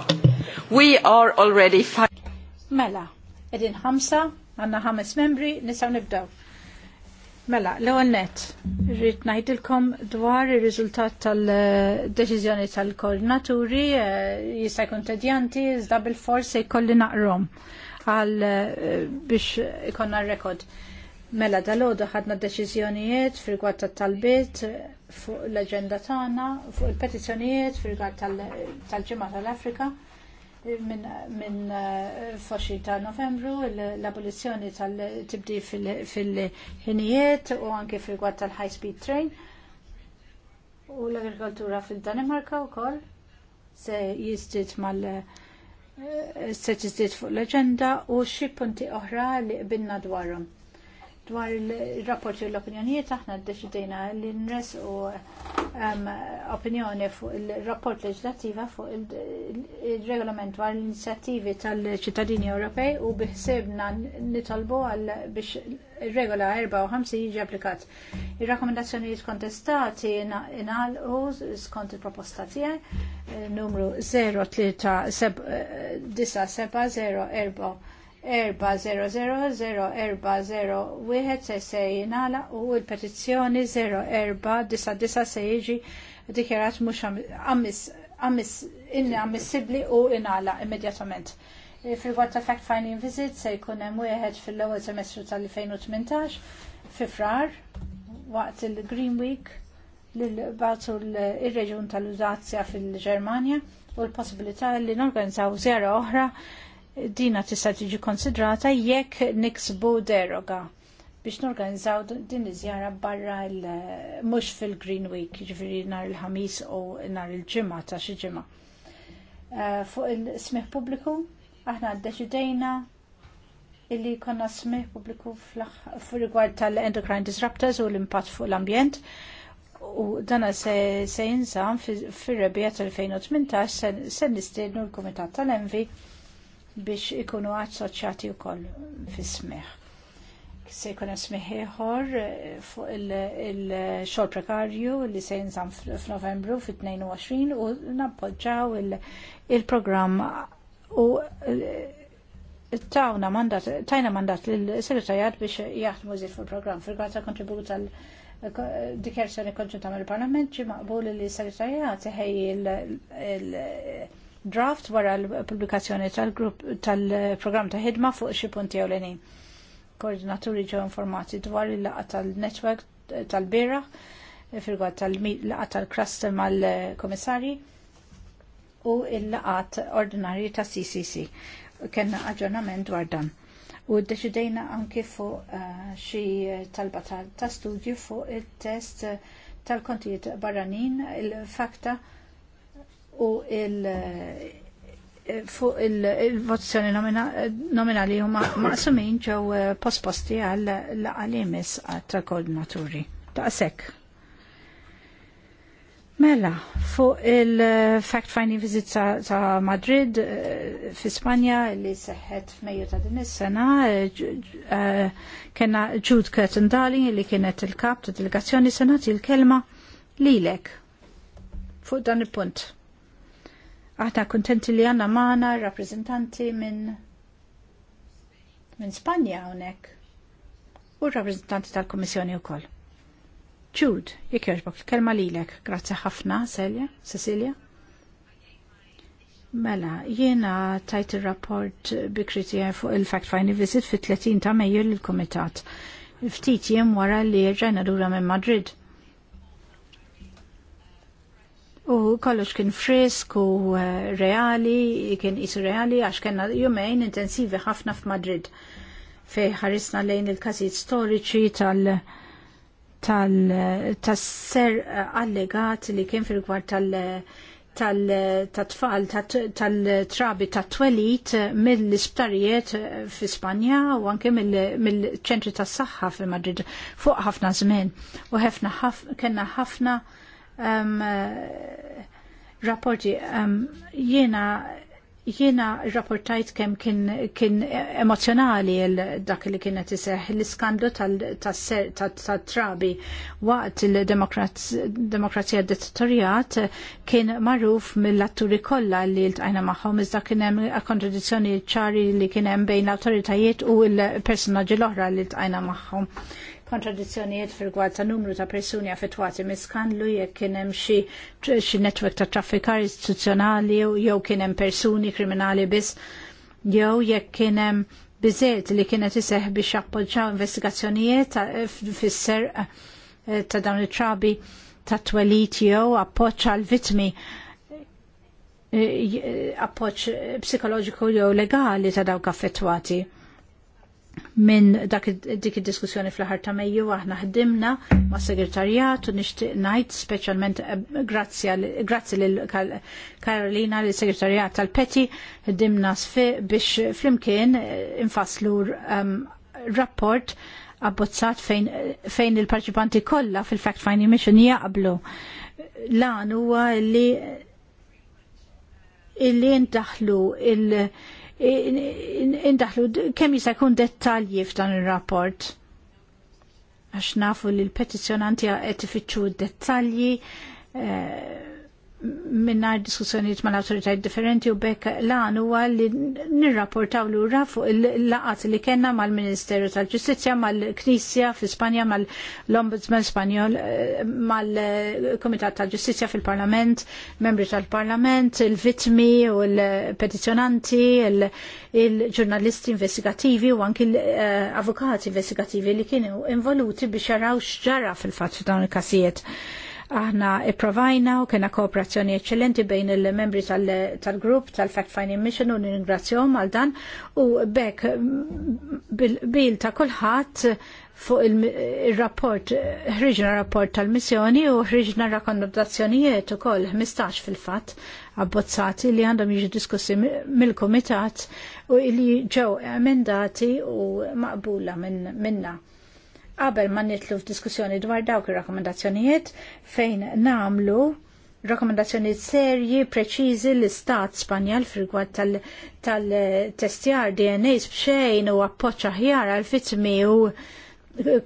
start. We are already five. Mela, edin ħamsa, għanna ħames membri, nisaw nibdaw. Mela, l net, rrit najdilkom dwar ir-riżultat tal-deċiżjoni tal-koordinaturi eh, jista' jkun tedjanti forse kolli jkolli naqrom għal eh, biex ikonna rekord. rekord Mela dal ħodu ħadna deċiżjonijiet fil-gwad tal-talbiet fuq l-agenda tagħna, fuq il-petizzjonijiet fil-gwad tal-ġimgħa tal-Afrika minn eh, foxi ta' novembru, l-abolizzjoni tal-tibdi fil-ħinijiet u anke fil-gwad tal-high speed train u l-agrikoltura fil-Danimarka u koll se jistit mal- eh, se tiżdied fuq l-agenda u xi punti oħra li qbinna dwarhom dwar il-rapport u l-opinjonijiet aħna d-deċidejna l-inres u um, opinjoni fuq il-rapport leġlativa fuq il-regolament dwar l-inizjattivi tal-ċittadini Ewropej u biħsebna nitolbu għal biex il-regola 54 jiġi applikat. Il-rakkomendazzjonijiet kontestati inal u skont il-proposta tiegħek eh, numru 03970 400-0401 se se jinala u il-petizzjoni 0499 se jiġi dikjerat mux għammis inni ammissibli u inala immedjatament. fil ta' fact-finding visit se jkunem u wieħed fil-ewwel semestru tal-2018 fi frar waqt il-Green Week l bagħtu l-reġjun tal-Użazzja fil-Ġermanja u l-possibilità li norganizzaw zjara oħra dina tista' tiġi konsidrata jekk niksbu deroga biex norganizzaw din iż-żjara barra mhux fil-Green Week, jiġifieri nhar il-ħamis u nhar il-ġimgħa ta' xi ġimgħa. Eh, fuq il-smih pubbliku aħna ddeċidejna illi konna smih pubbliku fil-rigward tal-endocrine disruptors u l-impatt fuq l-ambjent u dana se jinżam fir-rebija tal-2018 se nistiednu l-Kumitat tal-Envi biex ikunu assoċjati wkoll fis-smih. Se jkun smih ieħor eh, fuq il-xogħol prekarju li se jinżam f'Novembru fit-22 u nappoġġaw il-programm u eh, tawna mandat, tajna mandat lill-segretarjat biex jaħdmu żied fil-programm fil-grazza kontribut tal- eh, dikjerzjoni konġunta mill-Parlament ġi maqbul li l segretarjat ħej il- draft wara l-publikazzjoni tal-grupp tal-programm ta' ħidma fuq xi punti ewlenin. Koordinaturi ġew informati dwar il-laqgħa tal-netwerk tal bira fil-gwad tal-laqgħa tal-cluster mal-komissarji u il-laqat ordinarji ta' CCC. Kenna aġġornament dwar dan. U deċidejna anki fuq eh, xi talba ta' studju fuq il-test tal-kontijiet barranin il-fakta u il- eh, fuq il-votazzjoni nominali huma maqsumin ġew eh, posposti għal laqalimis għatra koordinaturi. ta' sekk. Mela, fuq il-fact-finding eh, visit ta' Madrid fi Spanja li seħħet f'Mejju ta' din is-sena kena Jude Curtin Darling li kienet il-kap ta' delegazzjoni senat il-kelma lilek fuq dan il-punt għata kontenti li għanna maħna rappresentanti minn minn Spanja unek u rappresentanti tal-Komissjoni u koll. Jude, jek joġbok, kelma lilek, grazzi ħafna, Selja. Cecilia. Mela, jiena tajt il-rapport bi bikriti fuq il-fact-finding visit fit 30 ta' Mejju l-Komitat. Ftit jem wara li rġajna dura minn Madrid. U kollox kien frisk u eh, reali, kien isu reali għax kena jumejn intensivi ħafna f'Madrid fej ħarisna lejn il-każijiet storiċi tal- tal-ser eh, allegat li kien fil gwar tal-tfal, tal-trabi, tat twelit eh, mill-isptarijiet fi Spanja u anke mill-ċentri tas saħħa fi Madrid fuq ħafna żmien u ħafna kena ħafna Um, uh, rapporti um, jiena jiena rapportajt kem kien, kien emozjonali dak li kienet iseħ l-iskandlu tal-trabi waqt il-demokrazija dittatorijat kien marruf mill-atturi kollha li l-tajna maħħom iżda kien hemm kontradizzjoni ċari li kien hemm bejn l-autoritajiet u l-personaġġi l-oħra li l-tajna maħħom kontradizzjonijiet fil-gwad ta' numru ta' persuni affettwati miskandlu jekk kien hemm xi xi netwerk ta' traffikar istituzzjonali jew kien hemm persuni kriminali biss jew jekk kien hemm biżiet li kienet iseħħ biex jappoġġaw investigazzjonijiet eh, fisser eh, ta' dawn it-trabi ta' twelit jew appoġġ għal vittmi eh, appoġġ psikoloġiku jew legali ta' dawk affettwati minn dik id-diskussjoni fl-ħar ta' Mejju aħna ħdimna ma' segretarjat u nixtieq ngħid speċjalment eh, grazzi lil Karolina l segretarjat tal-Peti ħdimna sfi biex flimkien eh, infaslu ehm, rapport abbozzat fejn, fejn il-parċipanti kollha fil-fact finding mission jaqblu. Lan huwa li illi ndaħlu il-, il indaħlu kemm jista' jkun dettalji f'dan ir-rapport. Għax nafu li l-petizjonanti qed ifittxu dettalji. Eh, minna diskussjoniet ma l-autoritajt differenti u bekk lan huwa li nirrapportaw lura fuq il-laqat li kena mal-Ministeru tal-Ġustizja, mal-Knisja fi Spanja, mal-Ombudsman Spanjol, eh, mal-Komitat tal-Ġustizja fil-Parlament, membri tal-Parlament, il-vitmi u l-petizjonanti, il-ġurnalisti investigativi u anki l-avukati eh, investigativi li kienu involuti biex jaraw xġara fil-fat f'dawn il-kasijiet. il kasijiet Aħna ipprovajna u kena kooperazzjoni eccellenti bejn il-membri tal-grupp tal-Fact-Finding Mission u ningrazzjom għal dan u bekk bil ta' kulħadd fuq il-rapport, ħriġna rapport tal-missjoni u ħriġna rakkomandazzjonijiet ukoll 15 fil-fatt abbozzati li għandhom jiġu diskussi mill-komitat u li ġew emendati u maqbula minna qabel ma nitlu f'diskussjoni dwar dawk ir-rakkomandazzjonijiet fejn namlu rakkomandazzjonijiet serji preċiżi l-Istat Spanjal frigwad tal-testjar tal DNA b'xejn u appoċċa ħjar għal fitmi u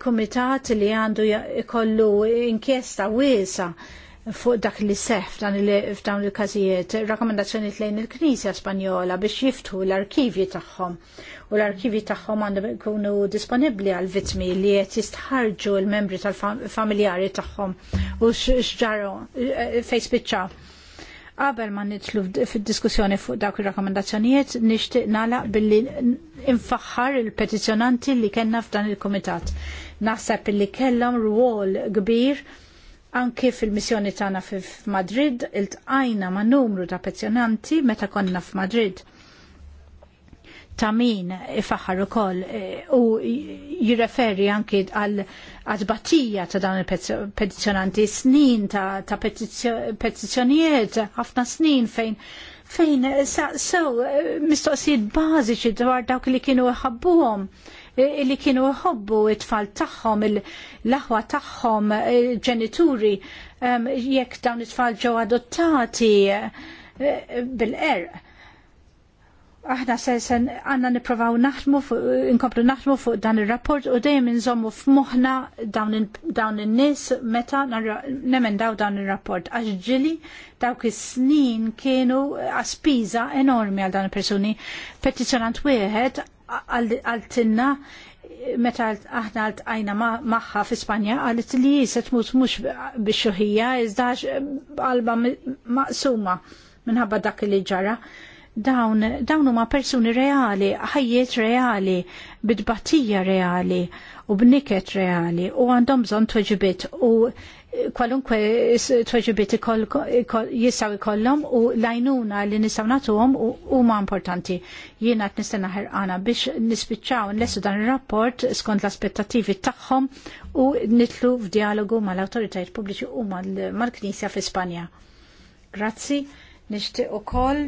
komitat li għandu ikollu inkjesta wiesa fuq dak li seħ f'dawn il-każijiet, rakkomandazzjoni lejn il-Knisja Spanjola biex jiftħu l-arkivji tagħhom. U l-arkivji tagħhom għandhom ikunu disponibbli għal vittmi li qed jistħarġu l-membri tal-familjari tagħhom u x'ġaru eh, fejn spiċċa. Qabel ma nitlu fid-diskussjoni fuq dawk ir-rakkomandazzjonijiet, nixtieq nagħlaq billi infaħħar il-petizzjonanti li kellna f'dan il-kumitat. Naħseb illi kellhom rwol kbir Anke fil-missjoni tagħna f'Madrid iltqajna ma' numru ta' pezzjonanti meta konna f'Madrid ta' min ifaħar ukoll e, u jirreferi anki għal għadbatija ta' dawn il-petizjonanti snin ta', ta petizjonijiet, ħafna snin fejn fejn saqsew mistoqsijiet bażiċi dwar dawk li kienu iħabbuhom e, li kienu iħobbu it-tfal tagħhom l-aħwa tagħhom ġenituri jekk dawn it-tfal ġew adottati eh, bil-erq. Aħna se għanna niprofaw naħdmu, inkomplu naħdmu fuq dan il-rapport u dejjem inżommu f'moħħna dawn in-nies meta nemendaw dawn il-rapport. Għax ġili dawk is-snin kienu għaspiża enormi għal dan il-persuni. Petizjonant wieħed għal tinna meta aħna għajna tqajna maħħa fi Spanja għalit li jiset mux mux biex xuħija iżdax qalba maqsuma minħabba dak li ġara. Dawn, dawn huma persuni reali, ħajjiet reali, bidbatija reali u bniket reali u għandhom bżon tweġibit u kwalunkwe tweġibiet jisaw ikollom u lajnuna li nistaw nagħtuhom huma importanti. Jiena qed nistenna ħerqana biex nispiċċaw nlesu dan ir-rapport skont l-aspettattivi tagħhom u nitlu ma mal-awtoritajiet pubbliċi u mal-Knisja fi Spanja. Grazzi, nixtieq ukoll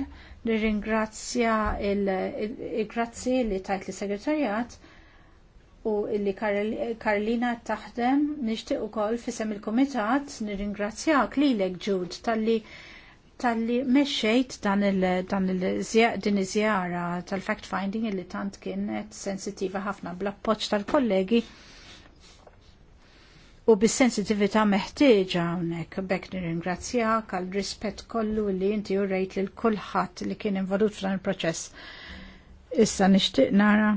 nirringrazzja il-grazzi li tajt li segretarjat u illi Karolina taħdem nixtieq ukoll fisem il-Kumitat nirringrazzjak lilek Ġud talli li mexxejt dan din dinizjara tal-fact finding illi tant kienet sensitiva ħafna bl-appoġġ tal-kollegi u bis-sensitivita meħtieġa hawnhekk bekk nirringrazzjak għal rispett kollu li inti urrejt lil kulħadd li kien involut f'dan il-proċess. Issa nixtieq nara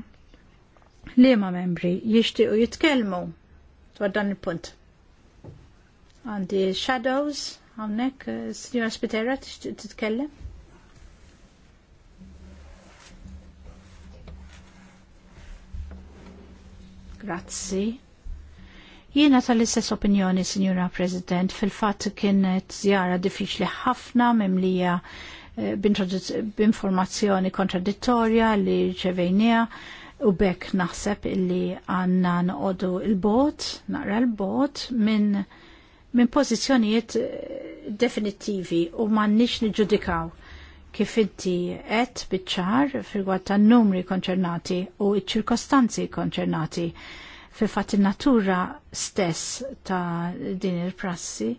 Liema membri jixtiequ jitkellmu dwar dan il-punt. Għandi shadows hawnhekk, eh, Signora Spitera tixtieq titkellem? Grazzi. Jiena tal-istess opinjoni, Signora President, fil-fatt kienet zjara diffiċli ħafna mimlija eh, b'informazzjoni kontradittorja li ċevejnija U bekk naħseb illi għanna noqodu il-bot, naqra l-bot minn min pozizjonijiet eh, definittivi u mannix nġudikaw kif inti qed biċ-ċar fil-gwad tan-numri konċernati u ċ-ċirkostanzi konċernati fil-fatt in-natura stess ta' din il-prassi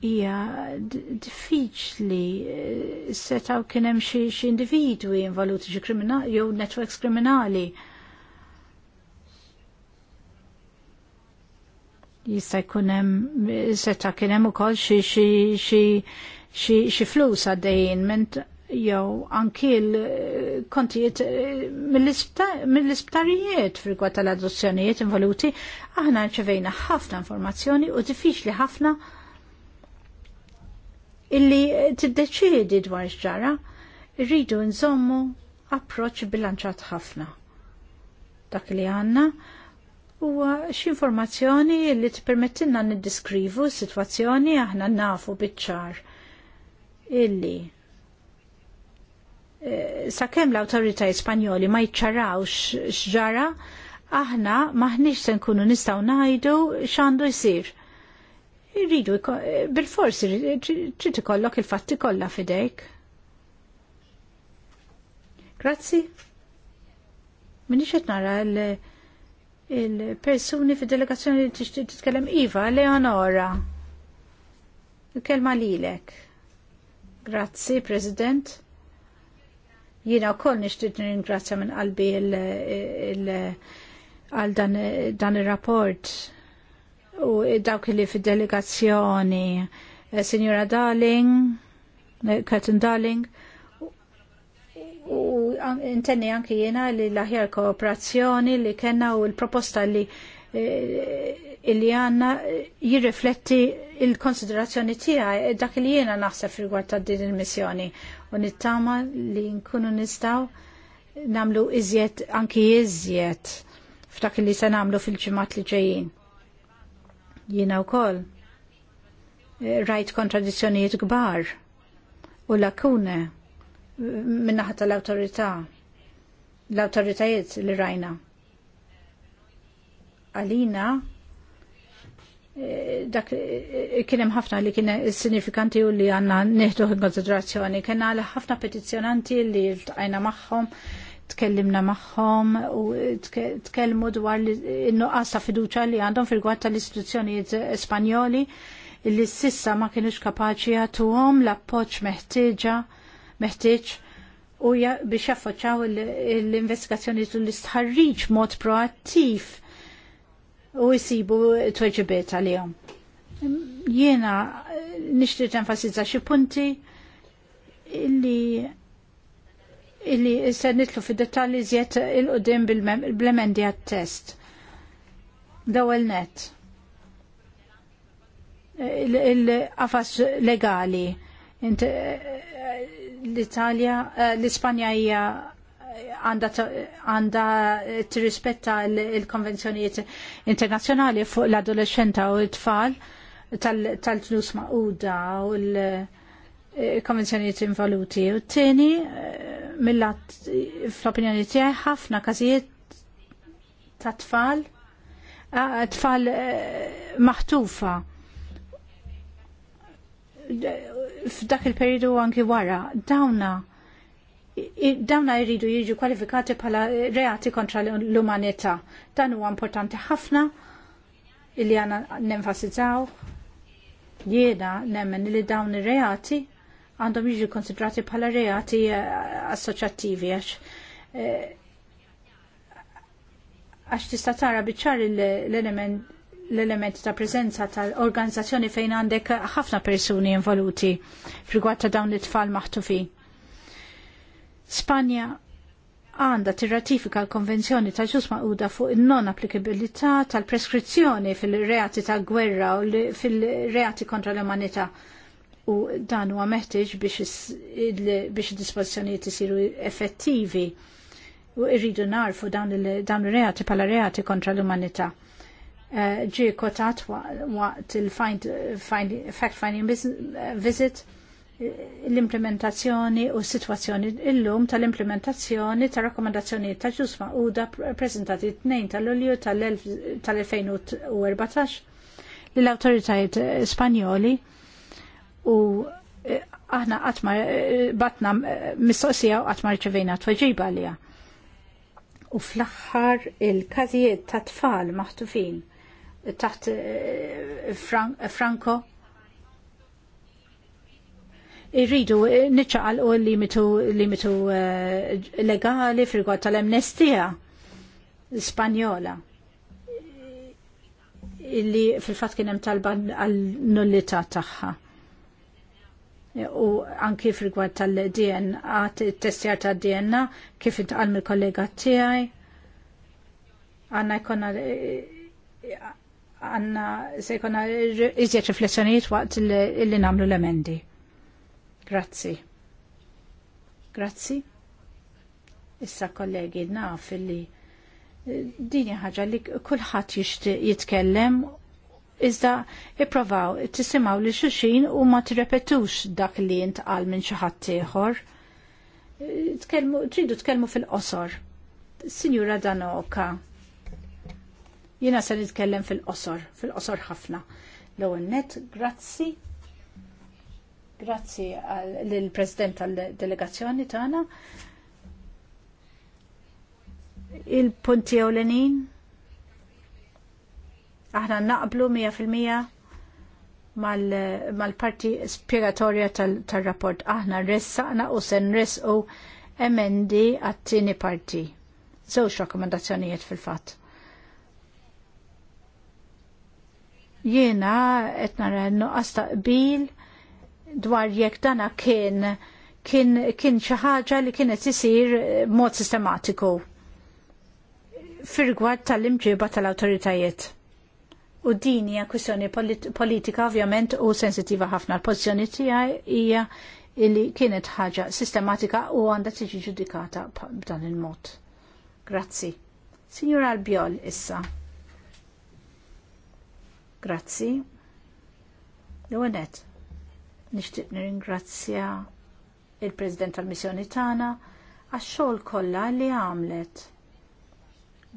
hija diffiċli eh, setaw kien hemm xi individwi involuti xi kriminali jew networks kriminali. Jista' jkun hemm seta' kien hemm ukoll xi flus għaddejn, ment jew anki kontijiet eh, mill-isptarijiet frigwa tal-adozzjonijiet involuti, aħna ċevejna ħafna informazzjoni u diffiċli ħafna illi tiddeċiedi dwar x'ġara, rridu nżommu approċċ bilanċat ħafna. Dak li għandna huwa x'informazzjoni li t-permettinna niddiskrivu s-sitwazzjoni aħna nafu biċ-ċar illi eh, sakemm l-awtorità Spanjoli ma jċċarawx x'ġara aħna maħniex se nkunu nistgħu ngħidu x'għandu jsir Irridu, bil-forsi, trid ikollok il-fatti kollha fidejk. Grazzi. Minix qed nara il-persuni fid-delegazzjoni li titkellem Iva, Leonora. Il-kelma lilek. Grazzi, President. Jiena wkoll nixtieq nirringrazzja minn qalbi il- għal dan ir-rapport u dawk li fid-delegazzjoni eh, Signora Darling, eh, Curtin Darling, u intenni anki jena li l-aħjar kooperazzjoni li kena u l-proposta li illi eh, għanna jirrifletti il-konsiderazzjoni tijaj dak li jena naħseb rigward ta' din il-missjoni u nittama li nkunu nistaw namlu iżjed anki iżjed f'dak li se namlu fil-ġimat li ġejjin Jiena wkoll eh, rajt kontradizzjonijiet kbar u lakune eh, minnaħat tal-autorità l-autoritajiet li rajna. Għalina eh, dak kienem ħafna li kien sinifikanti u li għanna neħdu konsiderazzjoni. Kena ħafna petizjonanti li tajna maħħom tkellimna magħhom u tkellmu dwar in-nuqqas ta' fiduċa li għandhom fil-gwatt tal-istituzzjonijiet Spanjoli li sissa ma kienux kapaċi jagħtuhom l-appoġġ meħtieġa meħtieġ u biex jaffoċaw l-investigazzjoni u l-istħarriġ mod proattiv u jisibu tweġibiet għalihom. Jiena nixtieq enfasizza xi punti illi illi se nitlu fi dettalji zjed il qudim bil-blemendi għat-test. Dawel net. Il-qafas legali. L-Italja, eh, l-Ispanja hija għanda tirrispetta l konvenzjonijiet internazzjonali fuq l-adolescenta u l tfal tal tlus maquda u l- konvenzjoniet involuti. U t-tini, eh, millat, fl-opinjoni tiegħi ħafna każijiet ta' tfal, tfal eh, maħtufa. F'dak il-periodu anki wara, dawna dawna jridu jiġu kwalifikati bħala reati kontra l-umanità. Dan huwa importanti ħafna li għana nenfasizzaw jiena nemmen li dawn ir-reati għandhom jiġu konsidrati bħala reati eh, assoċjattivi għax eh, għax tista' tara biċċar l-element l ta' prezenza tal-organizzazzjoni fejn għandek ħafna persuni involuti frigwat ta' dawn it-tfal maħtufin. Spanja għanda tirratifika l-konvenzjoni ta' ġus maquda fuq non applikabilità tal-preskrizzjoni fil-reati ta' gwerra u fil-reati kontra l-umanità u dan huwa meħtieġ biex id-dispożizzjonijiet isiru effettivi u irridu narfu dawn il reati bħala reati kontra l-umanità. Eh, ġie kotat waqt il-fact-finding visit eh, l-implementazzjoni u s-sitwazzjoni illum tal-implementazzjoni ta' rakkomandazzjonijiet ta' ġusma u da prezentati t-nejn tal-Ulju tal-2014 lill-awtoritajiet eh, Spanjoli u eh, aħna għatma eh, batna eh, mistoqsija u għatma rċivejna tweġiba għalija. U fl-axħar il-kazijiet ta' tfal maħtufin taħt Franco irridu niċċaqal u limitu, limitu legali fil tal-amnestija spanjola illi fil-fat kienem talba għal-nullità taħħa. Ta u anki frigwad tal-DNA, testjar tal-DNA, kif intqal mill-kollega tijaj. Għanna jkonna għanna se jkonna iżjed riflessjonijiet waqt li namlu l-emendi. Grazzi. Grazzi. Issa kollegi naf li eh, din ħaġa li kulħadd jitkellem iżda ipprovaw tisimaw li xuxin u ma tirrepetux dak li ntqal minn xi ħadd ieħor. Tridu tkellmu fil-qosor. Sinjura Danoka, jiena se nitkellem fil-qosor, fil-qosor ħafna. L-ewwel net, grazzi. Grazzi lill-President tal-delegazzjoni tagħna. Il-punti ewlenin Aħna naqblu 100% mal-parti mal spiegatorja tal-rapport. Tal Aħna ressaqna u sen resqu emendi għat-tieni parti. Żewġ rakkomandazzjonijiet fil-fatt. Jiena qed nara għastaqbil dwar jekk dana kien kien kien xi ħaġa li kienet isir mod sistematiku fir-rigward tal-imġiba tal-awtoritajiet U din hija kwistjoni politika ovvjament u sensitiva ħafna. L-pożizzjoni tiegħi hija li kienet ħaġa sistematika u għandha tiġi ġudikata b'dan il-mod. Grazzi. Signor Albiol issa. Grazzi. L-għonet. Nishtiq nirringrazzja il-President tal-Missjoni Tana, għax-xogħol kollha li għamlet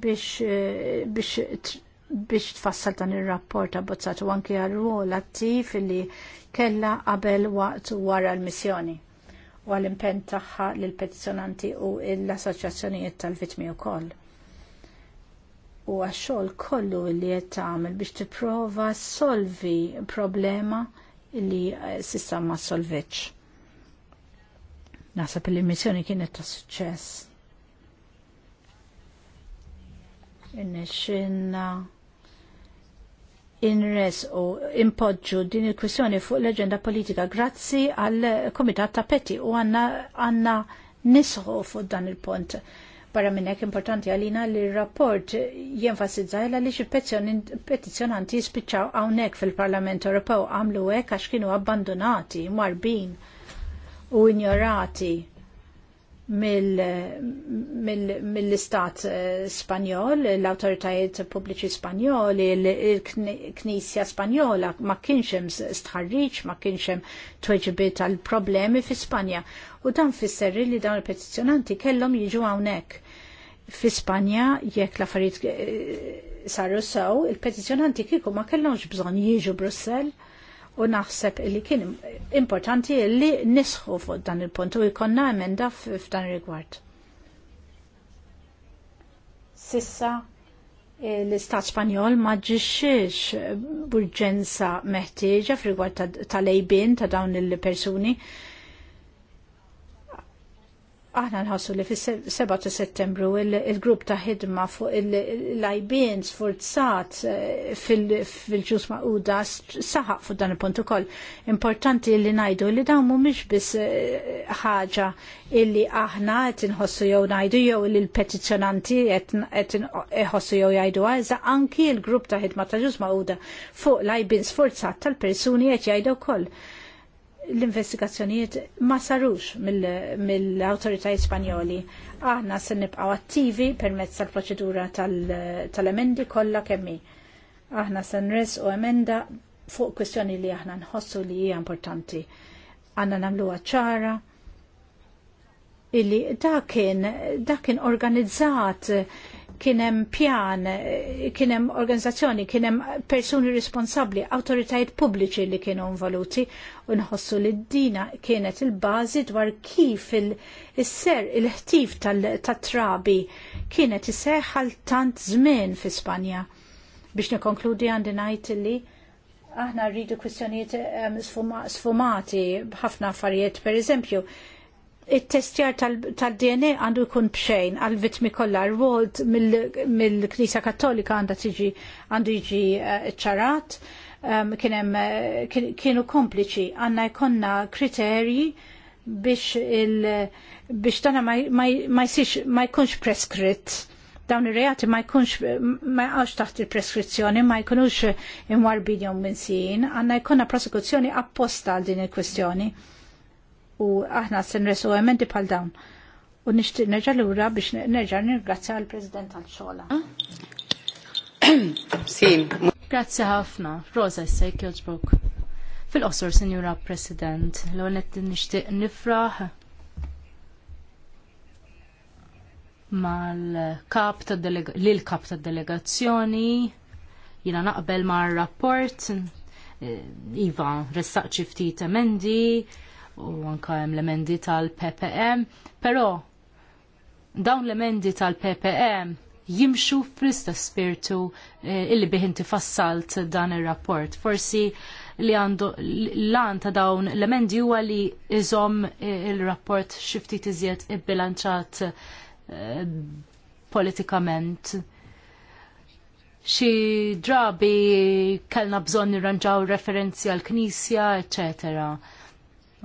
biex eh, biex biex tfassal dan ir-rapport abbozzatu u anke għal ruol attiv li kella qabel waqt wara l-missjoni u għal impenn tagħha lill petizzjonanti u l-assoċjazzjonijiet tal-vittmi wkoll. U għax-xogħol kollu li qed tagħmel biex tipprova solvi problema li sissa ma solvitx. Nasab li missjoni kienet ta' suċċess. Innexxinna inres u impoġġu din il-kwissjoni fuq l-agenda politika grazzi għal komitat ta' peti u għanna għanna nisħu fuq dan il-pont. Barra minnek importanti għalina li rapport jenfasizza l li xi petizjonanti jispiċċaw hawnhekk fil-Parlament Ewropew għamlu hekk għax kienu abbandonati, marbin u injorati mill-istat eh, spanjol, l-autoritajiet pubbliċi spanjoli, l-knisja spanjola ma kienxem stħarriċ, ma kienxem tweġbiet għal problemi fi Spanja. U dan fisser li dawn il-petizjonanti kellhom jiġu hawnhekk. Fi Spanja jekk l-affarijiet eh, saru sew, il-petizjonanti kieku ma kellhomx bżonn jiġu Brussell u naħseb li kien importanti li nisħu fuq dan il-punt u jkonna emenda f'dan rigward. Sissa e, l-Istat Spanjol ma ġixxiex burġenza meħtieġa f'rigward tal-lejbin ta' dawn il-persuni aħna nħassu li fis-7 settembru il-grupp ta' ħidma fuq il-lajbien sforzat eh, fil-ġus uda saħaq fuq dan il-punt ukoll. Importanti li ngħidu li dawn mhumiex biss eh, ħaġa illi aħna qed inħossu jew ngħidu jew li l-petizzjonanti qed iħossu jew jgħidu għalza' ah, anki l-grupp ta' ħidma ta' ġus uda fuq lajbien sforzat tal-persuni qed jgħidu wkoll l-investigazzjonijiet ma sarux mill-autoritajiet spanjoli. Aħna se nibqgħu attivi permezz tal-proċedura tal-emendi kollha kemmi. Aħna se nres u emenda fuq kwestjoni li aħna nħossu li hija importanti. Għanna nagħmluha ċara illi dakin dakin organizzat kienem pjan, kienem organizzazzjoni, kienem persuni responsabli, autoritajiet pubbliċi li kienu involuti, unħossu li d-dina kienet il-bazi dwar kif il-ser, il-ħtif tal-trabi kienet iseħħal tant zmin fi Spanja. Biex nikonkludi għandi najt li aħna rridu kwistjonijiet ehm, sfumati bħafna affarijiet, per eżempju, it-testjar tal-DNA għandu jkun bxejn għal vitmi kollha rwold mill-Knisja Kattolika għandha tiġi għandu jiġi eh, ċarat ehm, eh, kienu kompliċi għandna jkollna kriterji biex il biex dana ma jsirx ma jkunx preskritt dawn ir-reati ma jkunx ma jqax taħt il-preskrizzjoni ma jkunux imwarbin minn sin għandna jkollna prosekuzzjoni apposta għal din il-kwestjoni. il il kwestjoni u aħna s-senresu emendi pal dawn. U nishtiq l lura biex nerġa' nirgrazzja għal President għal xola Sim. Grazzi ħafna. Rosa Sejk joġbok. Fil-qosor, Sinjura President, l-għonet nishtiq nifraħ mal-kap ta' lil-kap ta' delegazzjoni, jina naqbel mar rapport eh, Iva, ressaq ftit emendi, u anka hemm l-emendi tal-PPM, però dawn l-emendi tal-PPM jimxu fl-istess spiritu eh, illi inti fassalt dan ir-rapport. Forsi li għandu l-għan ta' dawn l-emendi huwa li iżom eh, il-rapport xifti tiżjed ibbilanċat eh, politikament. Xi drabi kellna bżonn nirranġaw referenzi għal knisja, eccetera.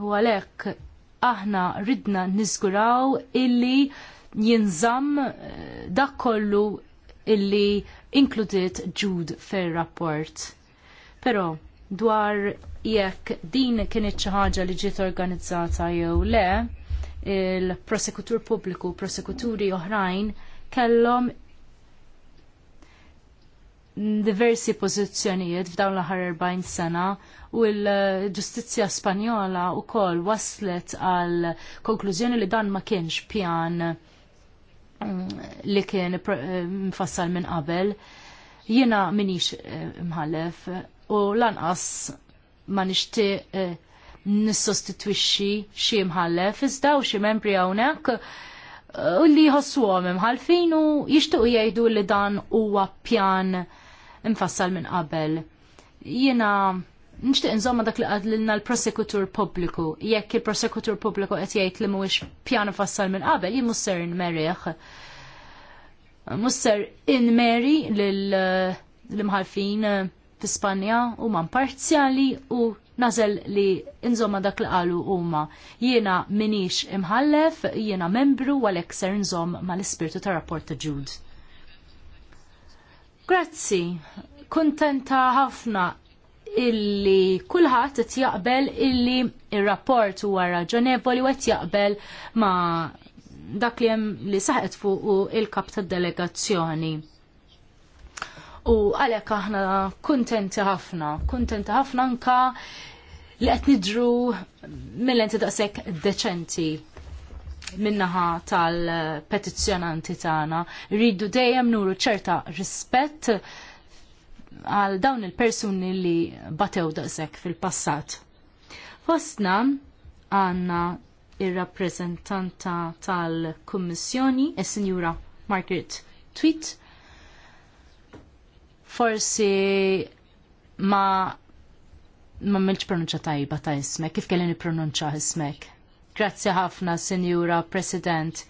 U għalhekk aħna ridna niżguraw illi jinżamm eh, dak kollu illi inkludiet ġud fer rapport Però dwar jekk din kienet xi ħaġa li ġiet organizzata jew le, il-prosekutur pubbliku, prosekuturi oħrajn kellhom diversi pożizzjonijiet f'dawn l-aħħar 40 sena u l-ġustizzja Spanjola wkoll waslet għal konklużjoni li dan ma kienx pjan mm, li kien mfassal minn qabel. Jiena minix eh, mħallef u lanqas ma nixtieq eh, nissostitwixxi xi mħallef iżda u xi membri hawnhekk eh, u li jħossu għom imħalfin u jishtuq jgħidu li dan huwa pjan Infassal minn qabel. Jiena nixtieq inżomma dak li lilna l-prosekutur pubbliku. Jekk il-prosekutur pubbliku qed jgħid li mhuwiex pjan infassal minn qabel, jien musser inmerieħ. Musser inmeri lill imħalfin fi Spanja huma parzjali u nażel li inżomma dak li qalu huma jiena minix imħallef, jiena membru għalhekk ser nżomm mal-ispirtu tar rapport ta' ġud. Grazzi, kontenta ħafna illi kulħadd qed jaqbel illi ir-rapport huwa raġonevoli u qed jaqbel ma' dak li hemm li saħet fuq il-kap tad-delegazzjoni. U għalhekk aħna kuntenti ħafna, kuntenti ħafna anka li qed nidru mill-enti daqshekk deċenti minnaħa tal-petizzjonanti tagħna rridu dejjem nuru ċerta rispett għal dawn il-persuni li batew daqshekk fil-passat. Fostna għanna ir-rappreżentanta tal-Kummissjoni, is-Sinjura Margaret Tweet. Forsi ma ma milċ pronunċa tajba ta' ismek, kif kelli pronunċa ismek? Grazzi ħafna, Sinjura President.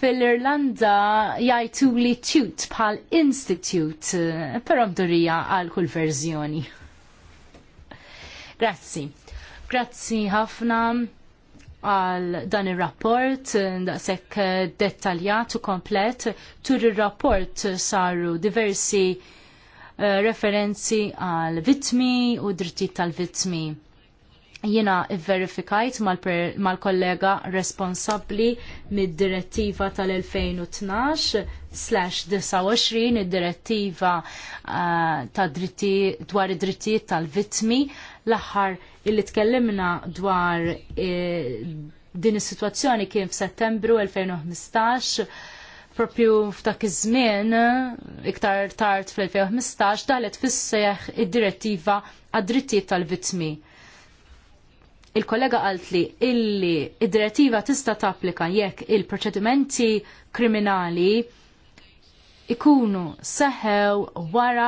Fil-Irlanda jajtu li tut pal institute, eh, però omdurija għal kull verżjoni. Grazzi. Grazzi ħafna għal dan il-rapport, eh, daqsek eh, dettaljat u komplet. Tur il-rapport saru diversi referenzi għal vitmi u dritti tal-vitmi. Jiena verifikajt mal-kollega responsabli responsabbli mid-direttiva tal-2012-29 id-direttiva uh, ta' dritti dwar id-drittijiet tal-vittmi l-aħħar illi tkellimna dwar eh, din is-sitwazzjoni kien f'Settembru 2015 propju f'dak iż-żmien iktar tard fl-2015 dalet fis id-direttiva għad-drittijiet tal-vittmi il-kollega għalt li illi id-direttiva tista' tapplika jekk il-proċedimenti kriminali ikunu seħew wara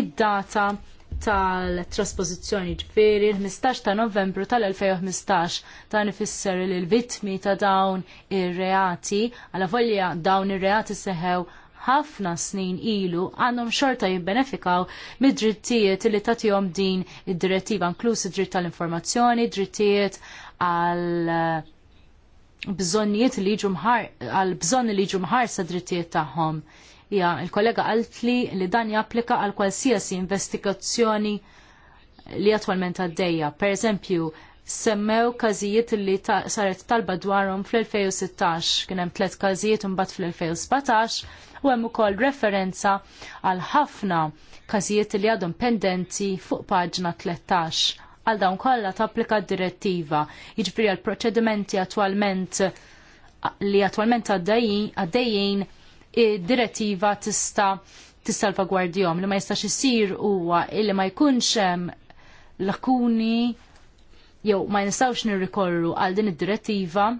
id-data tal-trasposizjoni ġifiri il-15 ta' novembru tal-2015 ta' ifisser li l-vittmi ta' dawn ir-reati għala volja dawn ir-reati seħew ħafna snin ilu għandhom xorta jibbenefikaw mid-drittijiet li tagħtihom din id-direttiva inklus id-dritt tal-informazzjoni, drittijiet għal eh, bżonnijiet li jiġu mħar għal bżonn li jiġu mħarsa drittijiet tagħhom. Ja, il-kollega qalt li li dan japplika għal qualsiasi investigazzjoni li attwalment għaddejja. Per eżempju, semmew każijiet li ta saret talba dwarhom fl-2016, kien hemm tliet każijiet bat fl-2017 u hemm ukoll referenza għal ħafna każijiet li għadhom pendenti fuq paġna 13 għal dawn kollha tapplika d-direttiva. Jiġifieri għal proċedimenti attwalment li attwalment għaddejjin id-direttiva tista' tissalvagwardjhom li ma jistax isir huwa illi ma jkunx hemm lakuni jew ma nistgħux nirrikorru għal din id-direttiva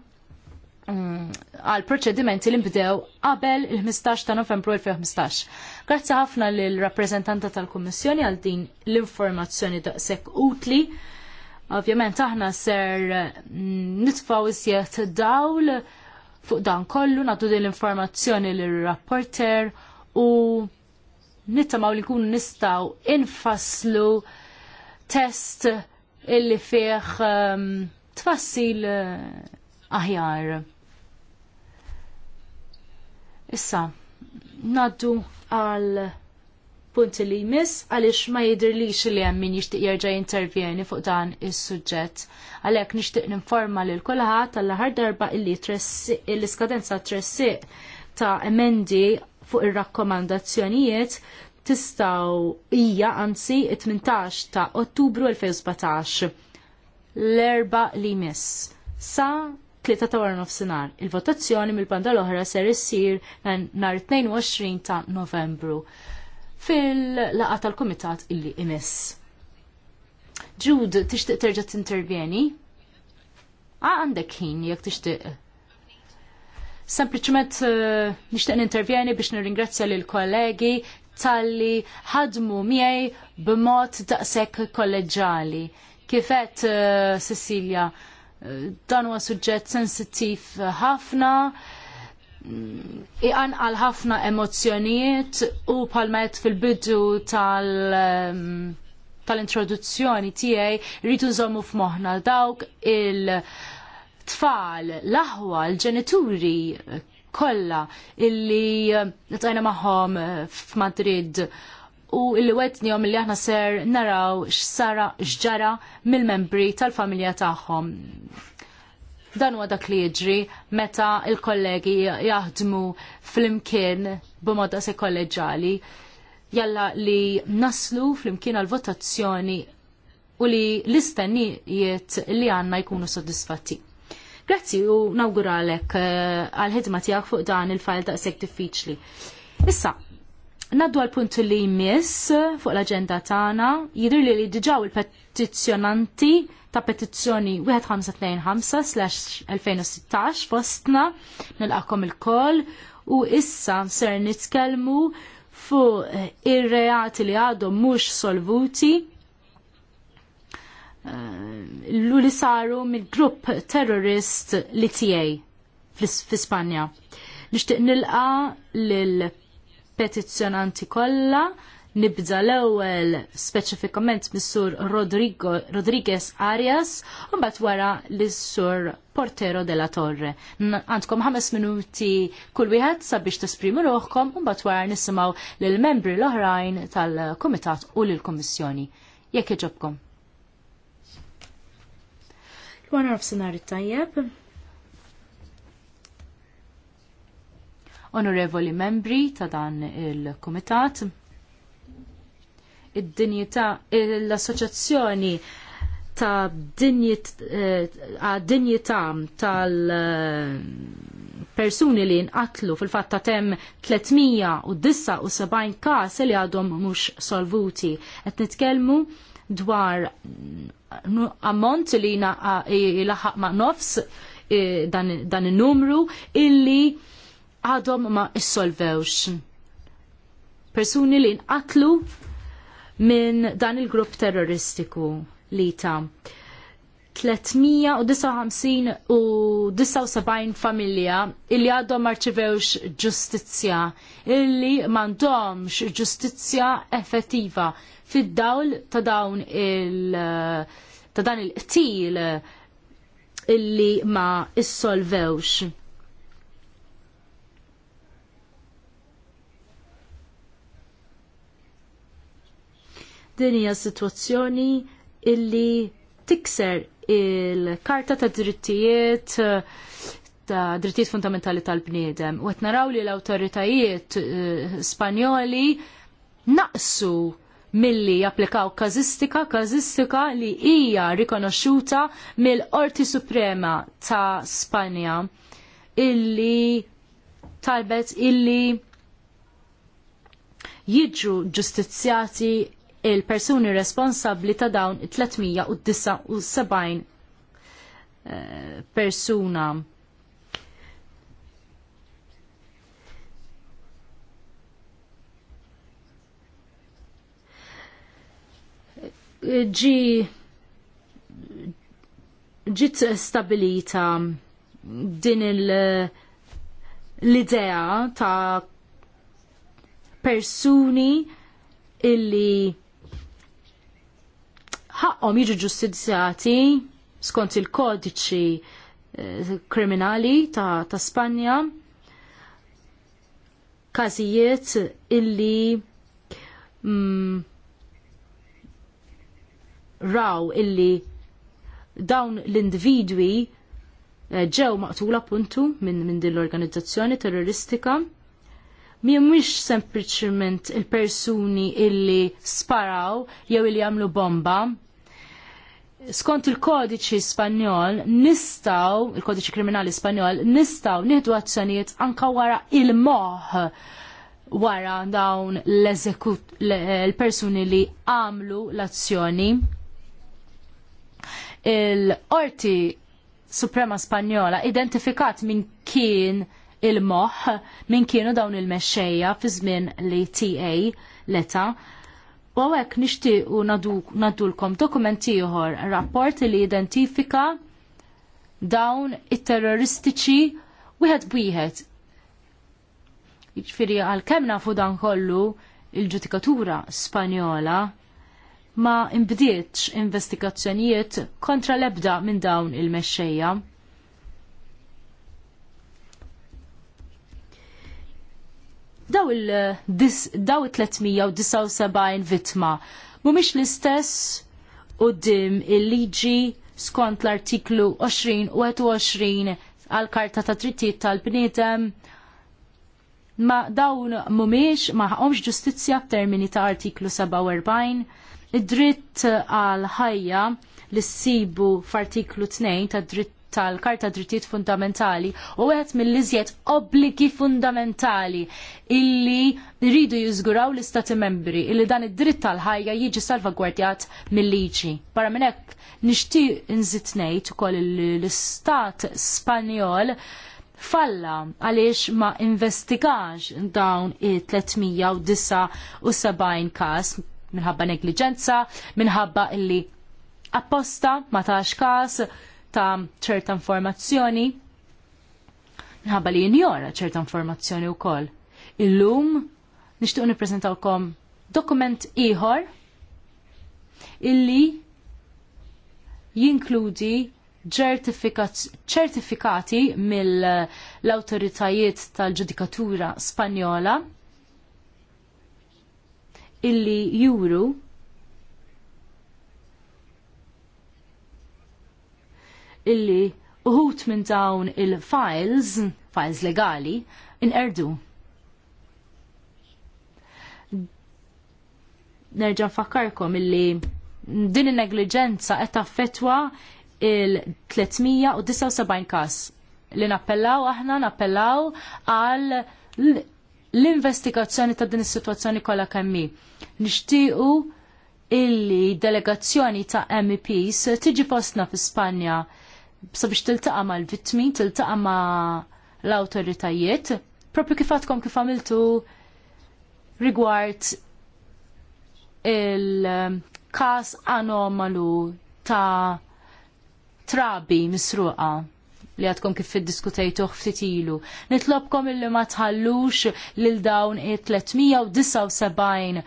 Mm, għal proċedimenti li nbdew qabel il-15 ta' novembru 2015. Grazzi ħafna lill rappreżentanta tal-Kummissjoni għal din l-informazzjoni daqshekk utli. Ovvjament aħna ser mm, nitfaw isjet dawl fuq dan kollu, nagħtu din l-informazzjoni lir rapporter u nittamaw li kun nistaw infaslu test illi fih um, tfassil uh, aħjar. Issa, naddu għal punti li jmiss għaliex ma jidirlix li hemm min jixtieq jerġa' jintervjeni fuq dan is-suġġett. Għalhekk nixtieq ninforma lil kulħadd għall aħħar darba illi l-iskadenza tressiq ta' emendi fuq ir-rakkomandazzjonijiet tistaw hija anzi 18 ta' Ottubru 2017. L-erba' li jmiss sa tlieta ta' wara nofsinhar. Il-votazzjoni mill-banda l-oħra ser issir nhar 22 ta' Novembru fil-laqa tal-Kumitat illi imiss. Jude, tixtieq terġa' tintervjeni? Ah, għandek ħin jekk tixtieq. Sempliċement eh, nixtieq nintervjeni biex nirringrazzja lil kollegi talli ħadmu miegħi b'mod daqshekk kolleġjali. Kifet eh, Cecilia, dan huwa suġġett sensittiv ħafna iqan għal ħafna emozzjonijiet u palmet fil-bidu tal um, tal-introduzzjoni tiegħi rridu nżommu f'moħħna dawk il-tfal, l-aħwa, l-ġenituri kollha illi uh, tajna magħhom f'Madrid u il-wetni għom li aħna ser naraw x'sara x'ġara mill-membri tal-familja tagħhom. Dan huwa dak li jiġri meta il-kollegi jaħdmu fl-imkien b'modda se kolleġali jalla li naslu fl-imkien għal-votazzjoni u li l-istennijiet li għanna jkunu soddisfatti. Grazzi u nawguralek eh, għal-ħidma tijak fuq dan il-fajl daqseg diffiċli. Issa, Naddu għal punt li jmiss fuq l-agenda tagħna jidir li li diġaw il-petizzjonanti ta' petizzjoni 1525/2016 fostna nilqakom il-koll u issa ser nitkellmu fuq ir-reati li għadhom mhux solvuti l eh, li saru mill-grupp terrorist li tijaj fl-Spanja. Nishtiq nilqa lil petizzjonanti kollha nibda l-ewwel speċifikament mis-sur Rodriguez Arias u mbagħad wara lis-sur Portero della Torre. Għandkom ħames minuti kull wieħed sabiex tesprimu ruħkom u mbagħad wara nisimgħu lill-membri l-oħrajn tal-Kumitat u lill-Kummissjoni. Jekk iġobkom. l it tajjeb. onorevoli membri ta' dan il-komitat. Id-dinjità, il komitat id dinjità l assoċjazzjoni ta' dinjità tal-persuni eh, li nqatlu fil-fatt ta' tem 379 kas li għadhom mhux solvuti. Qed nitkellmu dwar ammont li laħaq ma' nofs dan in-numru illi għadhom ma issolvewx. Persuni li nqatlu minn dan il-grupp terroristiku li ta' 359 u 79 familja illi għadhom marċivewx ġustizzja, illi mandomx ġustizzja effettiva fid-dawl ta' dawn il- ta' dan il-qtil illi ma issolvewx. Din hija sitwazzjoni illi tikser il-karta ta' drittijiet ta' drittijiet fundamentali tal-bniedem. U qed naraw li l-awtoritajiet eh, Spanjoli naqsu milli japplikaw kazistika, kazistika li hija rikonoxxuta mill-Qorti Suprema ta' Spanja illi talbet illi jiġu ġustizzjati il-persuni responsabbli ta' dawn 379 eh, persuna. ġi ġit stabilita din l-idea ta' persuni illi ħaqhom jiġu ġustizzjati skont il-kodiċi eh, kriminali ta', ta Spanja każijiet illi mm, raw illi dawn l-individwi eh, ġew maqtula puntu minn min din l-organizzazzjoni terroristika. Mhumiex sempliċement il-persuni illi sparaw jew illi jagħmlu bomba skont il-kodiċi Spanjol nistaw, il-kodiċi kriminali Spanjol, nistaw nieħdu azzjonijiet anka wara il-moħ wara dawn l-persuni eżekut l li għamlu l-azzjoni. Il-orti Suprema Spanjola identifikat minn kien il-moħ, minn kienu dawn il-mexxejja fi żmien li TA l e U għek nishtiqu nadulkom dokumenti uħor, rapport li identifika dawn it-terroristiċi wieħed wieħed. Ġifiri għal kemm nafu dan kollu il-ġudikatura Spanjola ma imbdietx investigazzjonijiet kontra l-ebda minn dawn il-mexxejja. daw il-379 eh, vittma mhumiex l-istess dim il-liġi skont l-artiklu 20 u 21 għall karta ta' Drittijiet tal-bniedem ma dawn mhumiex ma ħaqhomx ġustizzja f'termini ta' artiklu 47 id-dritt għal ħajja li ssibu f'artiklu 2 ta' dritt tal-Karta Drittijiet Fundamentali u għet mill-iżjed obbligi fundamentali illi rridu jużguraw l-Istati membri illi dan id-dritt tal-ħajja jiġi salvagwardjat mill-liġi. Para minn hekk nixtieq nżid ukoll l-Istat Spanjol falla għaliex ma investigax dawn it-379 kas minħabba negliġenza, minħabba illi apposta ma tax kas ta' ċerta informazzjoni Nħabba li jinjora ċerta informazzjoni wkoll. Illum nixtieq nippreżentawkom dokument ieħor illi jinkludi ċertifikati mill-autoritajiet tal-ġudikatura Spanjola illi juru illi uħut minn dawn il-files, files legali, inqerdu. Nerġa' nfakkarkom illi din in-negliġenza qed taffettwa il-379 każ li nappellaw aħna nappellaw għal l-investigazzjoni ta' din is-sitwazzjoni kollha kemm hi. Nixtiequ illi delegazzjoni ta' MEPs tiġi postna fi Spanja sabiex tiltaqa' mal-vittmi, tiltaqa' ma' l-awtoritajiet, propju kif għadkom kif għamiltu rigward il-kas anomalu ta' trabi misruqa li għadkom kif id ftit ilu. Nitlobkom il-li ma tħallux lil dawn 379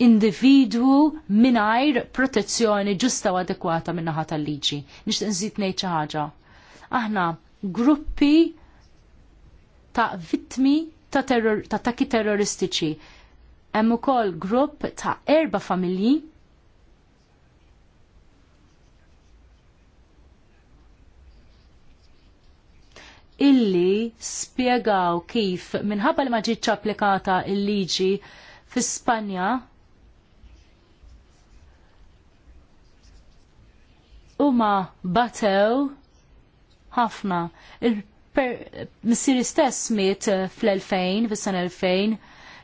individwu mingħajr protezzjoni ġusta u adekwata min naħa tal-liġi. Nixtieq nżid ngħid xi ħaġa. Aħna gruppi ta' vittmi ta' terror, ta' takki terroristiċi. Hemm ukoll grupp ta' erba' familji illi spjegaw kif minħabba li ma ġietx applikata l liġi fi Spanja huma batew ħafna. Missieri stess miet eh, fl-2000, fis-sena 2000,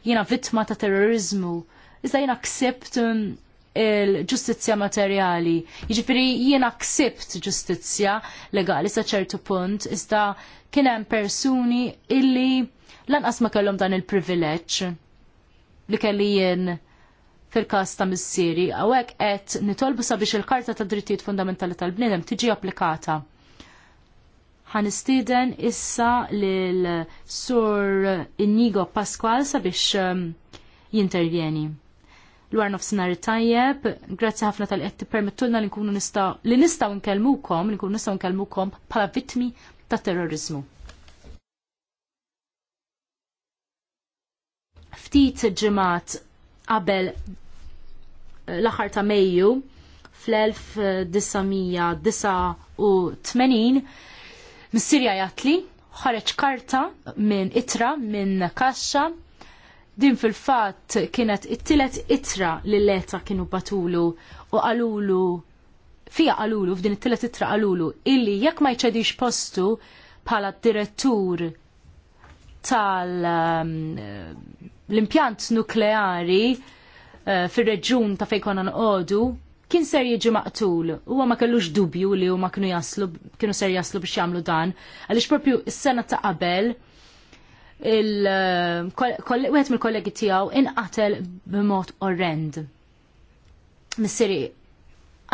jiena vittma ta' terrorizmu. Iżda jiena ksibt mm, il-ġustizzja materjali. Jiġifieri jiena ksibt ġustizzja legali sa ċertu punt, iżda kien hemm persuni illi lanqas ma kellhom dan il-privileġġ li kelli jien fil-kas ta' missieri, għek qed nitolbu sabiex il-Karta ta' Drittijiet Fundamentali tal bnidem tiġi applikata. istiden issa lil Sur Inigo Pasqual sabiex um, jintervjeni. L-war nofsinar tajjeb, grazzi ħafna tal-qed permettulna li nkunu nistaw li nistaw nkellmukom, li nkunu nistaw nkellmukom bħala vittmi ta' terrorizmu. Ftit ġemat qabel eh, l-aħħar ta' Mejju fl-1989 mis-Sirja jatli ħareġ karta minn itra minn kaxxa din fil-fatt kienet it-tielet itra li leta kienu batulu u qalulu fija qalulu f'din it-tielet itra qalulu illi jekk ma jċedix postu bħala direttur tal ehm, l-impjant nukleari uh, fir-reġjun ta' fejn konna noqogħdu kien ser jiġi maqtul. Huwa ma kellux dubju li huma kienu jaslu kienu ser jaslu biex jagħmlu dan, għaliex propju s-sena ta' qabel il-wieħed eh, mill-kollegi tiegħu inqatel b'mod orrend. Missieri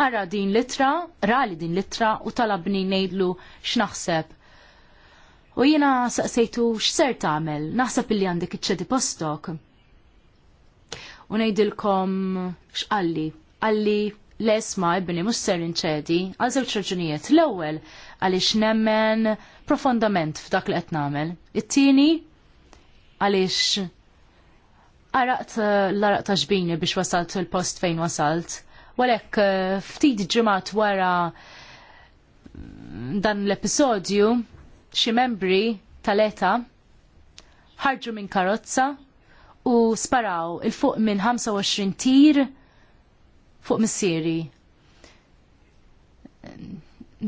ara din litra, rali li din litra u talabni ngħidlu x'naħseb U jiena saqsejtu x'ser tagħmel, naħseb illi għandek iċċedi postok. U ngħidilkom x'qalli, qalli l-esma ibni mhux ser inċedi għal żewġ raġunijiet. L-ewwel għaliex nemmen profondament f'dak li qed nagħmel. It-tieni għaliex għaraqt eh, l-araq ta' ġbini biex wasalt il-post fejn wasalt. Walek, eh, ftit ġemat wara dan l-episodju, xi membri tal-ETA ħarġu minn karozza u sparaw il-fuq minn 25 tir fuq missieri.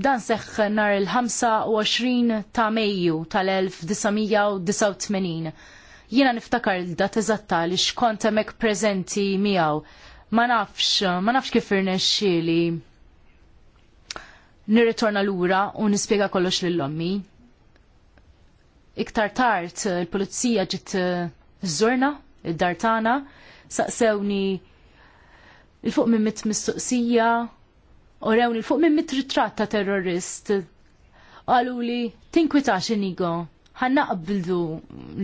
Dan seħħ nar il-25 ta' Mejju tal-1989. Jiena niftakar dat eżatta li xkont hemmhekk preżenti miegħu. Ma nafx, ma nafx kif irnexxieli nirritorna lura u nispjega kollox lill-ommi iktar tard eh, il-pulizija ġiet eh, żurna id-dar tagħna, saqsewni il-fuq minn mit mistoqsija, u rewni il-fuq minn mit ritratt ta' terrorist. Qalu li tinkwitax inigo, ħannaqbdu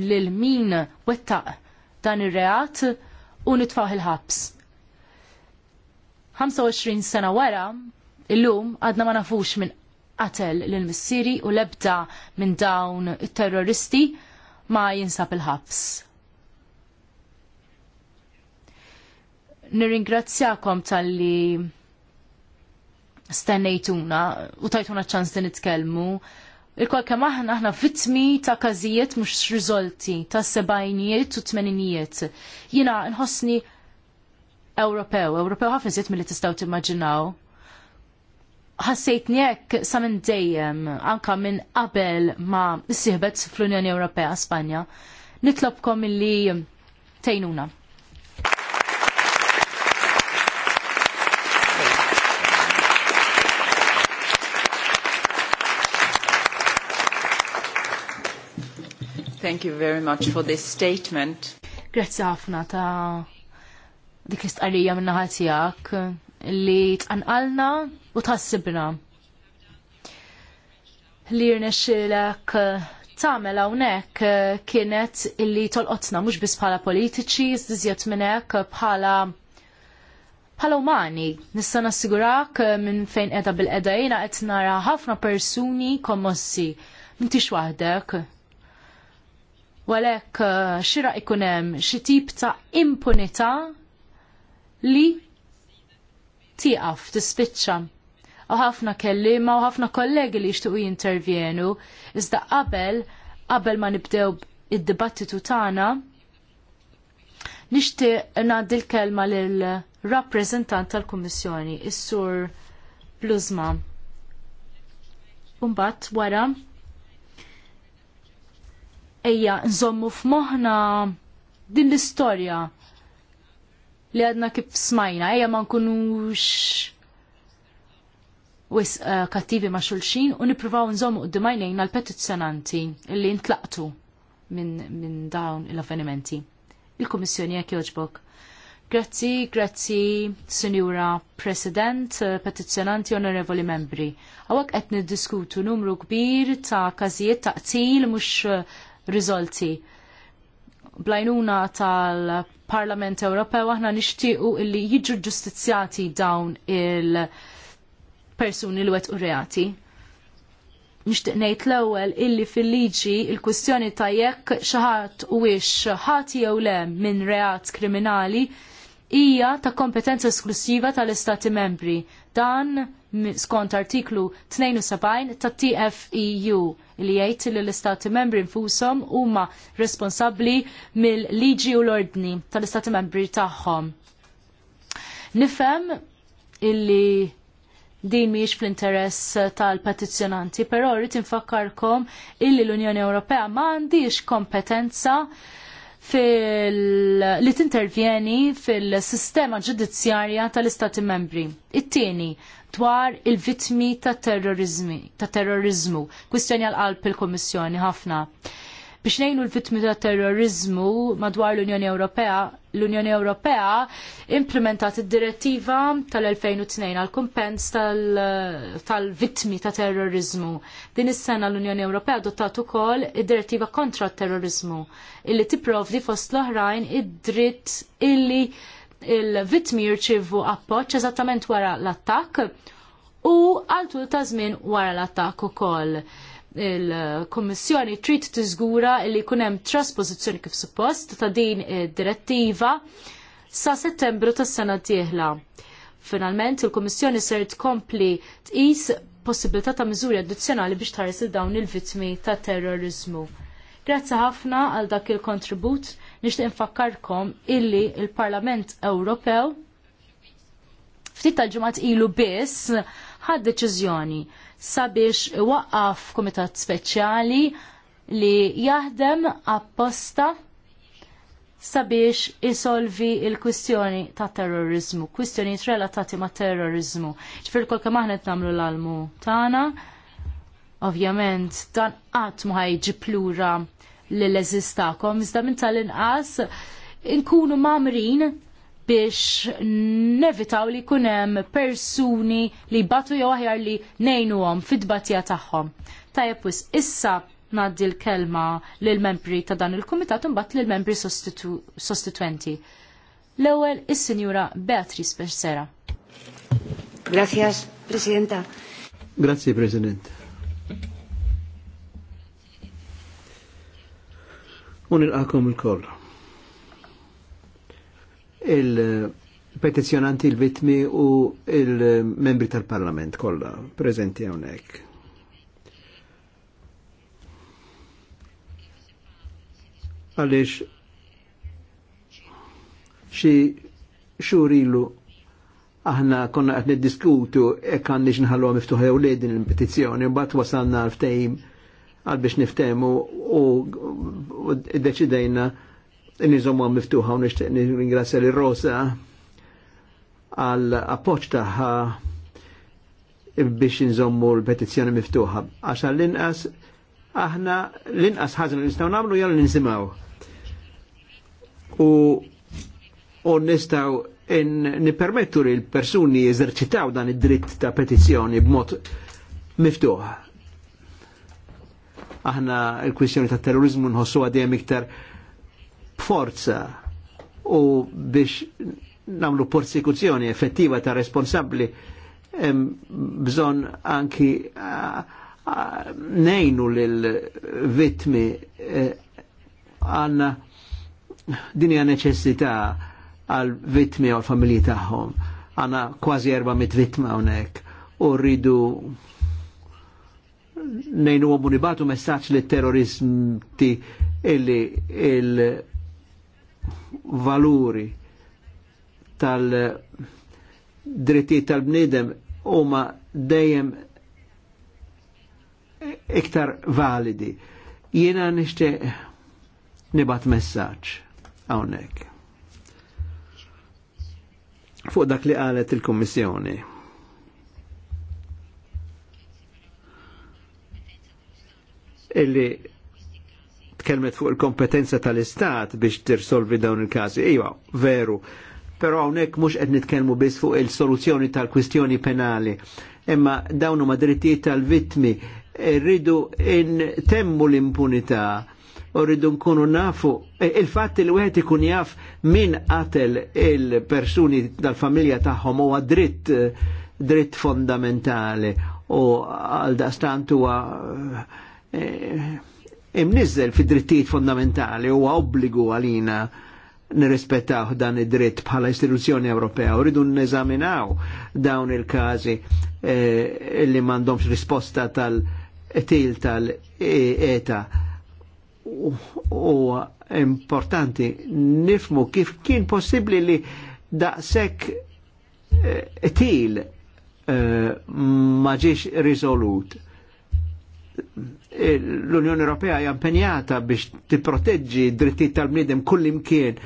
lil min wettaq dan ir-reat u nitfaħ il-ħabs. 25 sena wara, illum għadna ma nafux minn qatel lil missieri u lebda minn dawn it-terroristi ma jinsab il-ħabs. Nirringrazzjakom tal-li stennejtuna u tajtuna ċans din nitkellmu. Il-kol kem aħna aħna vittmi ta' każijiet mhux riżolti ta' sebajnijiet u tmeninijiet. Jiena nħossni Ewropew, Ewropew ħafna ziet milli tistgħu timmaġinaw ħassejtni hekk sa minn dejjem anka minn qabel ma s-sihbet fl-Unjoni Ewropea Spanja. Nitlobkom illi tejnuna. Thank you very much for this statement. Grazzi ħafna ta' dik l-istqarrija minna ħatijak li tqanqalna u tħassibna li rnexxilek eh, tagħmel hawnhekk eh, kienet illi tolqotna mhux biss bħala politiċi, zizjet minn hekk eh, bħala bħala umani. Nista' nassigurak minn fejn edha bil-qeda jiena qed nara ħafna persuni kommossi. M'intix waħdek. Walek xira ikun hemm xi tip ta' impunità li tieqaf tispiċċa u ħafna kellima u ħafna kollegi li jixtiequ jintervjenu. Iżda qabel, qabel ma nibdew id-dibattitu tagħna, nixtieq ngħaddi l-kelma lil rappreżentant tal-Kummissjoni, is-Sur Bluzma. Umbat wara ejja nżommu f'moħħna din l-istorja li għadna kif smajna, ejja ma nkunux wis eh, kattivi ma' xulxin u nippruvaw nżommu d-dimajnejn għal-petizzjonanti li ntlaqtu minn min dawn l-avvenimenti. Il-Kummissjoni jekk joġbok. Grazzi, grazzi, Sinjura President, eh, petizzjonanti onorevoli membri. Għawak qed niddiskutu numru kbir ta' każijiet ta' qtil mhux eh, riżolti blajnuna tal-Parlament Ewropew aħna nixtiequ illi jiġu ġustizzjati dawn il- persuni li wet u reati. Nixtieq ngħid l-ewwel illi fil-liġi il-kwistjoni ta' jekk xi ħadd huwiex ħati jew le minn reat kriminali hija ta' kompetenza esklusiva tal-Istati membri. Dan skont artiklu 72 ta' TFEU li jgħid li l-Istati membri nfushom huma responsabbli mill-liġi u l-ordni tal-Istati membri tagħhom. Nifhem illi din miex fl-interess tal-petizjonanti, però rrit infakkarkom illi l-Unjoni Ewropea m'għandix kompetenza fil li tintervjeni fil-sistema ġudizzjarja tal-Istati membri. It-tieni, dwar il-vitmi ta' terrorizmu, ta' terrorizmu, kwistjoni għal-qalb il kummissjoni ħafna biex nejnu l-vittmi ta' terrorizmu madwar l-Unjoni Ewropea, l-Unjoni Ewropea implementat id-direttiva tal-2002 għal kumpens tal-vittmi ta' terrorizmu. Din is-sena l-Unjoni Ewropea adottat ukoll id-direttiva kontra t-terrorizmu illi tipprovdi fost l-oħrajn id-dritt illi il-vittmi jirċivu appoġġ eżattament wara l-attakk u għal tul ta' żmien wara l-attakk ukoll il-Kommissjoni trid tiżgura li jkun hemm trasposizzjoni kif suppost ta' din id-direttiva sa' settembru tas-sena d-dieħla. Finalment il-Kommissjoni ser tkompli tqis possibilità ta' miżuri addizzjonali biex tħares dawn il-vittmi ta' terrorizmu. Grazzi ħafna għal dak il-kontribut nixtieq infakkarkom illi il-Parlament Ewropew ftit tal-ġimgħat ilu biss ħad deċiżjoni sabiex waqqaf komitat speċjali li jaħdem apposta sabiex isolvi il-kwistjoni ta' terrorizmu, kwistjoni relatati ma' terrorizmu. ċfir kol kem aħna namlu l-almu tana, ovvjament dan qatt ma ħajġi plura l-eżistakom, iżda minn tal-inqas inkunu mamrin biex nevitaw li kunem persuni li batu jew aħjar li nejnuhom fid-batija tagħhom. Tajja wis issa ngħaddi l-kelma l membri ta' dan il-kumitat imbagħad l membri sostituenti. L-ewwel is-Sinjura Beatrice Persera. Grazias, Presidenta. Grazie, President. Unilqakom il il-kollu il-petizjonanti, il-vitmi u il-membri tal-parlament kollha prezenti hawnhekk. Għalix, xie xurilu aħna konna qed niddiskutu hekk għandix nħalluha miftuħa jew lejn din il-petizzjoni, mbagħad wasalna l-ftehim għal biex niftemu u deċidejna nizomma miftuħa u nishtiq ringrazzja li Rosa għal appoċ taħħa biex nżommu l-petizzjoni miftuħa. Għaxa l-inqas, aħna l-inqas ħazna li nistaw namlu jgħal ninsimaw. U, u nistaw nipermettu li l-persuni eżerċitaw dan id-dritt ta' petizzjoni b'mod miftuħ. Aħna l-kwistjoni ta' terrorizmu nħossu għadijem iktar forza u biex namlu persekuzzjoni effettiva ta' responsabli bżon anki nejnu l-vitmi e, għanna dinja neċessita għal vitmi għal familji taħħom Għanna kważi mit vitma unek u rridu nejnu għom unibatu messaċ li terrorizm ti illi il valuri tal-drittijiet tal-bniedem huma dejjem iktar validi. Jiena nixtieq nibat messaġġ hawnhekk. Fuq dak li qalet il-Kummissjoni. Illi tkellmet fuq il-kompetenza tal-Istat biex tirsolvi dawn il-każi. Iwa, veru. Però hawnhekk mhux qed nitkellmu biss fuq il-soluzzjoni tal-kwistjoni penali, imma dawn huma drittijiet tal-vittmi rridu temmu l-impunità u rridu nkunu nafu e, il-fatt li wieħed ikun jaf min qatel il-persuni tal-familja tagħhom huwa dritt dritt fondamentali u għal daqstant huwa eh, imnizzel fid-drittijiet fondamentali huwa obbligu għalina nirrispettaw dan id-dritt bħala istituzzjoni Ewropea u rridu neżaminaw dawn il-każi eh, li m'għandhomx risposta tal-til tal-eta. E u importanti nifmu kif kien possibbli li daqshekk eh, etil til eh, ma ġiex risolut l-Unjoni Ewropea hija impenjata biex tipproteġġi d-drittijiet tal-bniedem kullimkien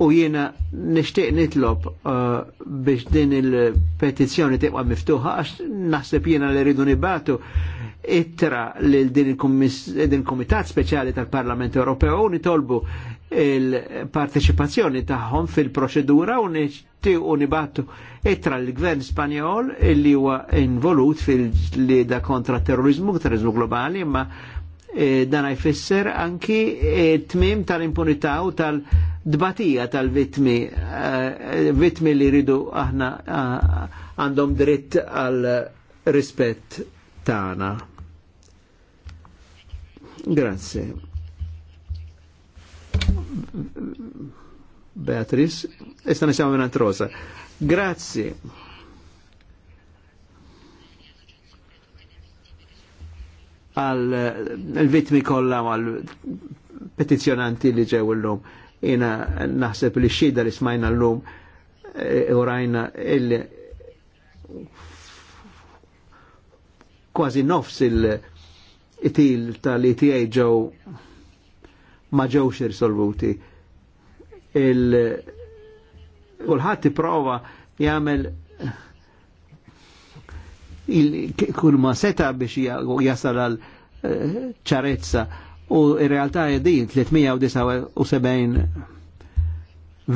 u jiena nixtieq nitlob uh, biex din il-petizzjoni tibqa' miftuħa għax naħseb jiena li rridu nibatu ittra l din il-Kumitat Speċjali tal-Parlament Ewropew u nitolbu il-parteċipazzjoni tagħhom fil-proċedura u nixtiequ nibattu ittra l-Gvern Spanjol illi huwa involut fil-lida kontra terrorizmu, terrorizmu globali, imma e, dan jfisser anki e, tmim tal-impunità u tal-dbatija tal-vitmi, e, vitmi li ridu aħna għandhom dritt għal rispett tagħna. Grazie. Beatriz, esta siamo in antrosa. Grazie. Al, għal vitmi kollha għal petizjonanti li ġew illum. Jena naħseb li xida li smajna l-lum u e, e rajna il quasi nofs il- it-til tal-ETA ġew ma ġewx irsolvuti. Il kulħadd prova jagħmel kull ma seta biex jasal għal eh, ċarezza u r-realtà din 379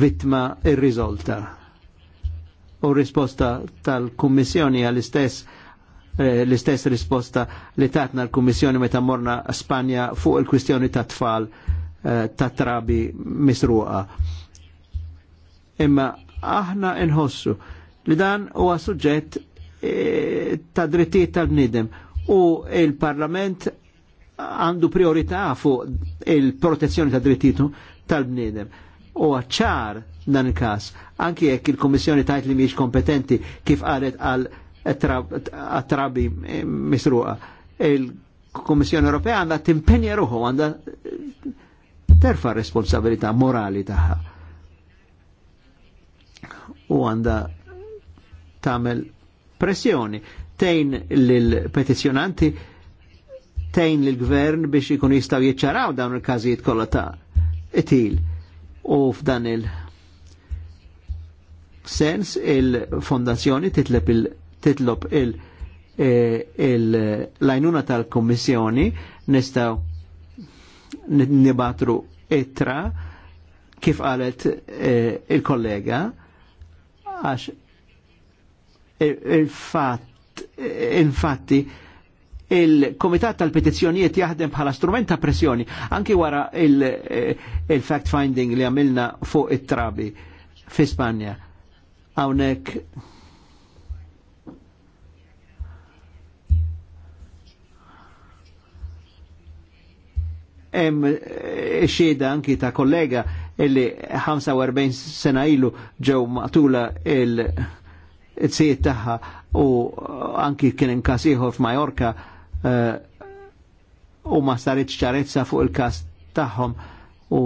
vittma irriżolta. U risposta tal-Kummissjoni għall-istess Eh, l-istess risposta li tatna l-Kummissjoni meta morna Spanja fuq il-kwistjoni ta' tfal eh, ta' trabi misruqa. Imma aħna nħossu li dan huwa suġġett eh, ta' drittijiet tal-bnidem u il-Parlament għandu priorità fuq il-protezzjoni ta' drittijiet tal-bnidem. U ċar dan il-kas, anki jekk il-Kommissjoni tajt li miex kompetenti kif qalet għal attrabi misruqa. il komissjoni Ewropea għandha timpenja ruħu, għandha terfa responsabilità morali taħħa. U għandha tamel pressjoni tejn l petizjonanti tejn l gvern biex ikun jistaw jiċċaraw dawn il kazijiet kollha ta' itil u f'dan il- sens il-fondazzjoni titleb il- titlob il-lajnuna il, e, tal-Kommissjoni nistaw nibatru itra kif qalet e, il-kollega għax e, il fat infatti il-Komitat tal-Petizzjonijiet jaħdem bħala strument ta' pressjoni anki wara il-fact-finding li għamilna fuq it-trabi fi Spanja. Hawnhekk hemm eh, xieda anki ta' kollega illi 45 sena ilu ġew matula il tsiet tagħha u anki kien hemm każ ieħor f'Majorka eh, u ma saritx ċarezza fuq il kas tagħhom u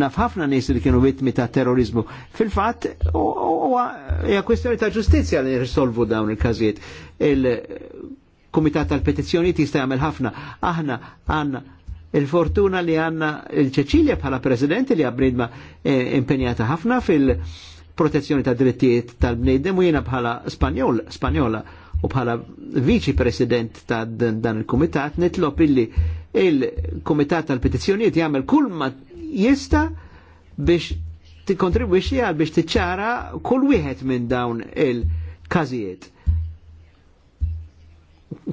naf ħafna nies li kienu vittmi ta' terrorizmu. Fil-fatt, hija kwestjoni ta' ġustizzja li jirsolvu dawn il-każijiet. Il-Kumitat tal-Petizzjoni tista' jagħmel ħafna. Aħna għandna il-fortuna li għanna il-ċeċilja bħala president li għabrid ma eh, impenjata ħafna fil-protezzjoni ta' drittijiet tal-bnejdem u jena bħala Spanjol, Spanjola u bħala viċi president ta' dan il-komitat nitlop illi il-komitat tal-petizzjoniet jgħamil kull ma jista biex tikkontribwixxi għal biex t-ċara kull wieħed minn dawn il kazijiet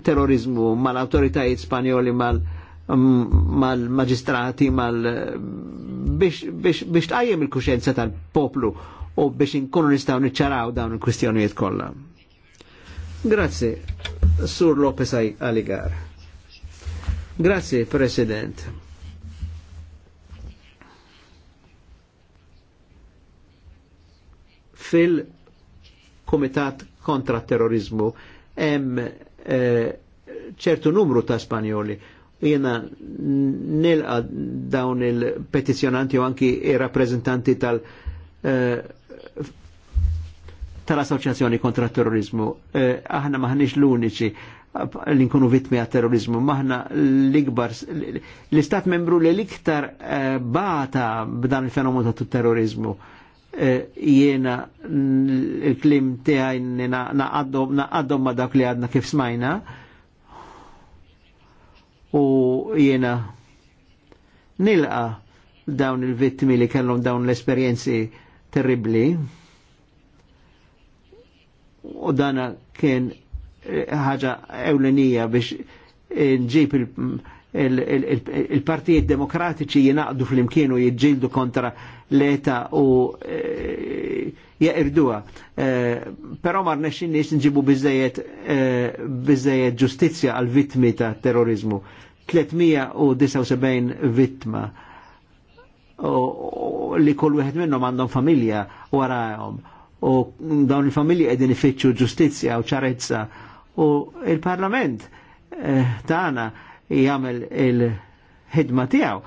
terrorizmu mal-autoritajiet spanjoli mal-, -autoritajiet Um, mal-maġistrati mal biex tajjem il-kuxenza tal-poplu u biex inkunu nistaw nċaraw dawn il-kwistjonijiet kolla. Grazie, Sur Lopez Aligar. Grazie, President. Fil-Komitat kontra terrorizmu hemm eh, ċertu numru ta' Spanjoli Jena nilqa dawn il-petizjonanti u anki il rappresentanti tal- eh, tal-Assoċjazzjoni kontra terrorizmu. Eh, aħna maħniex l-uniċi li nkunu vittmi għat terrorizmu. Maħna l-ikbar, l-istat membru li l-iktar eh, bata b'dan il-fenomenu ta' terrorizmu. Jiena il-klim tiegħi naqaddhom ma dak li għadna kif smajna u jiena nilqa dawn il-vittmi li kellhom dawn l-esperjenzi terribli u dana kien ħaġa ewlenija biex nġib il- il-partijiet demokratiċi jinaqdu fl-imkienu jidġildu kontra l-eta u eh, jaqirduha. Eh, però mar rnexxin nix nġibu bizzejiet eh, ġustizja għal vittmi ta' terrorizmu. 379 vittma li kull wieħed minnhom għandhom familja warahom u dawn il familja qegħdin ifittxu ġustizzja u ċarezza u il-Parlament tagħna jgħamil il-ħidma tijaw.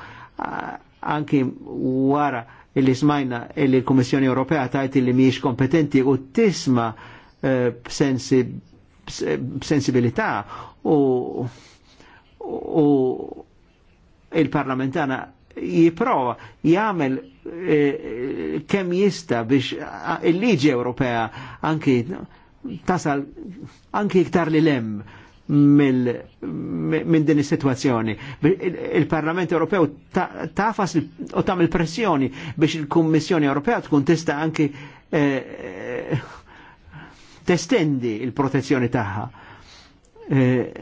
anki wara illi smajna illi l komissjoni Ewropea tajt li miex kompetenti u tisma eh, b'sensibilità u u il-parlamentana jiprova jgħamil eh, kem jista biex il-liġi Ewropea anki tasal anki iktar li lem mill minn din is-sitwazzjoni. Il-Parlament Ewropew tafas u tagħmel pressjoni biex il-Kummissjoni Ewropea tkun tista' anki eh, eh, testendi il-protezzjoni tagħha. Eh,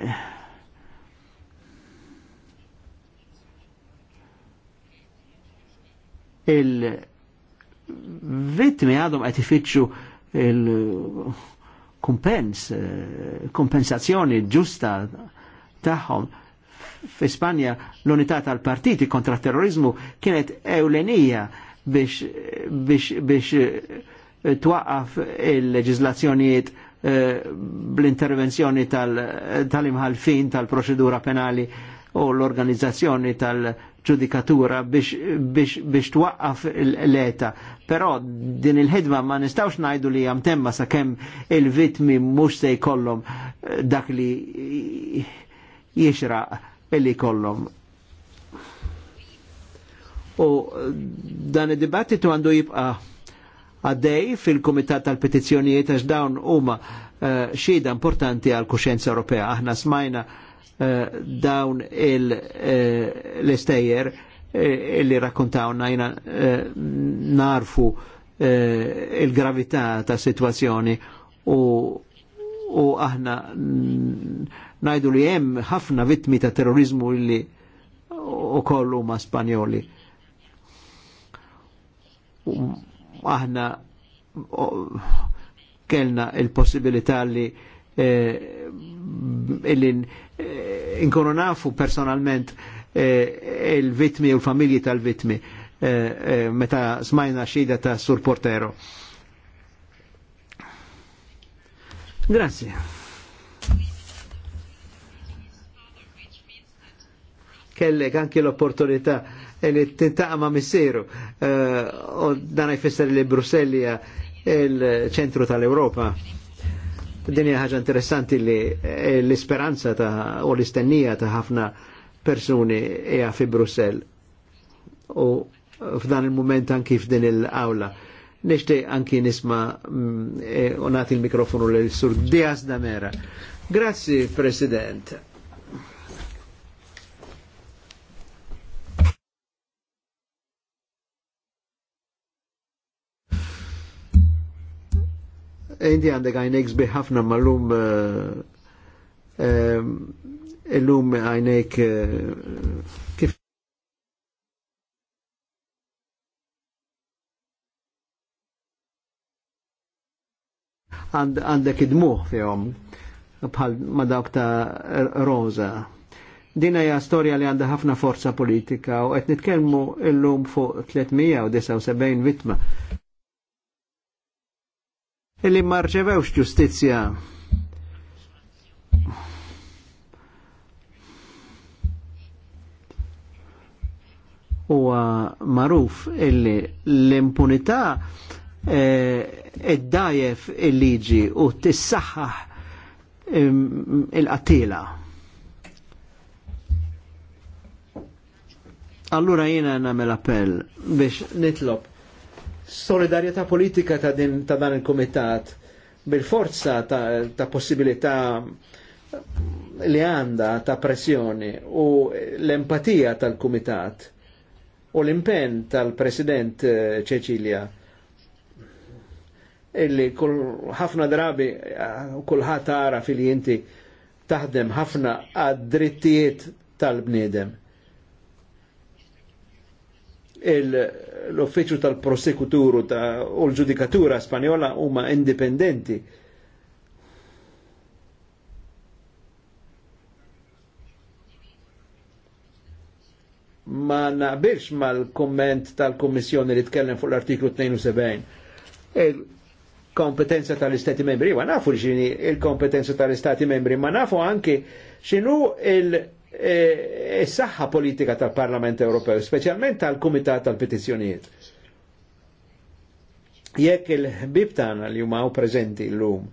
Il-vittmi għadhom qed ifittxu il-kumpens, kompensazzjoni ġusta tagħhom. F'Ispanja l-unità tal-partiti kontra terrorizmu kienet ewlenija biex, biex, biex eh, twaqqaf il-leġizlazzjonijiet eh, bl-intervenzjoni tal-imħalfin tal tal-proċedura penali u l-organizzazzjoni tal-ġudikatura biex, biex, biex twaqqaf l-eta. Però din il-ħidma ma nistawx najdu li temma sa' kem il-vitmi mux se jkollhom eh, dak li jixraq illi kollom. U dan id-dibattitu għandu jibqa għaddej fil-Komitat tal-Petizzjonijiet għax dawn huma uh, xhieda importanti għal kuxenza Ewropea. Aħna smajna eh, dawn eh, l-istejjer illi rakkontawna jina narfu il-gravità ta' situazzjoni u u aħna najdu li jem ħafna vittmi ta' terrorizmu illi u kollu ma' spanjoli. Aħna kellna il-possibilità li eh, illi eh, inkonu nafu personalment eh, il-vitmi u l-familji tal-vitmi meta smajna xida ta' Sur Portero Grazie. Kellek anke l-opportunità li tintaqa ma' missieru da eh, uh, dan jfisser li Brussellija il centro dell'Europa. Dini Din hija ħaġa interessanti li eh, l-isperanza ta' u l-istennija ta' ħafna persuni hija fi Brussell. U f'dan il-moment anki f'din il-awla. Nishti anki nisma mm, e, unati il-mikrofonu l-sur Dias Damera. Grazie, President. E, Indi għandek għajnek sbiħ ma l lum e, l lum għajnek kif għandek id muħ fihom bħal ma dawk ta' Rosa. Dina hija storja li għandha ħafna forza politika u qed nitkellmu llum fuq 379 vittma. Illi ma rċevewx ġustizzja huwa maruf illi l-impunità Eh, id-dajef il-liġi u tissaħħaħ il-qatila. Allura jena namel appell biex nitlob solidarieta politika ta' din ta' dan il-komitat bil-forza ta', ta possibilità li għanda ta' pressjoni u l-empatija tal-komitat u l-impen tal-president eh, Cecilia illi ħafna drabi eh, kullħat ara fil inti taħdem ħafna għad-drittijiet tal-bniedem. L-uffiċu tal-prosekuturu ta u l-ġudikatura spanjola huma indipendenti. Ma naqbilx mal-komment tal-Kommissjoni li tkellem fuq l-artiklu 72 kompetenza tal-Istati membri, ma nafu xini il-kompetenza tal-Istati membri, ma nafu anki xinu il-saħħa e, e politika tal-Parlament Ewropew, specialment tal-Kumitat tal-Petizzjonijiet. Jekk il-ħbib tagħna li huma preżenti llum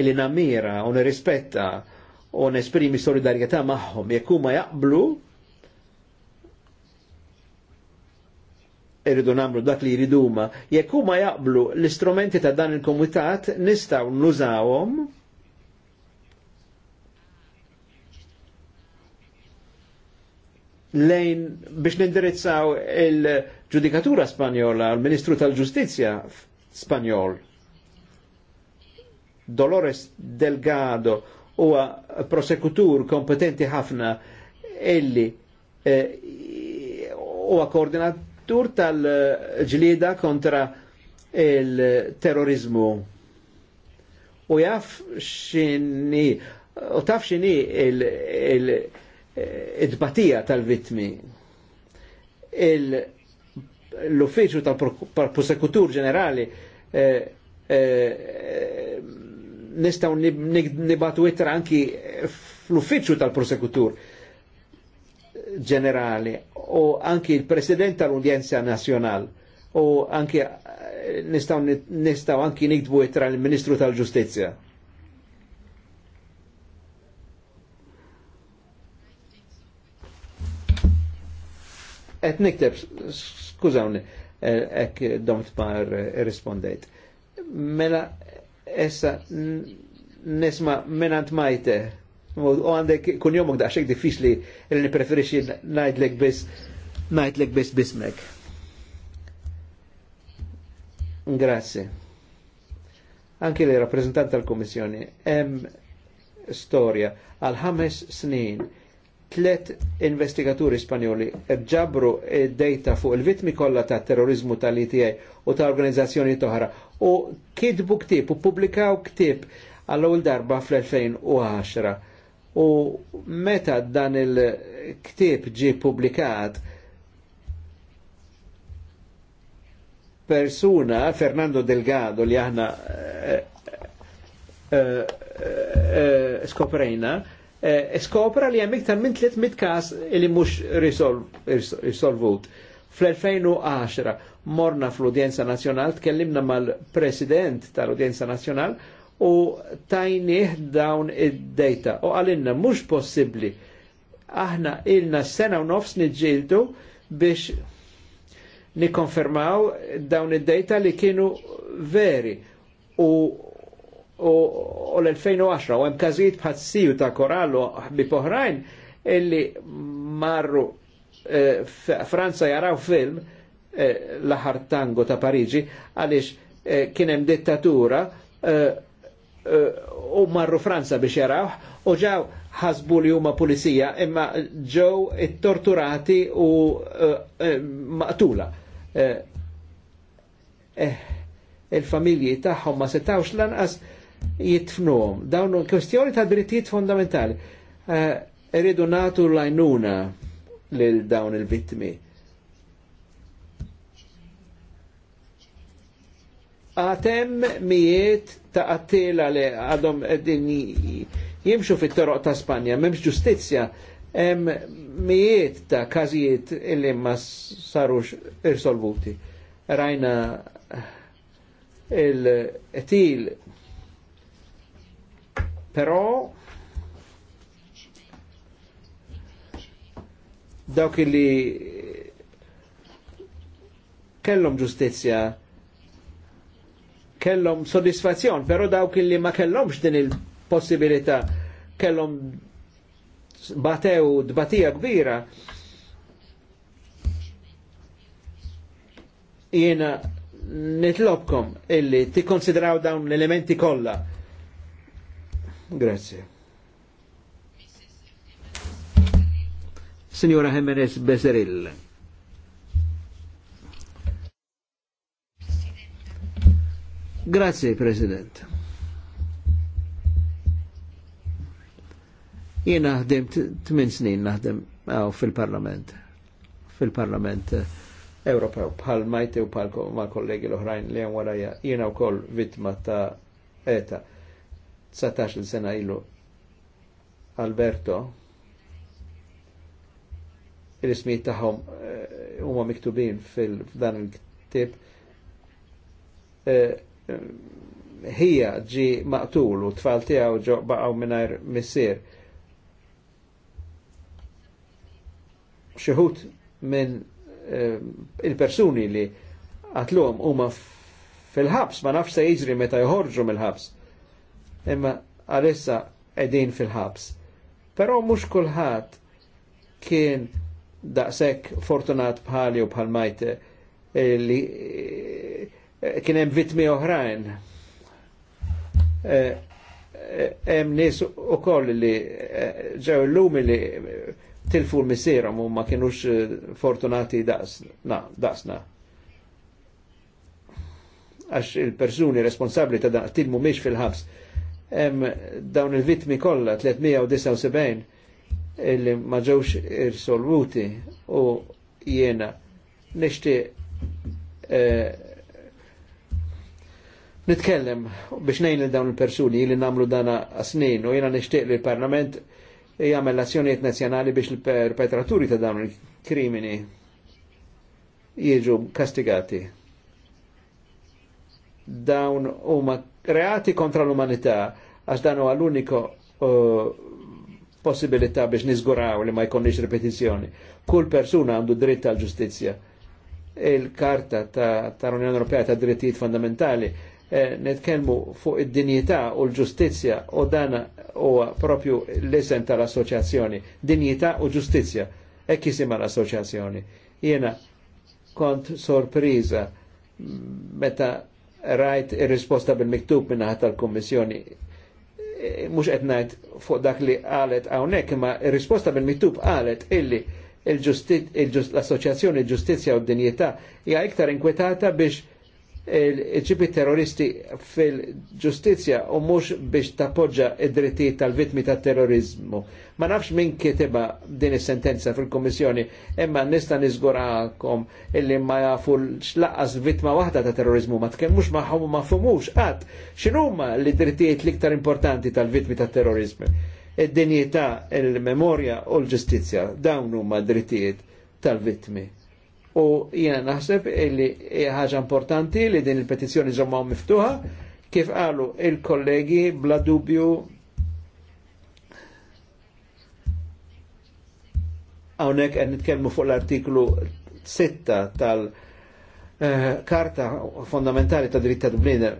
illi nammira u nirrispetta u nesprimi solidarjetà magħhom jekk huma jaqblu irridu namlu dak li jriduma, jekk huma jaqblu l-istrumenti ta' dan il-komitat nistgħu nużawhom lejn biex nindirizzaw il-ġudikatura Spanjola, l-Ministru tal-Ġustizzja Spanjol. Dolores Delgado huwa prosekutur kompetenti ħafna illi eh, huwa eh, koordinat tur tal-ġlida kontra il-terrorizmu. U jaff xini, u taf xini il-dbatija il, tal-vitmi. L-uffiċu tal-prosekutur ġenerali eh, eh, nistaw nibatu itra anki fl-uffiċu tal-prosekutur ġenerali u anki il-President tal-Udjenza Nazjonal u anki eh, nistaw, nistaw anki nikdbu itra l-Ministru tal-Ġustizja. Et nikteb, skużawni, eh, ek domt par eh, rispondejt. Mela, essa nisma minant majte U għandek kun jomok daċċek diffiċli li preferisci najdlek bis najdlek bis bismek. Grazie. Anki li rappresentant tal-Komissjoni hemm storja għal ħames snin tlet investigaturi spanjoli ġabru data fuq il-vitmi kollha ta' terrorizmu tal-ITA u ta' organizzazzjoni toħra u kidbu ktib u publikaw ktib għall-ewwel darba fl-2010 U meta dan il-ktib ġi publikat, persuna, Fernando Delgado, li aħna eh, eh, eh, skoprejna, skopra li hemm iktar minn 300 kas li mhux risolvut. Fl-2010 morna fl-Udjenza Nazjonal, tkellimna mal-President tal-Udjenza Nazjonal u tajnieh dawn id-data u għalinna mhux possibbli aħna ilna sena u nofs nġildu biex nikonfermaw dawn id-data li kienu veri u l-2010 u hemm każijiet siju ta' korallu bi poħrajn, illi marru eh, Franza jaraw film eh, l-aħar ta' Pariġi għaliex kienem eh, kien hemm dittatura u marru Franza biex jaraw u ġaw ħasbu li huma pulizija imma ġew it-torturati u eh, eh, maqtula. Eh, il-familji tagħhom ma setawx lanqas jitfnuhom. Dawn kwestjoni ta' drittijiet fondamentali. Irridu natu lajnuna lil dawn il-vittmi għatem miet ta' għattila li għadhom għedin jimxu fit-toroq ta' Spanja, memx ġustizja, hemm ta' każijiet illi ma sarux irsolvuti. Rajna il etil però dawk li kellhom ġustizja kellom soddisfazzjon, pero dawk li ma kellomx din il-possibilità kellom batew dbatija kbira. Jena nitlobkom illi ti tikkonsidraw dawn l-elementi kolla. Grazie. Signora Jimenez Beseril. Grazie, President. Jiena naħdem 8 snin naħdem fil-Parlament, fil-Parlament eh, Ewropew, bħal majte u bħal ma' kollegi l-oħrajn li għan warajja, jiena u koll vittma ta' eta, 19 sena ilu Alberto, il-ismijiet ismi u ma' miktubin fil-dan il-ktib eh, hija ġi maqtul u tfal tiegħu ġo baqgħu mingħajr missier. Xiħud minn eh, il-persuni li għatlum huma fil-ħabs, ma nafx se jiġri meta jħorġu mill-ħabs. Imma għalissa edin fil-ħabs. Pero mux kullħat kien daqsek fortunat bħali u bħal majte eh, li eh, kien hemm vitmi oħrajn. Eh, eh, hemm nies ukoll li eh, ġew illumi li tilfu l-missierhom u ma kienux fortunati daqsna. Għax il-persuni responsabbli ta' dan tilmu miex fil-ħabs. Hemm dawn il-vitmi kollha 379 illi ma ġewx irsolvuti u jiena nixtieq nitkellem biex nejn il dawn il-persuni li namlu dana snin u jena nishtiq li l-Parlament jgħamil azzjoniet nazjonali biex l-perpetraturi ta' dawn il-krimini jiġu kastigati. Dawn huma reati kontra l-umanità għax dan huwa l-uniku uh, possibilità biex nizguraw li ma jkunniex repetizzjoni. Kull persuna għandu dritt għal ġustizja Il-karta ta' l-Unjoni Ewropea ta', ta drittijiet fondamentali Eh, netkelmu fuq id-dinjità u l-ġustizzja u dan huwa propju l-isem tal-assoċjazzjoni. Dinjità u ġustizja. Hekk jisima l-assoċjazzjoni. Jiena kont sorpriza meta rajt ir-risposta bil-miktub minnaħat tal-Kummissjoni e, mux etnajt fuq dak li għalet għawnek, ma risposta bil miktub għalet illi l-Assoċjazzjoni Ġustizja u d-Dinjità hija iktar inkwetata biex ġibi terroristi fil-ġustizja u mux biex tappoġġa id-drittijiet tal-vitmi ta' terrorizmu. Ma nafx minn kiteba din is-sentenza fil komissjoni imma nista' niżgurakom illi ma jafu x'laqas vitma waħda ta' terrorizmu ma tkellmux magħhom ma fhumux qatt x'inhuma l-drittijiet l-iktar importanti tal-vitmi ta' terrorizmu. Id-dinjità, il-memorja u l-ġustizja dawn huma drittijiet tal-vitmi u jiena naħseb li ħaġa importanti li din il-petizzjoni żomma miftuħa kif qalu il-kollegi bla dubju hawnhekk qed nitkellmu fuq l-artiklu 6 tal-Karta eh, Fondamentali ta' Dritta Dublina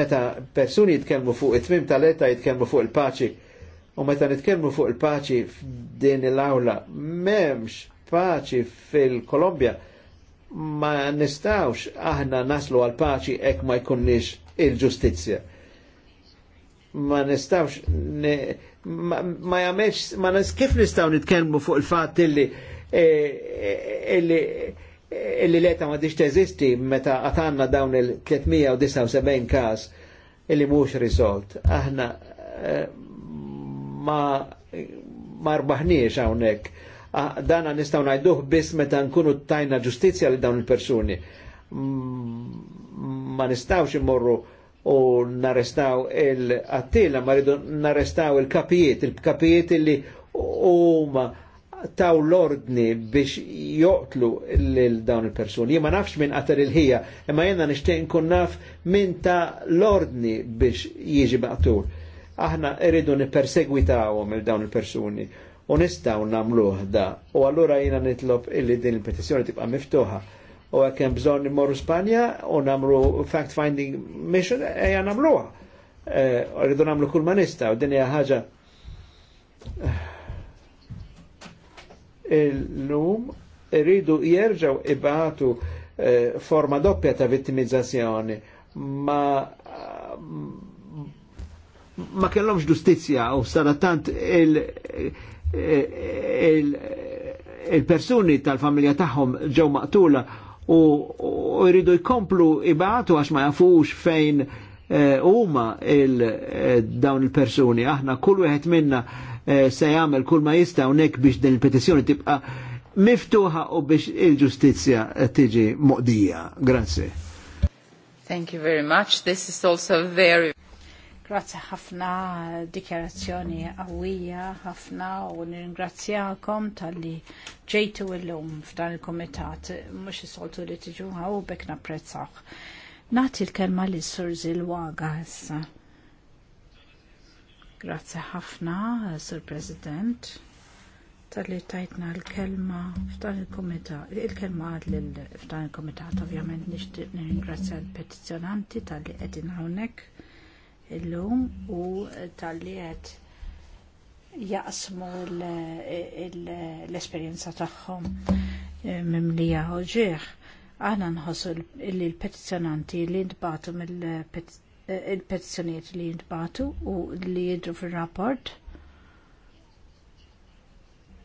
meta persuni jitkellmu fuq it-tmim tal etta jitkellmu fuq il-paċi u meta nitkellmu fuq il-paċi f'din il-awla memx paċi fil-Kolombja ma nistawx aħna naslu għal paċi ek ma jkunniex il-ġustizja. Ma nistawx, ne, ma, ma jamex, ma nis, kif nistaw nitkelmu fuq il-fat illi e, e, illi illi leta ma diċ teżisti meta għatanna dawn il-379 kas illi mux risolt. Aħna e, ma marbaħniex għawnek dana nistaw najduh biss meta nkunu tajna ġustizja li dawn il-persuni. Ma nistawx immorru u narestaw il-attila, ma rridu narestaw il-kapijiet, il-kapijiet li huma taw l-ordni biex joqtlu l-dawn il-persuni. Jema ma nafx minn qatar il-ħija, imma jenna nishtiq nkun naf minn ta' l-ordni biex jiġi maqtur. Aħna rridu niperseguitawhom il-dawn il-persuni u nistaw namluħ da. U allura jina nitlob illi din il-petizjoni tibqa miftuħa. U għek hemm bżonn immorru Spanja u namlu fact-finding mission eja namluha. E, rridu namlu kull ma nistaw, din hija ħaġa il-lum rridu jerġaw ibatu e, forma doppja ta' vittimizzazzjoni ma ma kellomx ġustizja u saratant il il-persuni tal-familja tagħhom ġew maqtula u jridu jkomplu ibatu għax ma jafux fejn eh, huma eh, dawn il-persuni. Aħna kull wieħed minna eh, se jagħmel kull ma jista' hawnhekk biex din il-petizzjoni tibqa' miftuħa u biex il-ġustizzja tiġi moqdija. Grazie. Thank you very much. This is also very Grazzi ħafna dikjarazzjoni għawija ħafna u nirringrazzjakom tal-li ġejtu illum f'dan il-komitat mhux is-soltu li tiġu u bekk napprezzah. Nati l-kelma li sur zil-waga issa. Grazzi ħafna, Sur President, tal-li tajtna l-kelma f'dan il-komitat, il-kelma f'dan il-komitat, ovvjament nixtieq nirringrazzja l-petizjonanti tal-li qegħdin hawnhekk illum u tal-li għed jaqsmu l-esperienza tagħhom eh, mimlija ħoġieħ. Aħna nħossu li eh, l-petizjonanti li ntbatu mill-petizjoniet li ntbatu u li jidru fil-rapport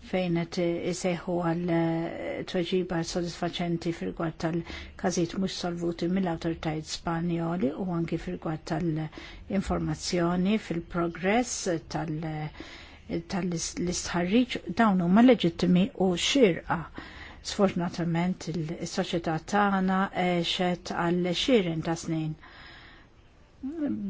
fejn qed iseħħu għal eh, tweġiba sodisfaċenti fil-gwad tal-każijiet mhux solvuti mill-awtoritajiet Spanjoli u anki fil-gwad tal-informazzjoni fil-progress eh, tal-istħarriġ dawn huma leġittimi u xirqa. Sfortunatament il-soċjetà tagħna għexet għal xirin ta' snin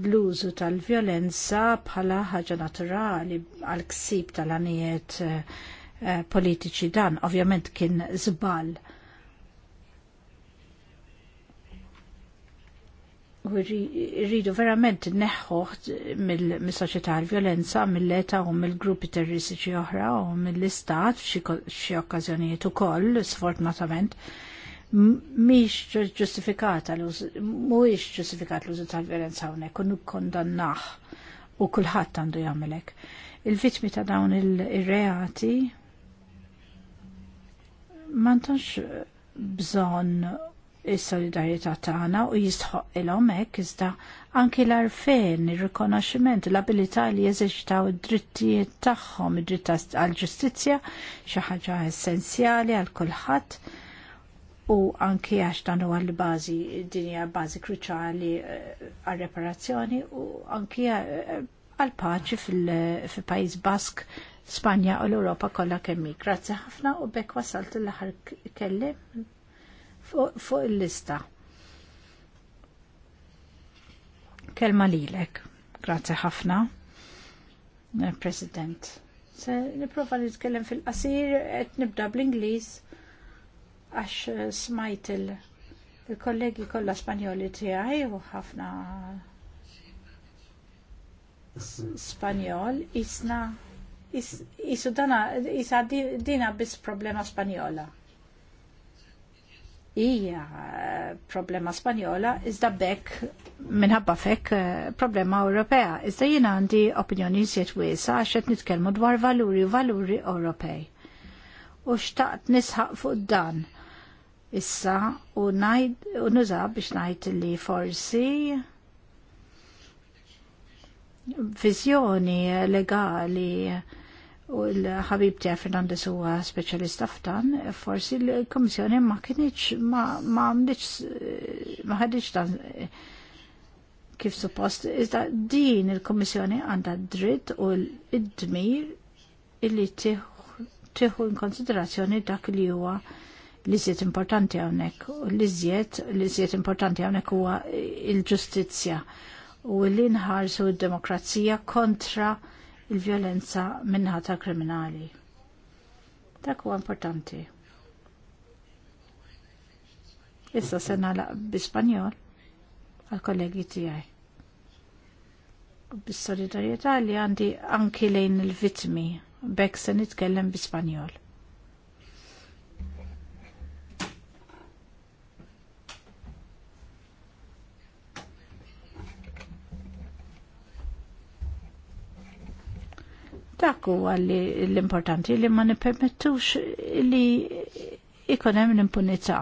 bluzu tal-vjolenza bħala ħaġa naturali għal ksib tal-anijiet uh, eh, Eh, politiċi dan ovvjament kien zbal. U rridu verament neħħuħ mill-soċjetà l-violenza, mill-leta u mill-gruppi terroristiċi oħra u mill-istat f'xi okkażjonijiet ukoll, sfortunatament, miex ġustifikata mhuwiex ġustifikat l-użu tal-violenza hawnhekk u kondannah u kulħadd għandu jagħmelek. Il-vittmi ta' dawn il-reati mantonx eh, bżon il-solidarieta tagħna u jistħoq ilhom hekk iżda anke l arfen ir-rikonoxximent, l-abilità li jeżeċitaw id-drittijiet tagħhom, id-dritt għall-ġustizzja, xi ħaġa essenzjali għal kulħadd u anke għax dan huwa l-bażi dinja bażi kruċjali eh, għal-reparazzjoni u anke eh, għal paċi fil-Pajjiż Bask Spanja u l-Europa kollha kemmi. Grazzi ħafna u bekk wasalt l-aħħar kellim fuq il-lista. Kelma lilek. Grazzi ħafna. Eh, President. Se niprofa nitkellem fil-qasir qed nibda bl-Ingliż għax eh, smajt il-kollegi kollha Spanjoli tiegħi u ħafna Spanjol isna' jisu dana, jisa dina bis problema spanjola. Ija eh, problema spanjola, iżda bek minħabba fek eh, problema Ewropea. Izda jina għandi opinjoni siet wiesa għax qed nitkellmu dwar valuri u valuri Ewropej. U xtaqt nisħaq fuq dan issa u najd u nuza biex najt li forsi viżjoni legali u l-ħabib tija Fernandez huwa speċjalista f'dan, forsi l-Komissjoni ma kienieċ ma għandix ma ħadiċ dan eh, kif suppost, iżda din il-Komissjoni għandha dritt u l-idmir illi tieħu in konsiderazzjoni dak li huwa l-iżjed importanti hawnhekk, l-iżjed l-iżjed importanti hawnhekk huwa il-ġustizzja. il ġustizzja u li nħarsu d-demokrazija kontra il-violenza minnata ta' kriminali. Dak huwa importanti. Issa se nagħlaq bl-Ispanjol għall kollegi tiegħi. bis solidarieta li għandi anki lejn il-vitmi bekk se nitkellem bl-Ispanjol. Dak huwa l-importanti li ma nipermettux li ikun hemm l-impunità.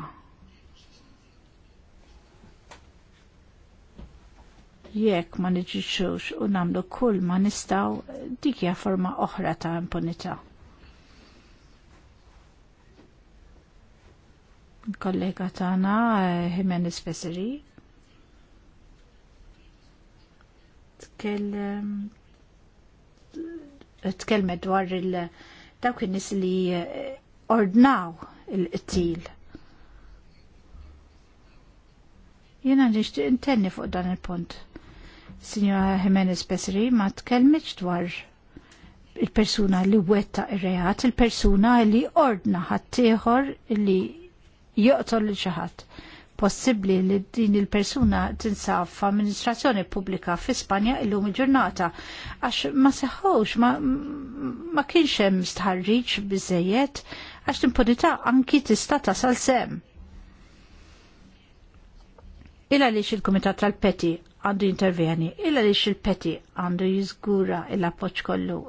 Jekk ma niġġiċux u nagħmlu kull ma nistgħu dik hija forma oħra ta' impunità. kollega tagħna eh, Jimenez Feseri tkellem tkellmet dwar il- dawk in-nies li eh, ordnaw il-qtil. Jena nixtieq intenni fuq dan il-punt. Signora Jimenez Besri ma tkellmitx dwar il-persuna li wetta ir reħat il-persuna li ordna ħaddieħor li joqtol lil xi ħadd possibbli li din il-persuna tinsab f'amministrazzjoni pubblika fi Spanja illum il-ġurnata għax ma seħħux ma, ma kienx hemm stħarriġ biżejjed għax l-impunità anki tista' tasal sem. Illa li il-Kumitat tal-Peti għandu jintervjeni, illa li il-Peti għandu jizgura il-appoċ kollu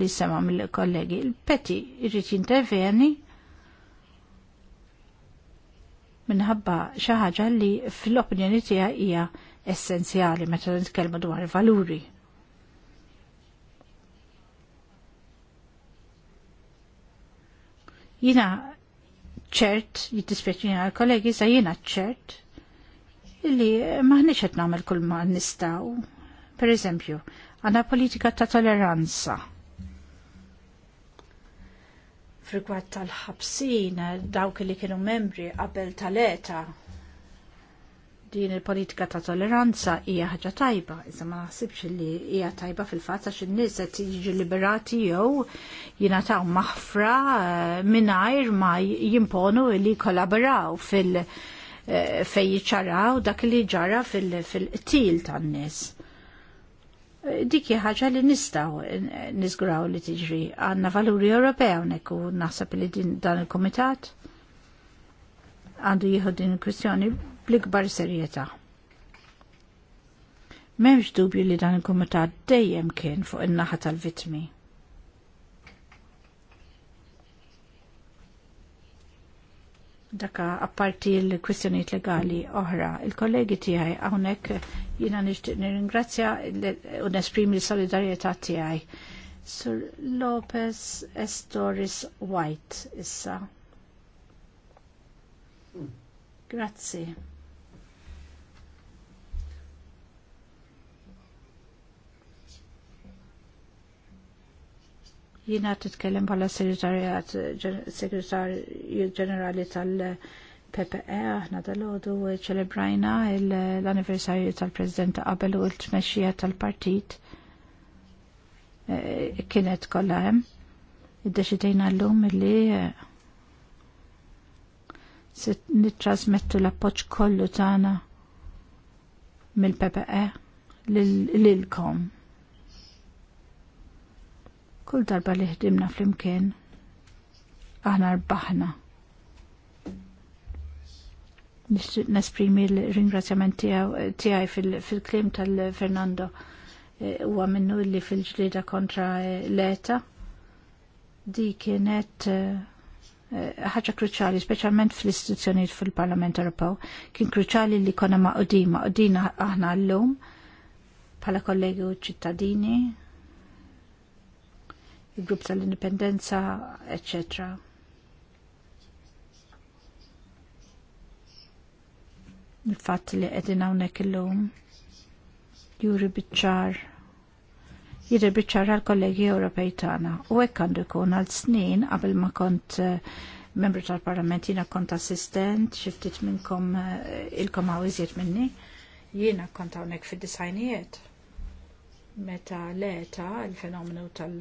li sema mill-kollegi. Il-Peti irrit jintervjeni minħabba xi ħaġa li fl-opinjoni tiegħi hija essenzjali meta nitkellmu dwar valuri. Jina ċert, jina għal-kollegi, sa jina ċert, illi maħniċ qed nagħmel kull ma nistaw. Per eżempju, għanna politika ta' toleranza frikwat tal-ħabsin dawk li kienu membri qabel tal-eta din il-politika ta' toleranza hija ħaġa tajba, iżda ma naħsibx li hija tajba fil-fatt għax in-nies qed jiġu liberati jew jingħataw maħfra eh, mingħajr ma jimponu li kollaboraw fil- eh, fej jiċċaraw dak li ġara fil-qtil tan-nies dik ħaġa li nistaw nizguraw li tiġri għanna valuri Ewropea unek u naħseb li din dan il-komitat għandu jieħu din il-kwistjoni bl-ikbar serjetà. Memx dubju li dan il-komitat dejjem kien fuq in-naħa tal-vitmi. daka apparti l-kwistjoniet legali oħra. Il-kollegi tiegħi hawnhekk jiena nixtieq nirringrazzja u nesprimi l solidarieta tiegħi. Sur Lopez Estoris White issa. Grazzi. Jina titkellem bħala segretarjat, segretarju ġenerali tal-PPE, aħna dal-ħodu ċelebrajna l-anniversarju tal-President qabel u l-tmexxija tal-partit e, kienet kollha hemm. Iddeċidejna llum li e, se nittrasmettu l-appoġġ kollu tagħna mill-PPE lilkom. Kull darba li ħdimna fl-imkien, aħna rbaħna. Nesprimi l-ringrazzjament tiegħi fil-klim tal-Fernando e, huwa minnu li fil-ġlida kontra e, l-ETA. Di kienet e, ħaġa kruċali, speċjalment fl-istituzzjonijiet fil-Parlament Ewropew, kien kruċali li konna maqdin, maqdina aħna l-lum bħala kollegi u ċittadini, il-grupp tal-indipendenza, etc. Il-fatt li qegħdin hawnhekk illum juri biċċar jiri biċċar għal-kollegi Ewropej tagħna u hekk għandu jkun għal snin qabel ma kont eh, membru tal-Parlament jiena kont assistent, xi ftit minnkom eh, il-kom għawizjiet minni, jiena kont hawnhekk fid-disajnijiet. Meta l-eta, il-fenomenu tal-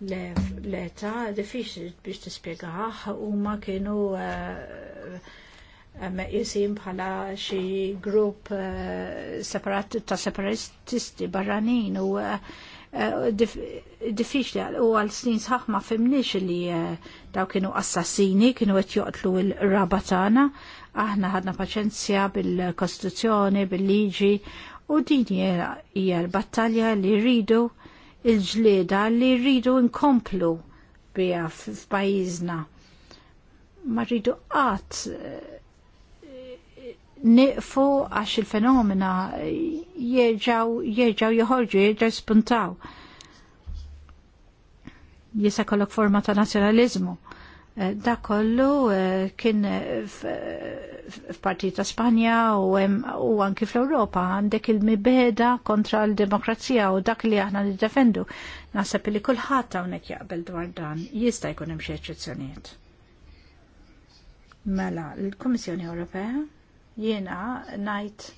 l-età diffiċli biex tispjegaħ huma kienu eh, eh, jisim bħala xi grupp eh, separat ta' separatisti barranin u diffiċli u għal snin sħaħ ma fimniex li daw kienu assassini, kienu qed joqtlu l-raba tagħna, aħna ħadna paċenzja bil-Kostituzzjoni, bil-liġi u din hija l-battalja li rridu il-ġlieda li rridu nkomplu biha f'pajjiżna. Ma rridu qatt eh, niqfu għax il-fenomena jieġaw joħorġu, jieġaw spuntaw. Jisa kollok forma ta' nazjonalizmu. Eh, da kollu eh, kien f'parti ta' Spanja u, u anki fl-Europa għandek il-mibeda kontra l-demokrazija u dak li aħna niddefendu. Nasab li kulħadd hawnhekk jaqbel dwar dan jista' jkun hemm xi eċċezzjonijiet. Mela, l-Kummissjoni Ewropea jiena ngħid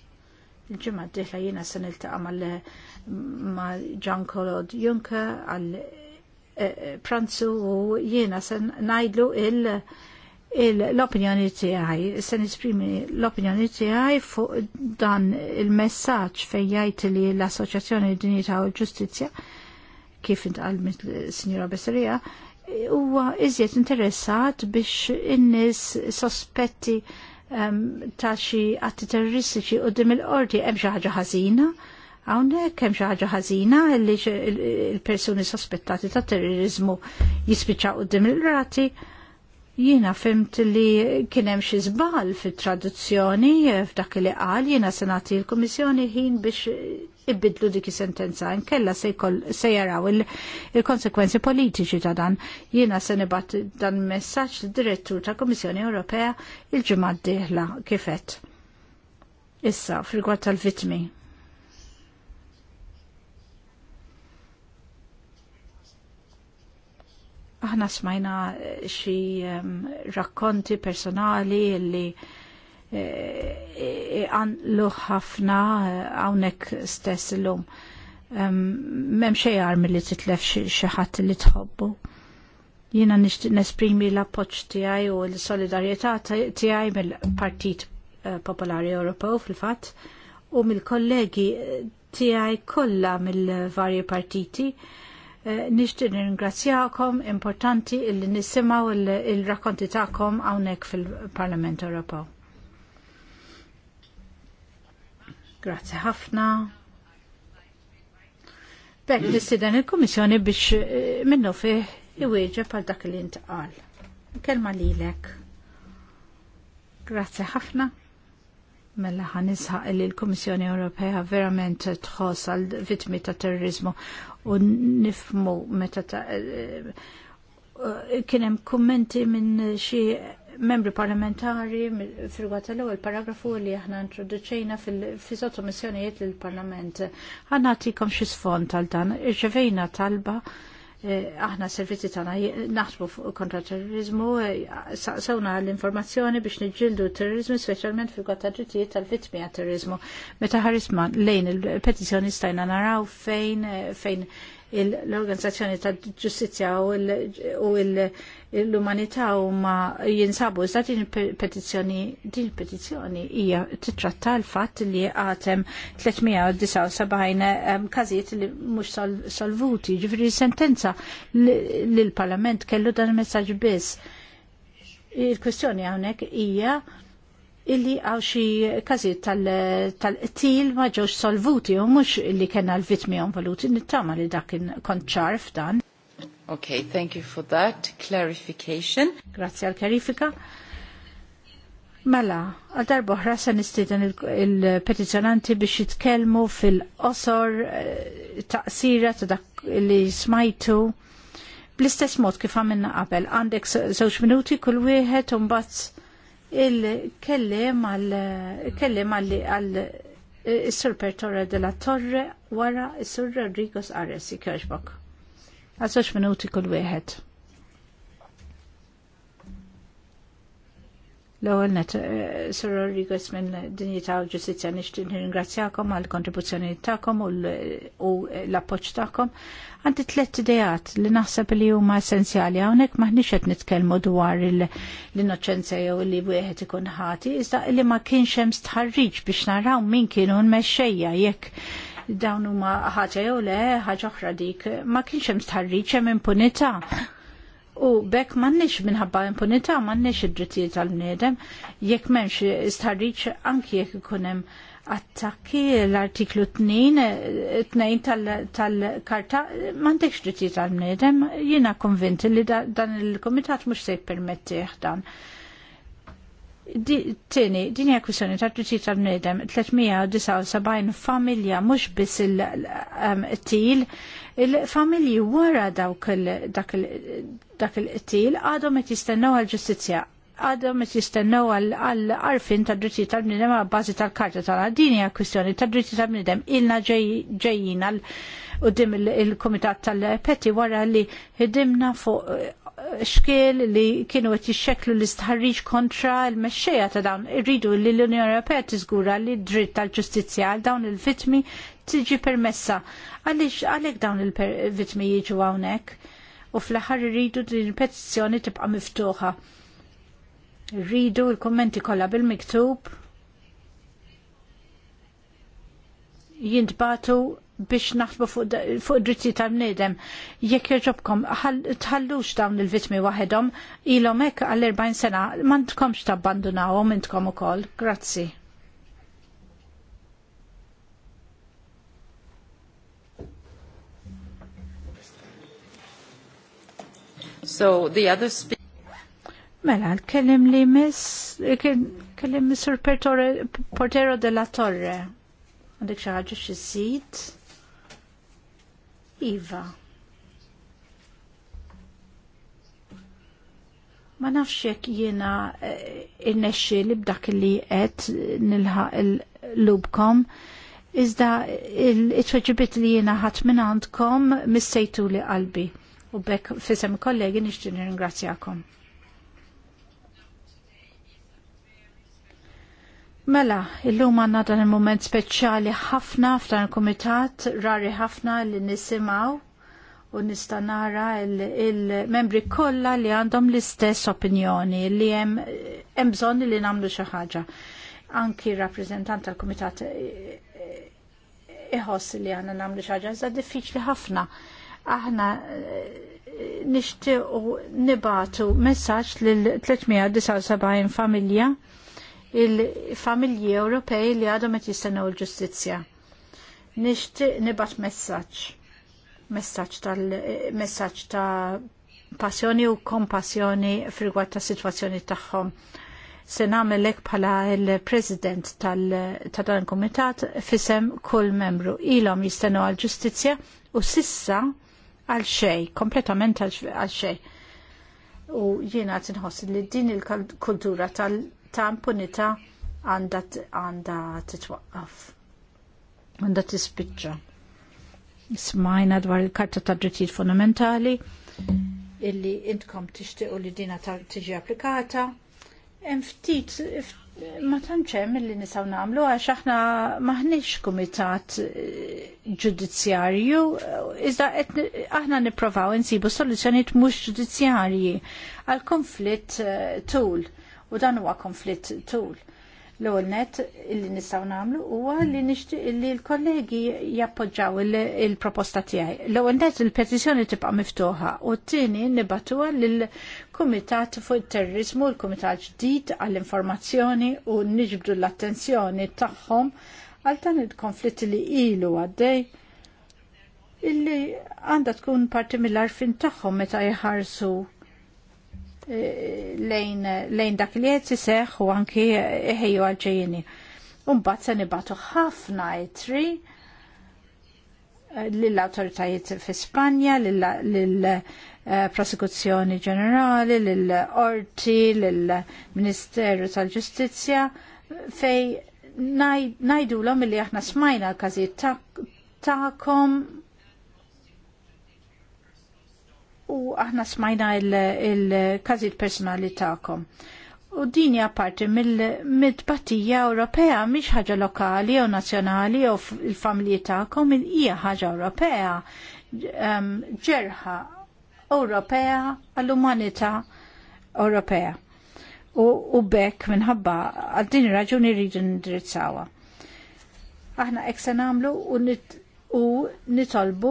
il-ġimgħa d-dieħla jiena se niltaqa' mal ma' Jean-Claude Juncker għal eh, eh, pranzu u jiena se ngħidlu il- l-opinjoni tiegħi, se nisprimi l-opinjoni tiegħi fuq dan il-messaġġ fejn jgħid li l-Assoċjazzjoni Dinjità u Ġustizzja kif intqal signora Besserija, huwa iżjed interessat biex in-nies sospetti um, ta' xi atti terroristiċi qudiem il-qorti hemm xi ħaġa ħażina hawnhekk hemm xi ħaġa ħażina li il persuni sospettati ta' terrorizmu jispiċa u dim il-rati Jiena fimt li kienem xi fi fit-traduzzjoni eh, f'dak li qal jiena se nagħti l-Kummissjoni ħin biex ibidlu dik sentenza inkella se jaraw il-konsekwenzi politiċi ta' dan. Jiena se nibgħat dan messaġġ direttur ta' Kummissjoni Ewropea il-ġimgħa d-dieħla kifet. Issa, fil-gwad tal-vitmi aħna smajna eh, xi ehm, rakkonti personali li għanlu eh, ħafna għawnek eh, stess l-lum. Mem ehm, xej armi li titlef xaħat li tħobbu. Jina nesprimi l appoġġ tijaj u l-solidarieta tijaj mill-Partit Popolari Ewropew fil-fat u mill-kollegi tijaj kolla mill-varji partiti Eh, nixtieq ringrazzjakom importanti illi nisimgħu il-rakkonti tagħkom hawnhekk fil-Parlament Ewropew. Grazzi ħafna. Bekk nistieden il-Kummissjoni biex eh, minnu fiħ iwieġeb għal dak li intqal. Kelma lilek. Grazzi ħafna. Mella ħanisħaq li l-Kummissjoni Ewropea verament tħoss għal vittmi ta' terrorizmu u nifmu meta ta' eh, eh, kienem kummenti minn xie membri parlamentari fil-gwat l paragrafu li aħna introduċejna fil-sottomissjonijiet lill parlament Ħanatikom xi sfond tal dan, irċevejna talba Eh, aħna servizzi tagħna naħsbu kontra terrorizmu, eh, saqsawna l-informazzjoni biex niġġieldu terrorizmu, speċjalment fil ta' drittijiet tal-vittmi għat terrorizmu. Meta ħarisma lejn il-petizzjoni stajna naraw fejn eh, fejn l-Organizzazzjoni ta' ġustizja u l-Umanità huma jinsabu iżda din petizzjoni din petizzjoni hija titratta l-fatt li għatem 379 każijiet li mhux solvuti, ġifri sentenza lill parlament kellu dan il-messaġġ biss. Il-kwestjoni hawnhekk hija illi għaw xi każi tal-qtil ma ġewx solvuti u mhux illi kena l-vitmi valuti nittama li dak kont ċarf dan. Okay, thank you for that clarification. Grazzi għal klarifika. Mela, għal darboħra se nistieden il-petizjonanti biex jitkellmu fil-qosor eh, taqsira ta' dak li smajtu bl-istess mod kif għamilna qabel. Għandek żewġ minuti kull wieħed u mbagħad il-kellem għal Is-Sur Pertore della Torre wara is-Sur Rodriguez Ares Għal Għazox minuti kull wieħed. L-ewwel net, eh, Sir Rodriguez minn Dinjità u Ġustizzja nixtieq nirringrazzjakom għall kontribuzzjoni tagħkom u l-appoġġ tagħkom. Għandi tliet idejat li naħseb li huma essenzjali hawnhekk maħniex qed nitkellmu dwar l-innoċenza jew li wieħed ikun ħati, iżda li ma kienx hemm stħarriġ biex naraw min kienu nmexxejja jekk dawn huma ħaġa jew le ħaġa oħra dik ma kienx hemm stħarriġ hemm impunità u bekk m'għandniex minħabba impunità m'għandniex id-drittijiet tal-bniedem jekk m'hemmx istarriċ anki jekk ikun hemm attakki l-artiklu 2 tal-karta m'għandekx drittijiet tal-bniedem jiena konvinti li dan il-kumitat mhux se permetti dan. Tini, din hija kwistjoni ta' drittijiet tal-bniedem 379 familja mhux biss il-til um, Il-familji wara dak il-qtil għadhom qed jistennew għall-ġustizzja għadhom qed jistennew għall-arfin tad dritti tal-bniedem għal bażi tal-karta tal-għaddini għal kwistjoni tad dritti tal-bniedem ilna ġejjin għal qudiem il-Kumitat tal-Peti wara li ħidimna fuq eh, xkiel li kienu qed jixxeklu l-istħarriġ kontra l-mexxejja ta' dawn irridu li l-Unjoni Ewropea tiżgura li d-dritt tal-ġustizzja għal dawn il-vitmi tiġi permessa Għaliex għalhekk dawn il vitmi jieġu hawnhekk u fl-aħħar rridu din il-petizzjoni tibqa' miftuħa. Rridu l-kummenti kollha bil-miktub jintbatu biex naħsbu fuq dritti tal-bnedem. Jekk joġobkom, tħallux dawn il-vitmi waħedhom, ilhom hekk għall-40 sena, mandkomx ntkomx tabbandunawhom intkom ukoll. Grazzi. So the other speaker. Mela, kellim li miss, kellim Mr. Portero de la Torre. Għandek xaħġa xisit. Iva. Ma nafx jekk jiena eh, innexxi li b'dak li qed nilħaq l-lubkom. Iżda il-tweġibit li jiena ħadd minn għandkom missejtu li qalbi u bekk fisem kollegi nixtieq ringrazzjakom. Mela, illum għanna dan il-moment speċjali ħafna f'dan il-komitat, rari ħafna li nisimaw u nista nara il-membri kolla kollha li għandhom l-istess opinjoni li hemm bżonn li nagħmlu xi ħaġa. Anki rappresentant tal-kumitat eh, eh, iħoss li għandna nagħmlu xi ħaġa iżda diffiċli ħafna aħna eh, nixtiequ nibatu messaġġ lil 379 familja il-familji Ewropej li għadhom qed jistennew il-ġustizzja. Nixtieq nibgħat messaġġ. Messaġġ tal eh, messaġġ ta' passjoni u kompassjoni fil ta' situazzjoni tagħhom. Se nagħmel pala bħala l-President ta' dan komitat kumitat fisem kull membru ilhom jistennew għall ġustizzja u sissa għal xej, kompletament għal xej. U jiena tinħoss li din il-kultura ta' impunità għandha titwaqqaf. Għandha tispiċċa. Smajna dwar il-karta ta' drittijiet fundamentali illi intkom tixtiequ li dina tiġi applikata. Hemm ftit ma tantxem li nisaw namlu għax aħna maħniex kumitat eh, ġudizzjarju, eh, iżda aħna niprofaw insibu soluzjoniet mhux ġudizzjarji għal konflitt eh, tul u dan huwa konflitt tul. L-ewwel net li nistgħu nagħmlu huwa li nixtieq li l-kollegi jappoġġaw il-proposta tiegħi. L-ewwel net il-petizzjoni tibqa' miftuħa u t-tieni nibatuha lill-Kumitat fuq it terrorismu l-Kumitat ġdid għall-informazzjoni u nġibdu l-attenzjoni tagħhom għal dan il-konflitt li ilu għaddej illi għanda tkun parti mill-arfin tagħhom meta jħarsu lejn, lejn dak li qed iseħħ u anki ħeju għal-ġejjini. se nibatu ħafna itri eh, lill-awtoritajiet fi Spanja, lill-prosekuzzjoni ġenerali, lill-orti, lill-Ministeru tal-Ġustizzja fej najdulhom li aħna smajna l-każijiet tagħkom u aħna smajna il-kazit personali ta'kom. U dini għaparti parti mill-tbatija Ewropea mhix ħaġa lokali jew nazzjonali jew il-familji tagħkom hija ħaġa Ewropea ehm, ġerħa Ewropea għall-umanità Ewropea. U, bekk minħabba għal din raġuni rridu nindirizzawha. Aħna hekk se nagħmlu u u nitolbu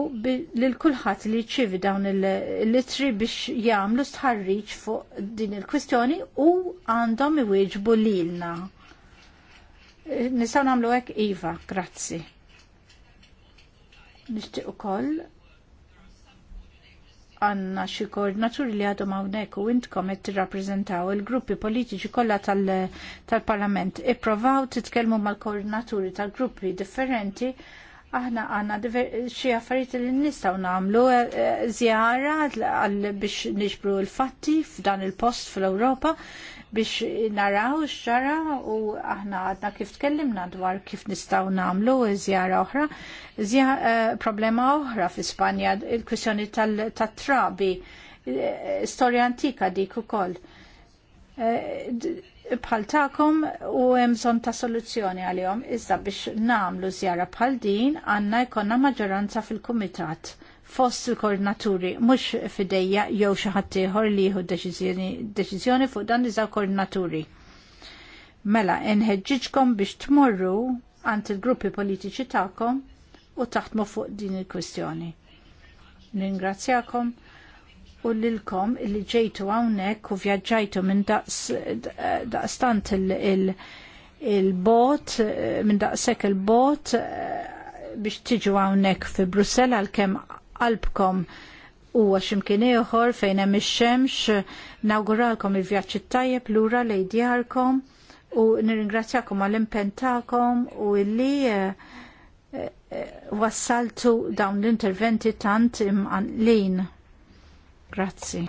lil kulħadd li ċivi dawn il-litri biex jagħmlu stħarriġ fuq din il-kwistjoni u għandhom iwieġbu lilna. Nistgħu nagħmlu hekk iva, grazzi. Nixtieq ukoll għanna xi koordinaturi li għadhom hawnhekk u intkom qed tirrappreżentaw il-gruppi politiċi kollha tal-Parlament. Ipprovaw titkellmu mal-koordinaturi tal-gruppi differenti aħna għanna xie affarijiet li nistaw namlu e, e, zjara biex nixbru l-fatti f'dan il-post fl-Europa biex naraw xara u aħna għadna kif tkellimna dwar kif nistaw namlu zjara oħra. E, problema oħra fi Spanja, il-kwissjoni tal-trabi, storja antika dik ukoll bħal takom u jemżon ta' soluzzjoni għalihom. Iżda biex namlu zjara bħal din għanna jkonna maġġoranza fil-komitat fost il-koordinaturi, mux fideja jew xaħatiħor li jħu deċizjoni fuq dan iżda koordinaturi. Mela, nħedġiġkom biex tmorru għant il-gruppi politiċi takom u taħtmu fuq din il-kwistjoni. Ningrazzjakom u lilkom li ġejtu hawnhekk u vjaġġajtu minn daqstant il-bot, minn daqshekk il-bot eh, biex tiġu hawnhekk fi Brussell għalkemm qalbkom huwa x'imkien ieħor fejn hemm ix-xemx nawguralkom il-vjaġġ tajjeb lura lejn djarkom u nirringrazzjakom għall impentakom u illi eh, eh, wassaltu dawn l-interventi tant imqanqlin. Grazzi.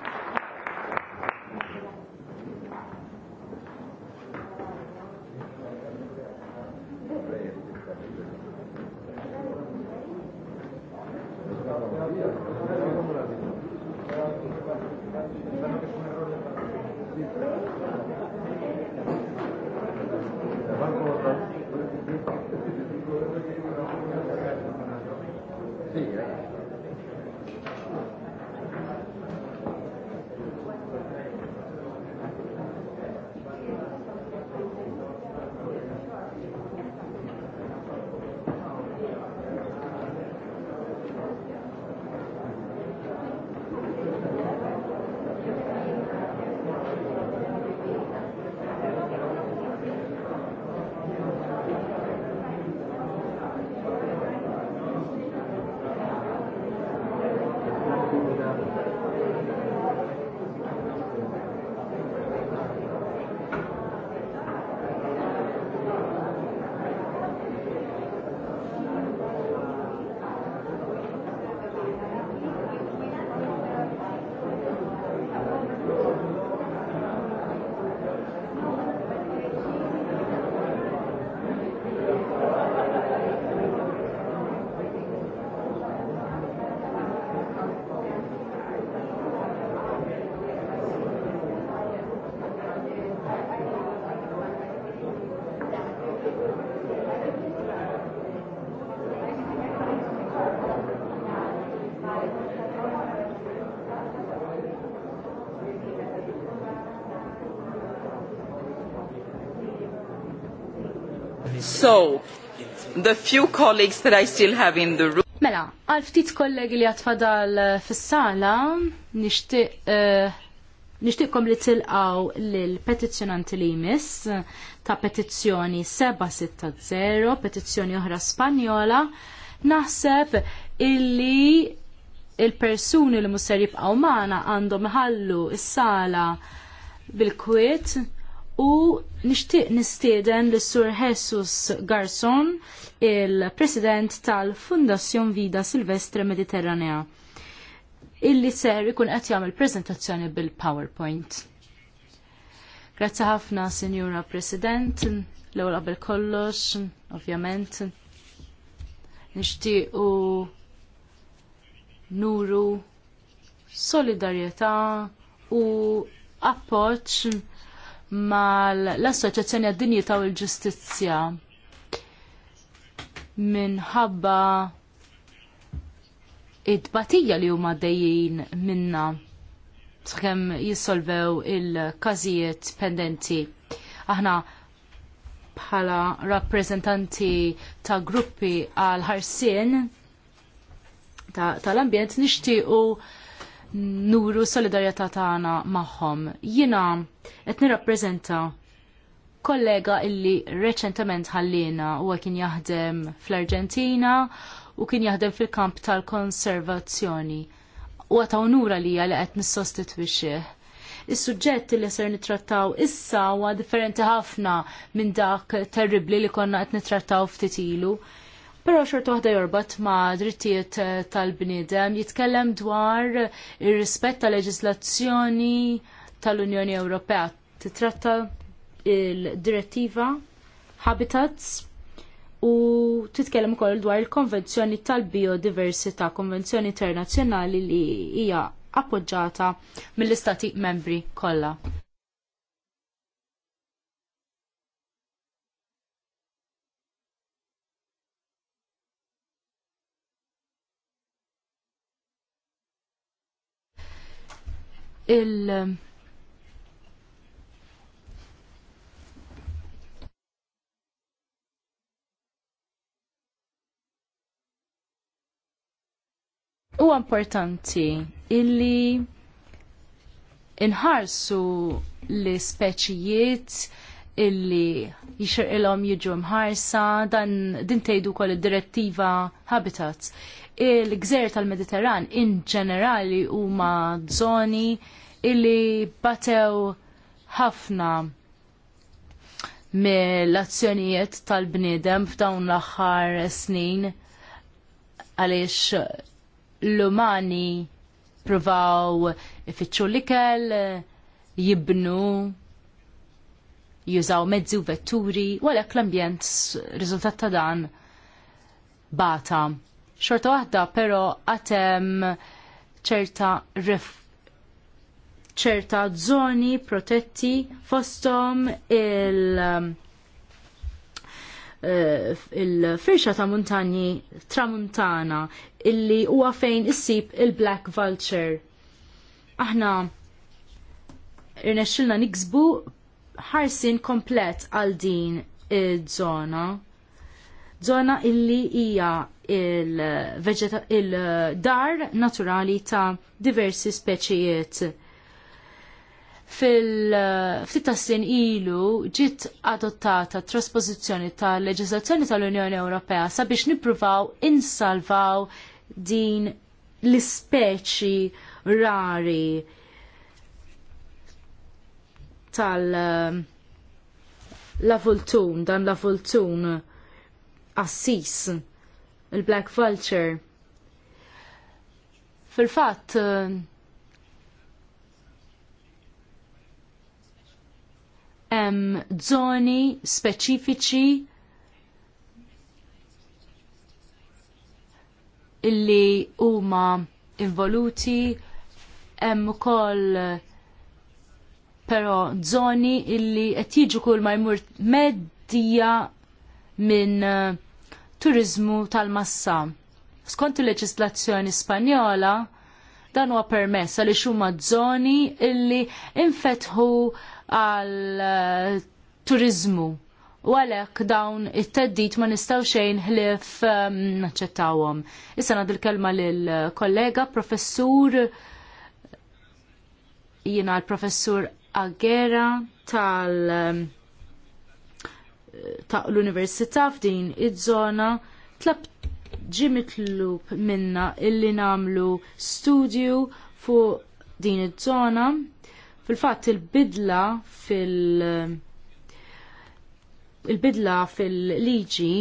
So, the few colleagues that I still have in the room. Mela, għal ftit kollegi li għatfadal eh, fis-sala, eh, Nishtiqkom li tilqaw l-petizjonanti li jmiss ta' petizzjoni 760, petizzjoni oħra Spanjola, naħseb illi il-persuni li musser jibqaw maħna għandhom ħallu s-sala bil-kwiet u nixtieq nistieden lis sur Jesus Garson, il-President tal-Fundazzjon Vida Silvestre Mediterranea, illi ser ikun qed jagħmel preżentazzjoni bil-PowerPoint. Grazzi ħafna, Sinjura President, l-ewwel qabel kollox, ovvjament. Nixtieq nuru solidarjetà u appoġġ mal-Assoċjazzjoni għad dinji ta' l-Ġustizzja minħabba id-batija li huma dejjin minna sakem jissolvew il-każijiet pendenti. Aħna bħala rappreżentanti ta' gruppi għal ħarsien tal-ambjent ta nixtiequ nuru solidarjetà tagħna magħhom. Jiena qed nirrappreżenta kollega illi reċentement ħallina huwa kien jaħdem fl-Arġentina u kien jaħdem fil-kamp tal-konservazzjoni. U għata unura li għal qed nissostitwixxih. Is-suġġett li ser nitrattaw issa huwa differenti ħafna minn dak terribli li konna qed nitrattaw ftit ilu. Pero xort waħda jorbat ma' drittijiet eh, tal-bnidem jitkellem dwar ir-rispett tal-leġislazzjoni tal-Unjoni Ewropea. Titratta il-direttiva Habitats u titkellem ukoll dwar il-Konvenzjoni tal-Biodiversità, Konvenzjoni Internazzjonali li hija appoġġata mill-Istati membri kollha. il- Huwa importanti illi inħarsu l-speċijiet illi jixirqilhom jiġu mħarsa dan din tgħidu kol direttiva Habitats. Il-gżer tal-Mediterran in ġenerali huma żoni illi batew ħafna mill-azzjonijiet tal-bniedem f'dawn l-aħħar snin għaliex l-umani provaw ifittxu l-ikel, jibnu jużaw mezzi u vetturi, u għalhekk l-ambjent riżultat ta' dan bata. Xorta waħda però għatem ċerta rif ċerta zoni protetti fostom il- um, eh, il-firxa ta' montagni tramuntana illi huwa fejn issib il-Black Vulture. Aħna irnexxilna niksbu ħarsin komplet għal din iż-żona. Żona illi hija il-dar il naturali ta' diversi speċijiet. Fil-ftit sin ilu ġiet adottata trasposizzjoni ta' leġislazzjoni tal-Unjoni Ewropea sabiex nippruvaw insalvaw din l-ispeċi rari tal ehm, la fultun dan la fultun assis, il-black vulture. fil fatt hemm ehm, zoni specifici illi huma involuti hemm ukoll però zoni illi qed jiġu kull ma jmur meddija minn eh, turizmu tal-massa. Skont il-leġislazzjoni Spanjola, dan huwa permess li huma żoni illi infetħu għal eh, turizmu. U għalek dawn it-teddit ma nistaw xejn ħlif ehm, naċċettawhom. Issa nagħdu il-kelma lil eh, kollega professur jiena l-professur għagera tal um, ta' l-Università f'din iż-żona tlab ġimitlub minna illi namlu studju fuq din iż-żona fil-fatt il-bidla fil- um, il-bidla fil-liġi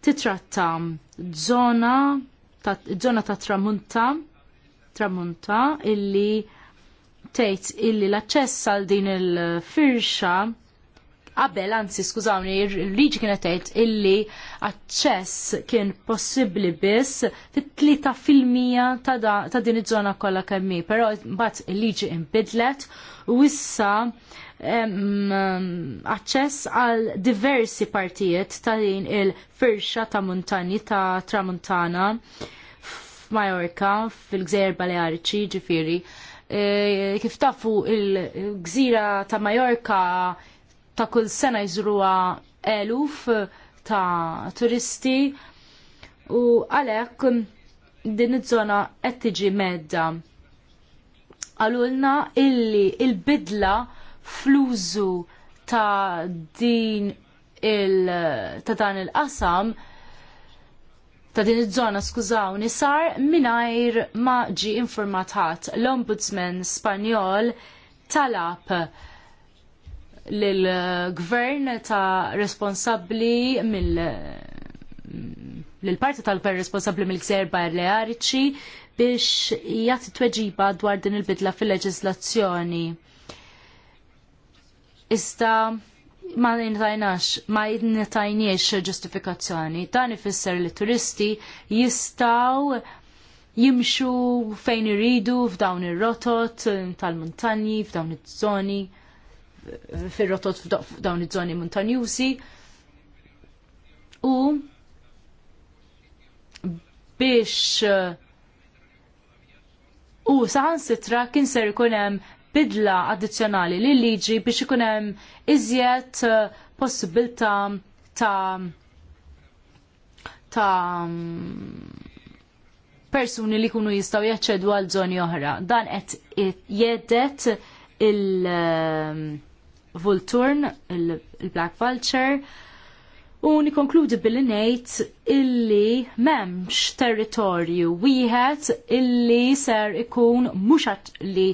titratta żona ta' tramunta tramunta illi tgħid illi l-aċċess għal din il-firxa qabel anzi skużawni il-liġi kienet tgħid illi aċċess kien possibbli biss fit tlita filmija ta' din iż-żona kollha kemm hi, però mbagħad il-liġi inbidlet u issa aċċess għal diversi partijiet ta' din il-firxa ta' montani ta' tramuntana f'Majorka, fil-Gżejjer Baleariċi, ġifiri. E, kif tafu il-gżira ta' Majorka ta' kull sena jżruha eluf ta' turisti u għalhekk din iż-żona qed tiġi medda. Għalulna illi il-bidla flużu ta' din il ta' dan il-qasam ta' din iż-żona skużawni sar mingħajr ma ġi informatat L-Ombudsman Spanjol talab lill-gvern ta' responsabbli mill l-parti tal-gvern responsabbli mill-gżer Balearici biex jagħti tweġiba dwar din il-bidla fil-leġislazzjoni. Iżda ma nitajnax, ma nitajniex ġustifikazzjoni. Dan ifisser li turisti jistaw jimxu fejn iridu f'dawn ir-rotot tal-muntanji, f'dawn iż-żoni, fir-rotot f'dawn iż-żoni montanjużi. U biex u saħan sitra kien ser ikun hemm bidla addizzjonali li liġi biex ikun hemm iżjed uh, possibilità ta' ta' mm, persuni li kunu jistaw jaċċedu għal żoni oħra. Dan qed jedet il-vulturn, um, il-black vulture, u nikonkludi billi ngħid illi m'hemmx territorju wieħed illi ser ikun mhux li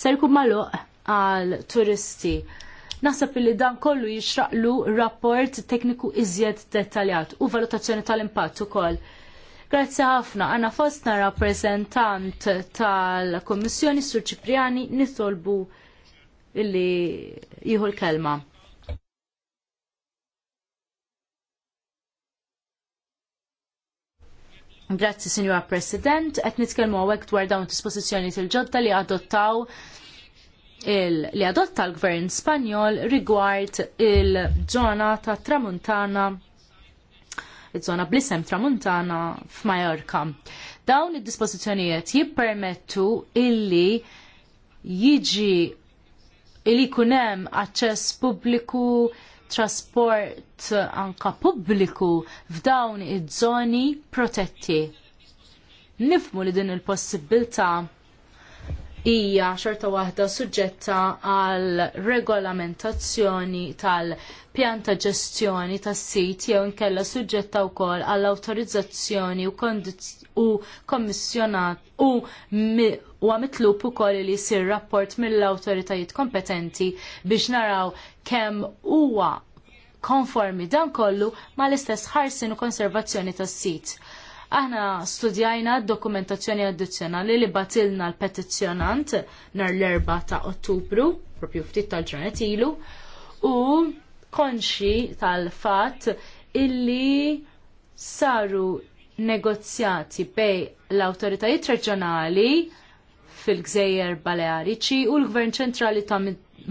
ser jkun magħluq għal turisti. Naħseb li dan kollu jixraqlu rapport tekniku iżjed dettaljat u valutazzjoni tal-impatt ukoll. Grazzi ħafna, għanna fostna rappresentant tal-Kommissjoni Sur Ċipriani nitolbu illi jieħu l-kelma. Grazzi, Signora President. Qed nitkellmu hawnhekk dwar dawn dispożizzjoni il-ġodda li adottaw il li adotta l-Gvern Spanjol rigward il-ġona ta' Tramuntana iż-żona blisem Tramuntana f'Majorka. Dawn id-dispożizzjonijiet jippermettu illi jiġi illi jkun hemm aċċess pubbliku trasport anka pubbliku f'dawn iż-żoni protetti. Nifmu li din il-possibilità hija xorta waħda suġġetta għal regolamentazzjoni tal-pjan ta' ġestjoni tas-sit jew inkella suġġetta wkoll għall awtorizzazzjoni u, u kommissjonat u u għamitlu ukoll li jsir rapport mill awtoritajiet kompetenti biex naraw kemm huwa konformi dan kollu mal istess ħarsin u konservazzjoni tas-sit. Aħna studjajna dokumentazzjoni addizzjonali li batilna l-petizzjonant nar l-4 ta' Ottubru, propju ftit tal-ġranet ilu, u konxi tal-fat illi saru negozjati bej l-autoritajiet reġjonali fil-Gżejjer Baleariċi u l-Gvern ċentrali ta'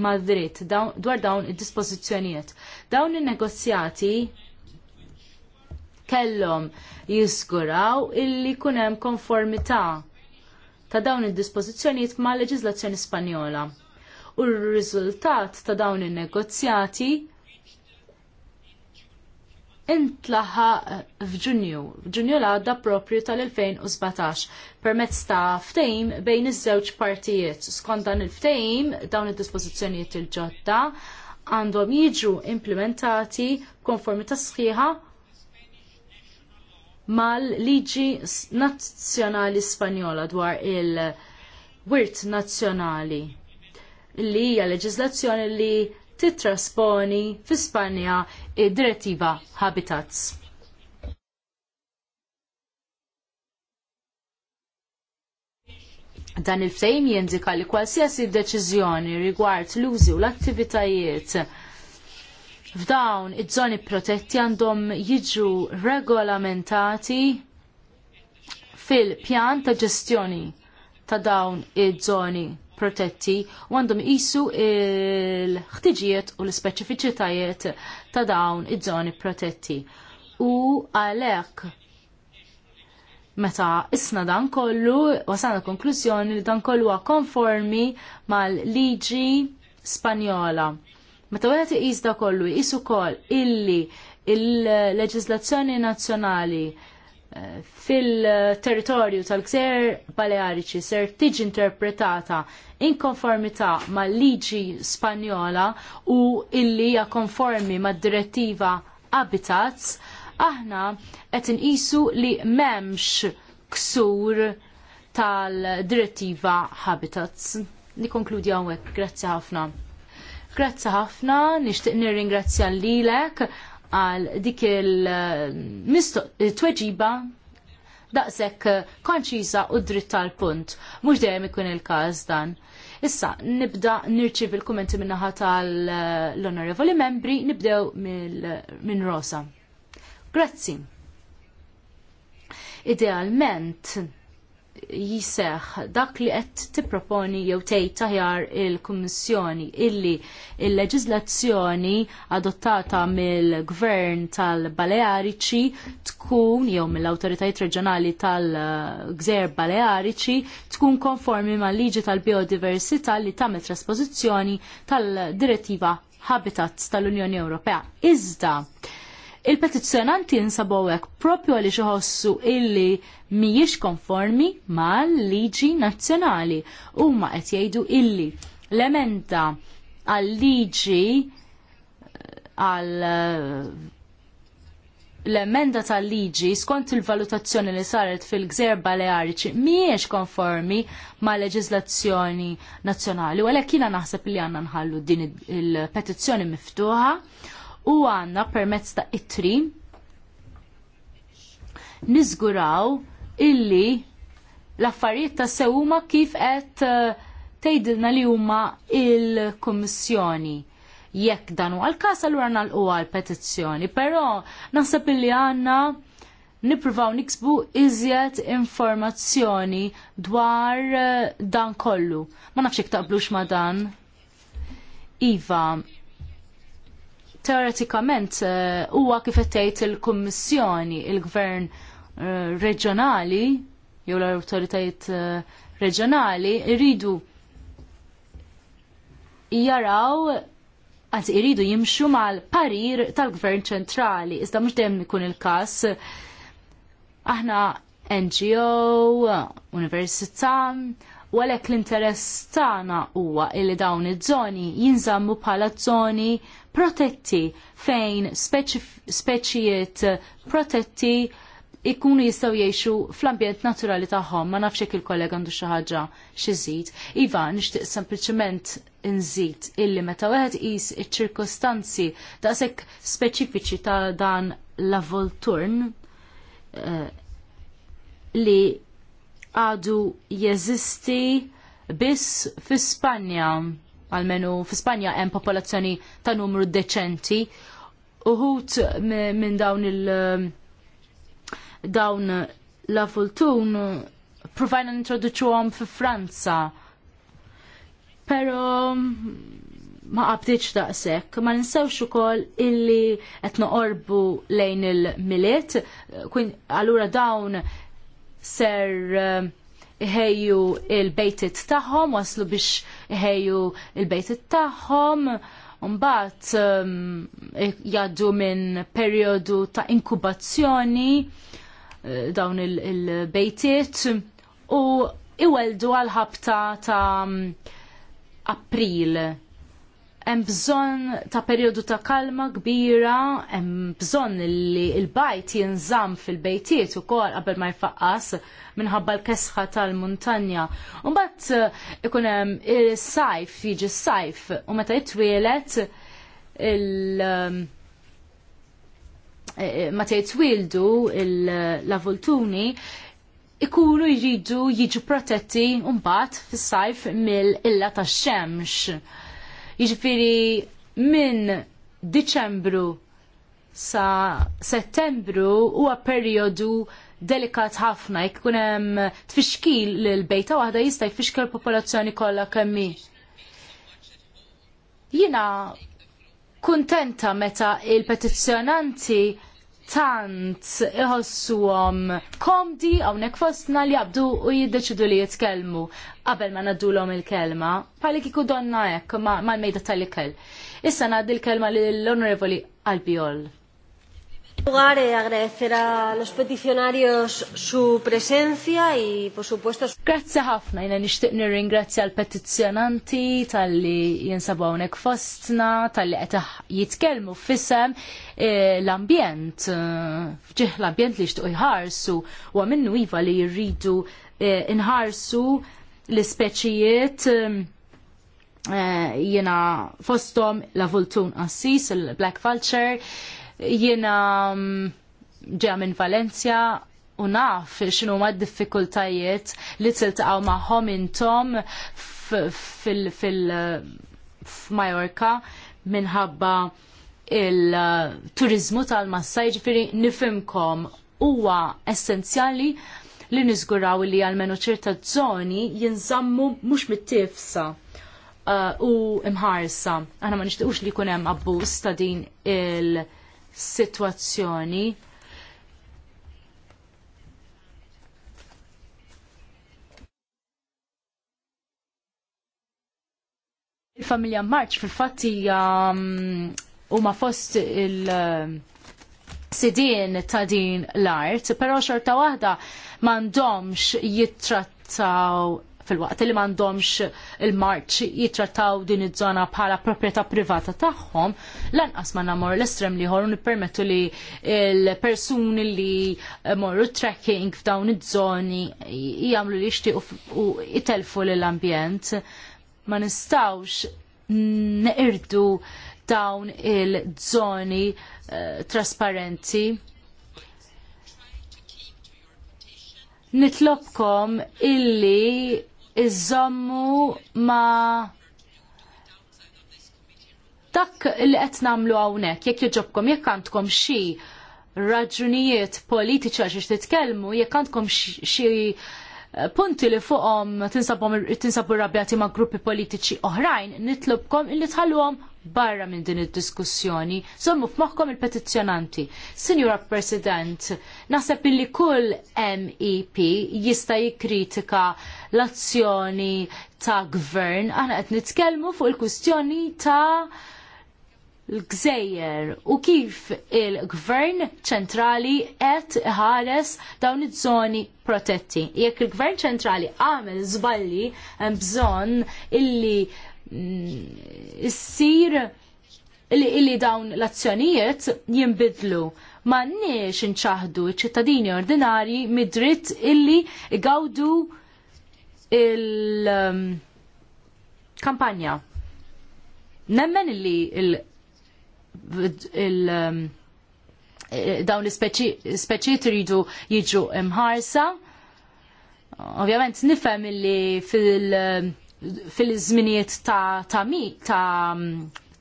Madrid dwar dawn id-dispożizzjonijiet. Dawn in-negozjati kellhom jiżguraw illi jkun hemm konformità ta' dawn id-dispożizzjonijiet mal leġiżlazzjoni Spanjola. U r-riżultat ta' dawn in-negozjati intlaħa f'Ġunju, f'Ġunju l-għadda propju tal-2017, permezz ta' ftehim bejn iż-żewġ partijiet. Skont dan il ftejm dawn id-dispożizzjonijiet il-ġodda għandhom jiġu implementati konformi ta' sħiħa mal-liġi nazzjonali Spanjola dwar il-wirt nazzjonali li hija leġiżlazzjoni li titrasponi fi Spanja id-direttiva Habitats. Dan il fejm jindika li kwalsiasi deċizjoni rigward l-użi u l-attivitajiet f'dawn iż-żoni protetti għandhom jiġu regolamentati fil-pjan ta' ġestjoni ta' dawn iż-żoni protetti u għandhom jisu il-ħtiġijiet u l-speċifiċitajiet ta' dawn iż-żoni protetti. U għalhekk meta isna dan kollu, wasana konklużjoni li dan kollu konformi mal-liġi Spanjola. Meta wieħed iqis kollu, jisu ukoll illi il-leġiżlazzjoni nazzjonali fil-territorju tal-gżer Baleariċi ser tiġi interpretata in konformità mal liġi Spanjola u illi hija konformi mad direttiva Habitats, aħna qed inqisu li m'hemmx ksur tal-direttiva Habitats. Nikonkludi hawnhekk, grazzi ħafna. Grazzi ħafna, nixtieq nirringrazzja lilek għal dik il-tweġiba daqshekk konċisa u dritt tal-punt. Mhux dejjem ikun il-każ dan. Issa, nibda nirċiv il-kummenti minnaħa tal-onorevoli membri, nibdew minn Rosa. Grazzi. Idealment, jiseħ dak li qed tipproponi jew tgħid taħjar il-Kummissjoni illi il-leġiżlazzjoni adottata mill-Gvern tal-Baleariċi tkun jew mill-awtoritajiet reġjonali tal-Gżer Baleariċi tkun konformi mal-liġi tal-biodiversità li tagħmel trasposizzjoni tal-direttiva Habitats tal-Unjoni Ewropea. Iżda Il-petizzjonanti jinsabu hekk propju għaliex iħossu illi mhijiex konformi mal-liġi nazzjonali. Huma qed jgħidu illi l-emenda għal-liġi eh, għal eh, l-emenda tal-liġi skont il-valutazzjoni li saret fil-gżer baleariċi miex konformi ma' leġizlazzjoni nazzjonali. Għalek kina naħseb li għanna nħallu din il-petizzjoni miftuħa u għanna permezz ta' itri nizguraw illi l-affarijiet ta' sewuma kif qed eh, tgħidilna li huma il-Kummissjoni jekk dan huwa l-każ allura nagħlqu għall-petizzjoni, però naħseb illi għandna nippruvaw niksbu iżjed informazzjoni dwar eh, dan kollu. Ma nafx jekk taqblux ma dan. Iva, teoretikament eh, huwa kif qed tgħid il-Kummissjoni, il-Gvern eh, reġjonali jew l-awtoritajiet eh, reġjonali jridu jaraw għanzi iridu jimxu mal-parir tal-gvern ċentrali. Iżda mux dejjem ikun il-kas. Aħna NGO, università, u għalek l-interess tagħna huwa illi dawn iż-żoni jinżammu bħala żoni protetti fejn speċijiet protetti ikunu jistaw jiexu fl-ambjent naturali tagħhom, ma nafx il kollega għandu xi ħaġa xi żid. Iva, nixtieq sempliċement nżid illi meta wieħed qis iċ-ċirkostanzi daqshekk speċifiċi ta' dan l-avolturn eh, li għadu jeżisti biss fi Spanja għalmenu f'Ispanja hemm popolazzjoni ta' numru deċenti. Uħut minn dawn il- dawn la fultun provajna nintroduċuhom fi Franza. Pero ma qabdiċ daqshekk, ma ninsewx ukoll illi qed noqorbu lejn il-miliet, allura dawn ser ħeju il-bejtit tagħhom, waslu biex ħeju il-bejtit tagħhom, mbagħad um, jgħaddu minn perjodu ta' inkubazzjoni eh, dawn il-bejtiet il u iweldu għal ħabta ta' um, april hemm bżonn ta' perjodu ta' kalma kbira, hemm bżonn li l-bajt jinżamm fil-bejtiet ukoll qabel ma jfaqqas minħabba l-kesħa tal-muntanja. Mbagħad eh, ikun hemm is-sajf jiġi s-sajf u meta jitwielet il- eh, eh, meta jitwieldu l-avultuni ikunu jridu jiġu protetti mbagħad fis-sajf mill-illa tax-xemx Jiġifieri minn Diċembru sa Settembru huwa perjodu delikat ħafna, jekk ikun hemm tfixkil lil bejta waħda jista' jfixkel l-popolazzjoni kollha kemm hi. Jiena kuntenta meta il-petizzjonanti tant iħossuhom komdi hawnhekk fostna li jabdu u jiddeċidu li jitkellmu qabel ma l-om il-kelma pali kiku donna hekk mal-mejda tal-ikel. Issa ngħaddi l-kelma lill-Onorevoli Albiol lugar, eh, agradecer a los peticionarios su presencia y, por supuesto... Grazie ħafna, jina nishtiq nirringrazzja l-petizzjonanti tal-li jinsabu għonek fostna, tal-li għetaħ jitkelmu fissem eh, l-ambjent, eh, ġih l-ambjent li jishtiq jħarsu, u għaminnu jiva li jirridu eh, inħarsu l-speċijiet jina fostom la vultun assis, l black vulture, Jiena mm, ġeja minn Valencia u naf xinu ma diffikultajiet li tiltaqaw maħom intom fil-Majorka minħabba il-turizmu tal-massaj ġifiri nifimkom huwa essenzjali li nizguraw li għalmenu ċerta zoni jinżammu mux mit-tifsa uh, u imħarsa. Għana ma nishtiqux li kunem abbus ta' din il- Situazzjoni. il-familja Marċ fil-fatt hija mm, huma fost il- sidin ta' din l-art, però xorta waħda m'għandhomx jittrattaw fil-waqt li m'għandhomx il-marċ jitrattaw din iż-żona bħala proprjetà privata tagħhom, lanqas ma nagħmlu l-estrem li u nippermettu li l-persuni li morru trekking f'dawn iż-żoni jagħmlu li jixtiequ u jitelfu lill-ambjent. Ma nistawx neqirdu dawn il-żoni eh, trasparenti nitlobkom illi iżommu ma dak li qed nagħmlu hawnhekk jekk jogħġobkom jekk għandkom xi raġunijiet politiċi għax titkellmu jekk għandkom xi eh, punti li fuqhom tinsabhom tinsabhom ma' gruppi politiċi oħrajn nitlobkom illi tħallu barra minn din id-diskussjoni. Sommu f'moħħkom il-petizzjonanti. Signora President, naħseb illi kull MEP jista' jikkritika l-azzjoni ta' gvern. Aħna qed nitkellmu fuq il kustjoni ta' l-gżejjer u kif il-gvern ċentrali qed ħares dawn iż-żoni protetti. Jekk il-gvern ċentrali għamel żballi hemm bżonn illi issir li dawn l-azzjonijiet jinbidlu ma nix inċaħdu ċittadini ordinari mid-dritt illi gawdu il-kampanja. Nemmen illi il- il- dawn l-speċi tridu jiġu imħarsa. Ovvjament nifhem illi fil- fil-żminijiet ta' ta' mi, ta'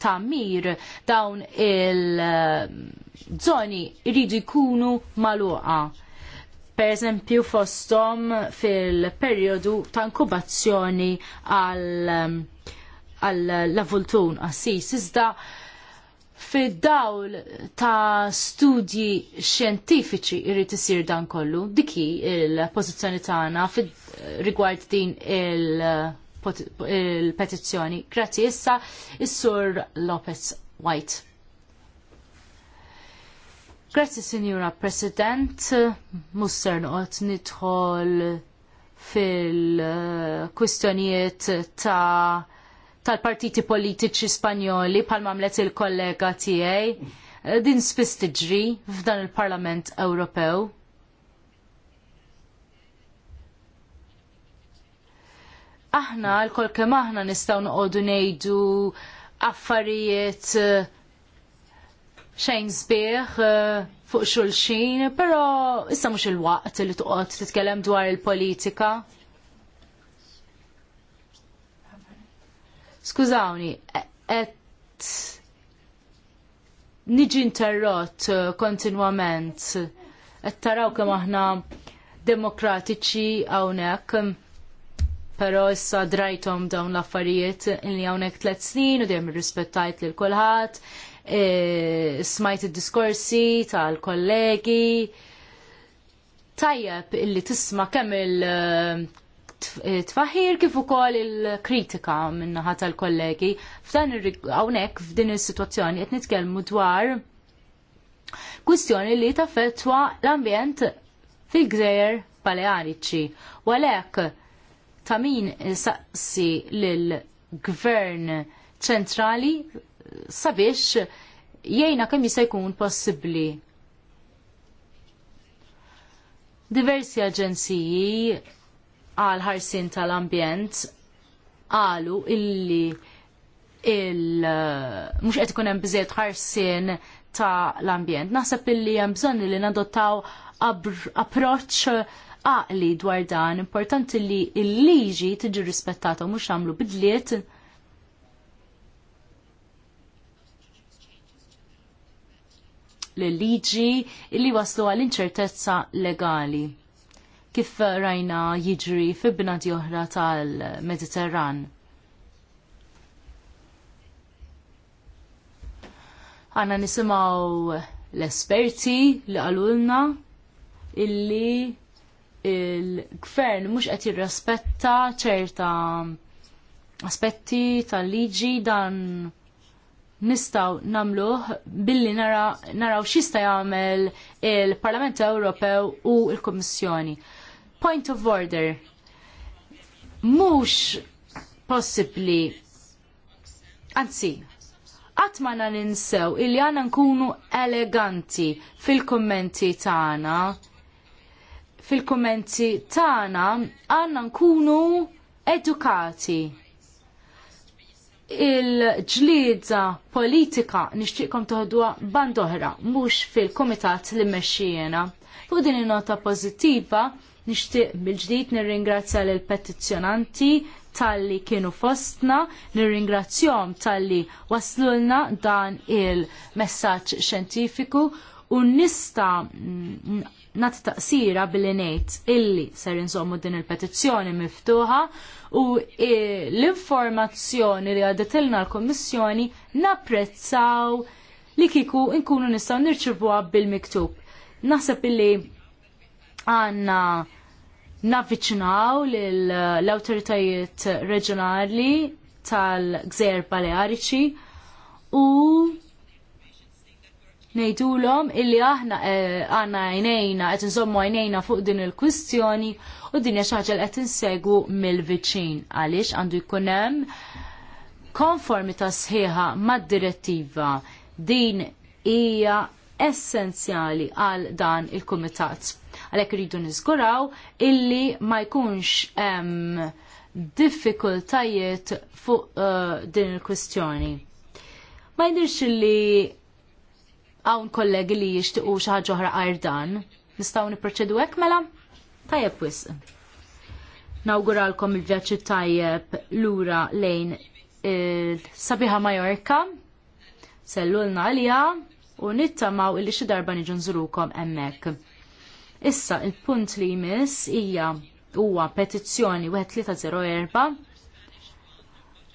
ta' mir dawn il-żoni jridu jkunu magħluqa. Per eżempju fosthom fil-perjodu ta' inkubazzjoni għall-avultun għassis. Iżda fid-dawl ta' studji xjentifiċi jrid isir dan kollu, diki il-pożizzjoni tagħna rigward din il- il-petizzjoni. Grazzi issa is-Sur Lopez White. Grazzi Signora President, mussern noqgħod nidħol fil-kwistjonijiet ta' tal-partiti politiċi Spanjoli bħal mamlet il-kollega tiegħi din spistiġri f'dan il-Parlament Ewropew aħna l-kol kem aħna nistaw noqogħdu ngħidu affarijiet eh, xejn sbieħ eh, fuq xulxin, però issa mhux il-waqt li toqgħod titkellem dwar il-politika. Skużawni, et niġi interrott eh, kontinwament. Qed taraw kemm aħna demokratiċi hawnhekk Pero issa drajtom dawn l-affarijiet li hawnhekk tliet snin u dejjem irrispettajt lil kulħadd, e, smajt id-diskorsi tal-kollegi. Tajjeb illi tisma' kemm il-tfaħir e, e, kif ukoll il-kritika min-naħa tal-kollegi. F'dan hawnhekk f'din is-sitwazzjoni qed nitkellmu dwar kwistjoni li taffettwa l-ambjent fil-gżejjer paleariċi. Walek, ta' min saqsi lill-gvern ċentrali sabiex jiejna kemm jista' jkun possibbli. Diversi aġenziji għal ħarsin tal-ambjent qalu illi il mhux qed ikun hemm biżejjed ħarsien tal ambjent Naħseb illi hemm bżonn li nadottaw approċċ għaqli dwar dan, importanti li l-liġi tiġi rispettata u mux għamlu bidliet l-liġi li waslu għal inċertezza legali kif rajna jiġri fi bnadi oħra tal-Mediterran. Għanna nisimaw l-esperti li għalulna illi il-gvern mhux qed jirrespetta ċerta aspetti tal-liġi dan nistaw namluħ billi nara, naraw xista jagħmel il-Parlament Ewropew u l-Kummissjoni. Point of order. Mhux possibbli anzi, qatt ma ninsew illi għandna nkunu eleganti fil kummenti tagħna fil-kommenti tagħna għandna nkunu edukati. Il-ġlieda politika nixtieqkom toħduha band oħra, mhux fil-kumitat li mmexxijena. Fuq din nota pożittiva nixtieq bil-ġdid nirringrazzja lill petizzjonanti tal-li kienu fostna, nirringrazzjom tal-li waslulna dan il-messaġġ xjentifiku u nista nat taqsira billi ngħid illi ser insommu din il-petizzjoni miftuħa u e, l-informazzjoni li għadetilna l-Kommissjoni napprezzaw li kiku nkunu nistaw nirċivuha bil-miktub. Naħseb illi għanna navviċinaw l-autoritajiet reġjonali tal-gżer Baleariċi u ngħidulhom illi aħna eh, għanna għajnejna qed insommu għajnejna fuq din il-kwistjoni u din hija xi ħaġa qed insegu mill-viċin għaliex għandu jkun hemm ta' sħiħa mad-direttiva din hija essenzjali għal dan il-kumitat. Għalhekk iridu niżguraw illi ma jkunx hemm diffikultajiet fuq uh, din il-kwistjoni. Ma jidirx li hawn kollegi li jishtiqu xaħġoħra ħaġa oħra ardan. Nistgħu nipproċedu mela? Tajjeb wisq. Nawguralkom il-vjaġġi tajjeb lura lejn il-sabiħa Majorka. Sellulna għalija u nittamaw illi xi darba niġu nżurukom hemmhekk. Issa il-punt li jmiss hija huwa petizzjoni 1304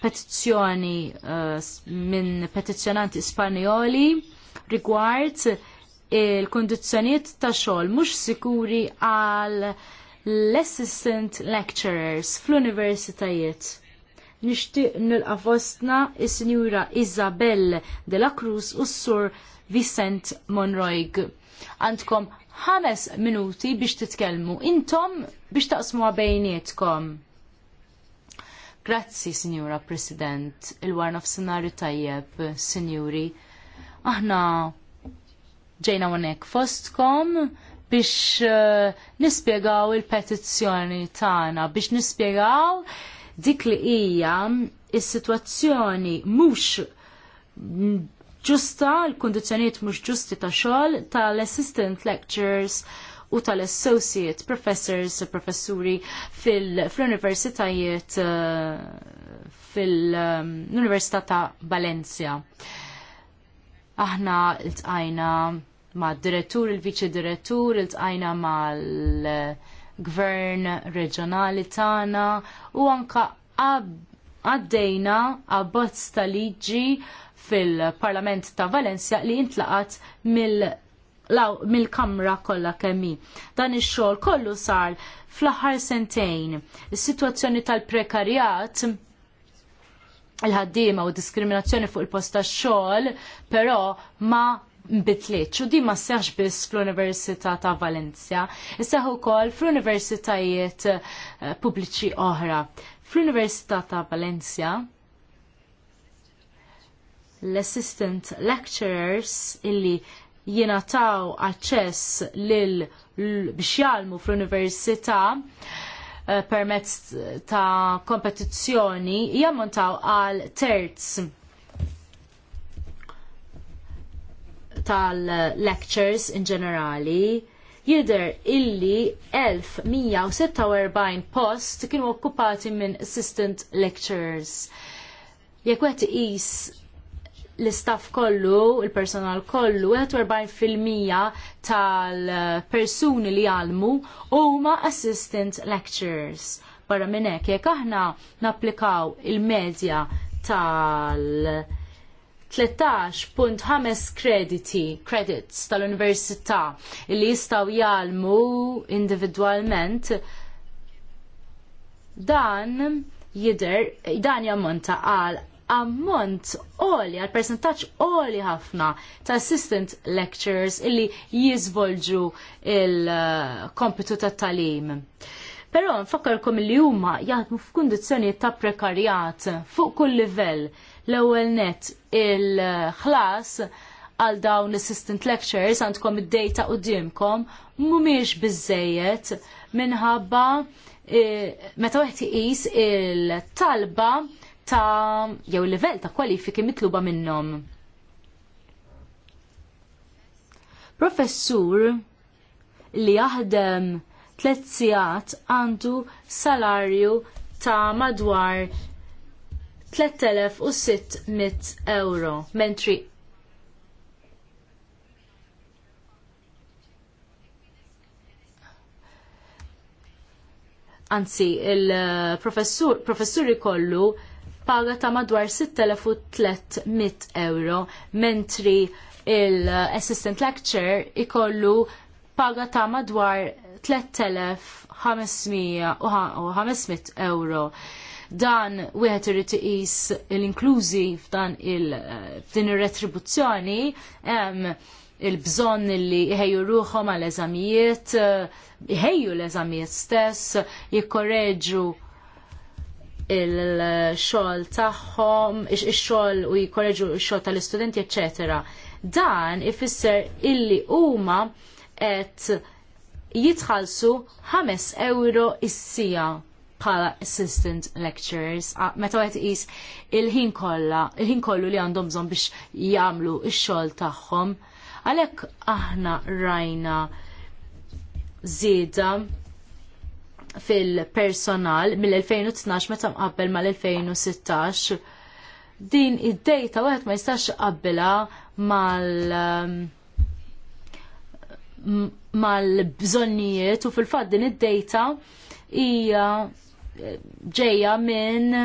petizzjoni uh, minn petizzjonanti Spanjoli rigward il kundizzjonijiet ta' xogħol mhux sikuri għal l-assistant lecturers fl-universitajiet. Nixtieq nilqa' fostna is-Sinjura Isabel de la Cruz u s-Sur Vicent Monroig. Għandkom ħames minuti biex titkellmu intom biex taqsmu bejnietkom. Grazzi, Signora President, il-warna f'sinarju tajjeb, Sinjuri aħna ġejna unek fostkom biex eh, nispiegaw il-petizzjoni tagħna, biex nispiegaw dik li hija is-sitwazzjoni mhux ġusta, l-kundizzjonijiet mhux ġusti ta' xogħol tal-assistant lectures u tal-associate professors, professuri fil-universitajiet eh, fil-Università eh, ta' Valencia. Aħna l-tqajna ma' direttur, il vice direttur, iltqajna mal-gvern reġjonali tagħna u anka għaddejna abbozz ta' liġi fil-Parlament ta' Valencia li intlaqat mill mill-kamra kollha kemm hi. Dan ix-xogħol kollu sar fl-aħħar sentejn. Is-sitwazzjoni tal-prekarjat il-ħaddiema u diskriminazzjoni fuq il-post tax-xogħol, però ma mbitlitx u di ma seħx biss fl-Università ta' Valencia, seħ ukoll fl-Universitajiet eh, pubbliċi oħra. Fl-Università ta' Valencia l-assistant lecturers illi jingħataw aċċess lil biex jalmu fl-Università Eh, permezz ta' kompetizzjoni jammontaw għal terz tal-lectures in ġenerali jidher illi 1146 post kienu okkupati minn assistant lecturers. Jekk qed l-istaff kollu, il-personal kollu, 41% tal-persuni li għalmu huma assistant lecturers. Barra minn hekk jekk aħna napplikaw il-medja tal- 13.5 krediti, credits tal-università li jistaw jgħalmu individualment dan jider, dan jammonta għal ammont oli, għal percentaċ oli ħafna ta' assistant lectures illi jizvolġu il-kompitu ta' talim. Pero nfakkarkom li huma jaħdmu f'kundizzjonijiet ta' prekarjat fuq kull livell l-ewwel net il-ħlas għal dawn assistant lectures għandkom id-data qudiemkom mhumiex biżejjed minħabba eh, meta wieħed iqis il-talba il talba ta' jew livell ta' kwalifiki mitluba minnhom. Professur li jaħdem tliet sigħat għandu salarju ta' madwar 3600 euro, mentri anzi il-professur professur ikollu paga ta' madwar 6300 euro, mentri il-assistant uh, lecture ikollu paga ta' madwar 3500 euro. Dan wieħed irid iqis l-inklużi dan il-din uh, ir-retribuzzjoni hemm il-bżonn li jħejju ruħhom għal eżamijiet, jħejju uh, l-eżamijiet stess, jikkorreġu il-xogħol tagħhom, ix-xogħol u jikorreġu x-xogħol tal-istudenti, etc. Dan ifisser illi huma qed jitħallsu 5 euro issija sija bħala assistant lecturers meta għet is il-ħin kollha, il-ħin kollu li għandhom bżonn biex jagħmlu x-xogħol tagħhom. Għalhekk aħna rajna zida fil-personal mill-2012 meta mqabbel mal-2016 din id-dejta wieħed ma jistax qabbilha mal um, mal-bżonnijiet u fil-fatt din id-dejta hija ġejja minn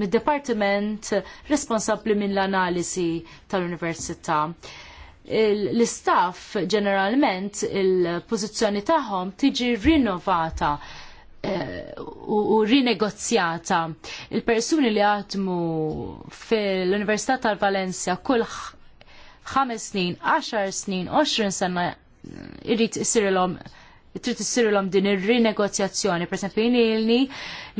mid-departiment responsabbli minn l-analisi tal-università l-istaff ġeneralment il-pozizjoni tagħhom tiġi rinnovata eh, u rinegozjata. Il-persuni li għatmu fil-Università tal-Valencia kull ħames snin, 10 snin, 20 sena irrit isirilhom trid issirilhom din ir-rinegozjazzjoni. Pereżempju jilni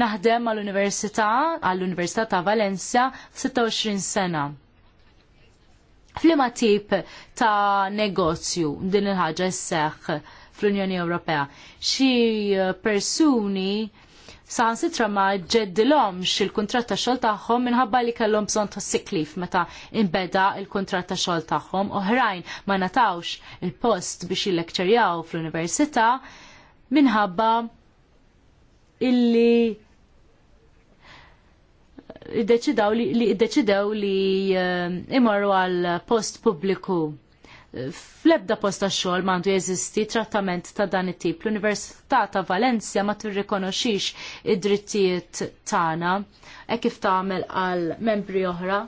naħdem għall-Università għall-Università ta' Valencia 26 sena Flima tip ta' negozju din il-ħaġa s-seħ fl-Unjoni Ewropea. Xi persuni saħan sitra ma ġeddilom il-kontrat ta' xol taħħom minħabba li kellhom bżon ta' siklif meta imbeda il-kontrat ta' xol taħħom oħrajn ma natawx il-post biex lekċerjaw fl-università minħabba illi iddeċidaw li, iddeċidaw li eh, imorru għal post pubbliku. Fl-ebda post tax-xogħol m'għandu jeżisti trattament ta' dan it-tip. L-Università ta' Valencia ma tirrikonoxix id-drittijiet tagħna hekk kif tagħmel għal membri oħra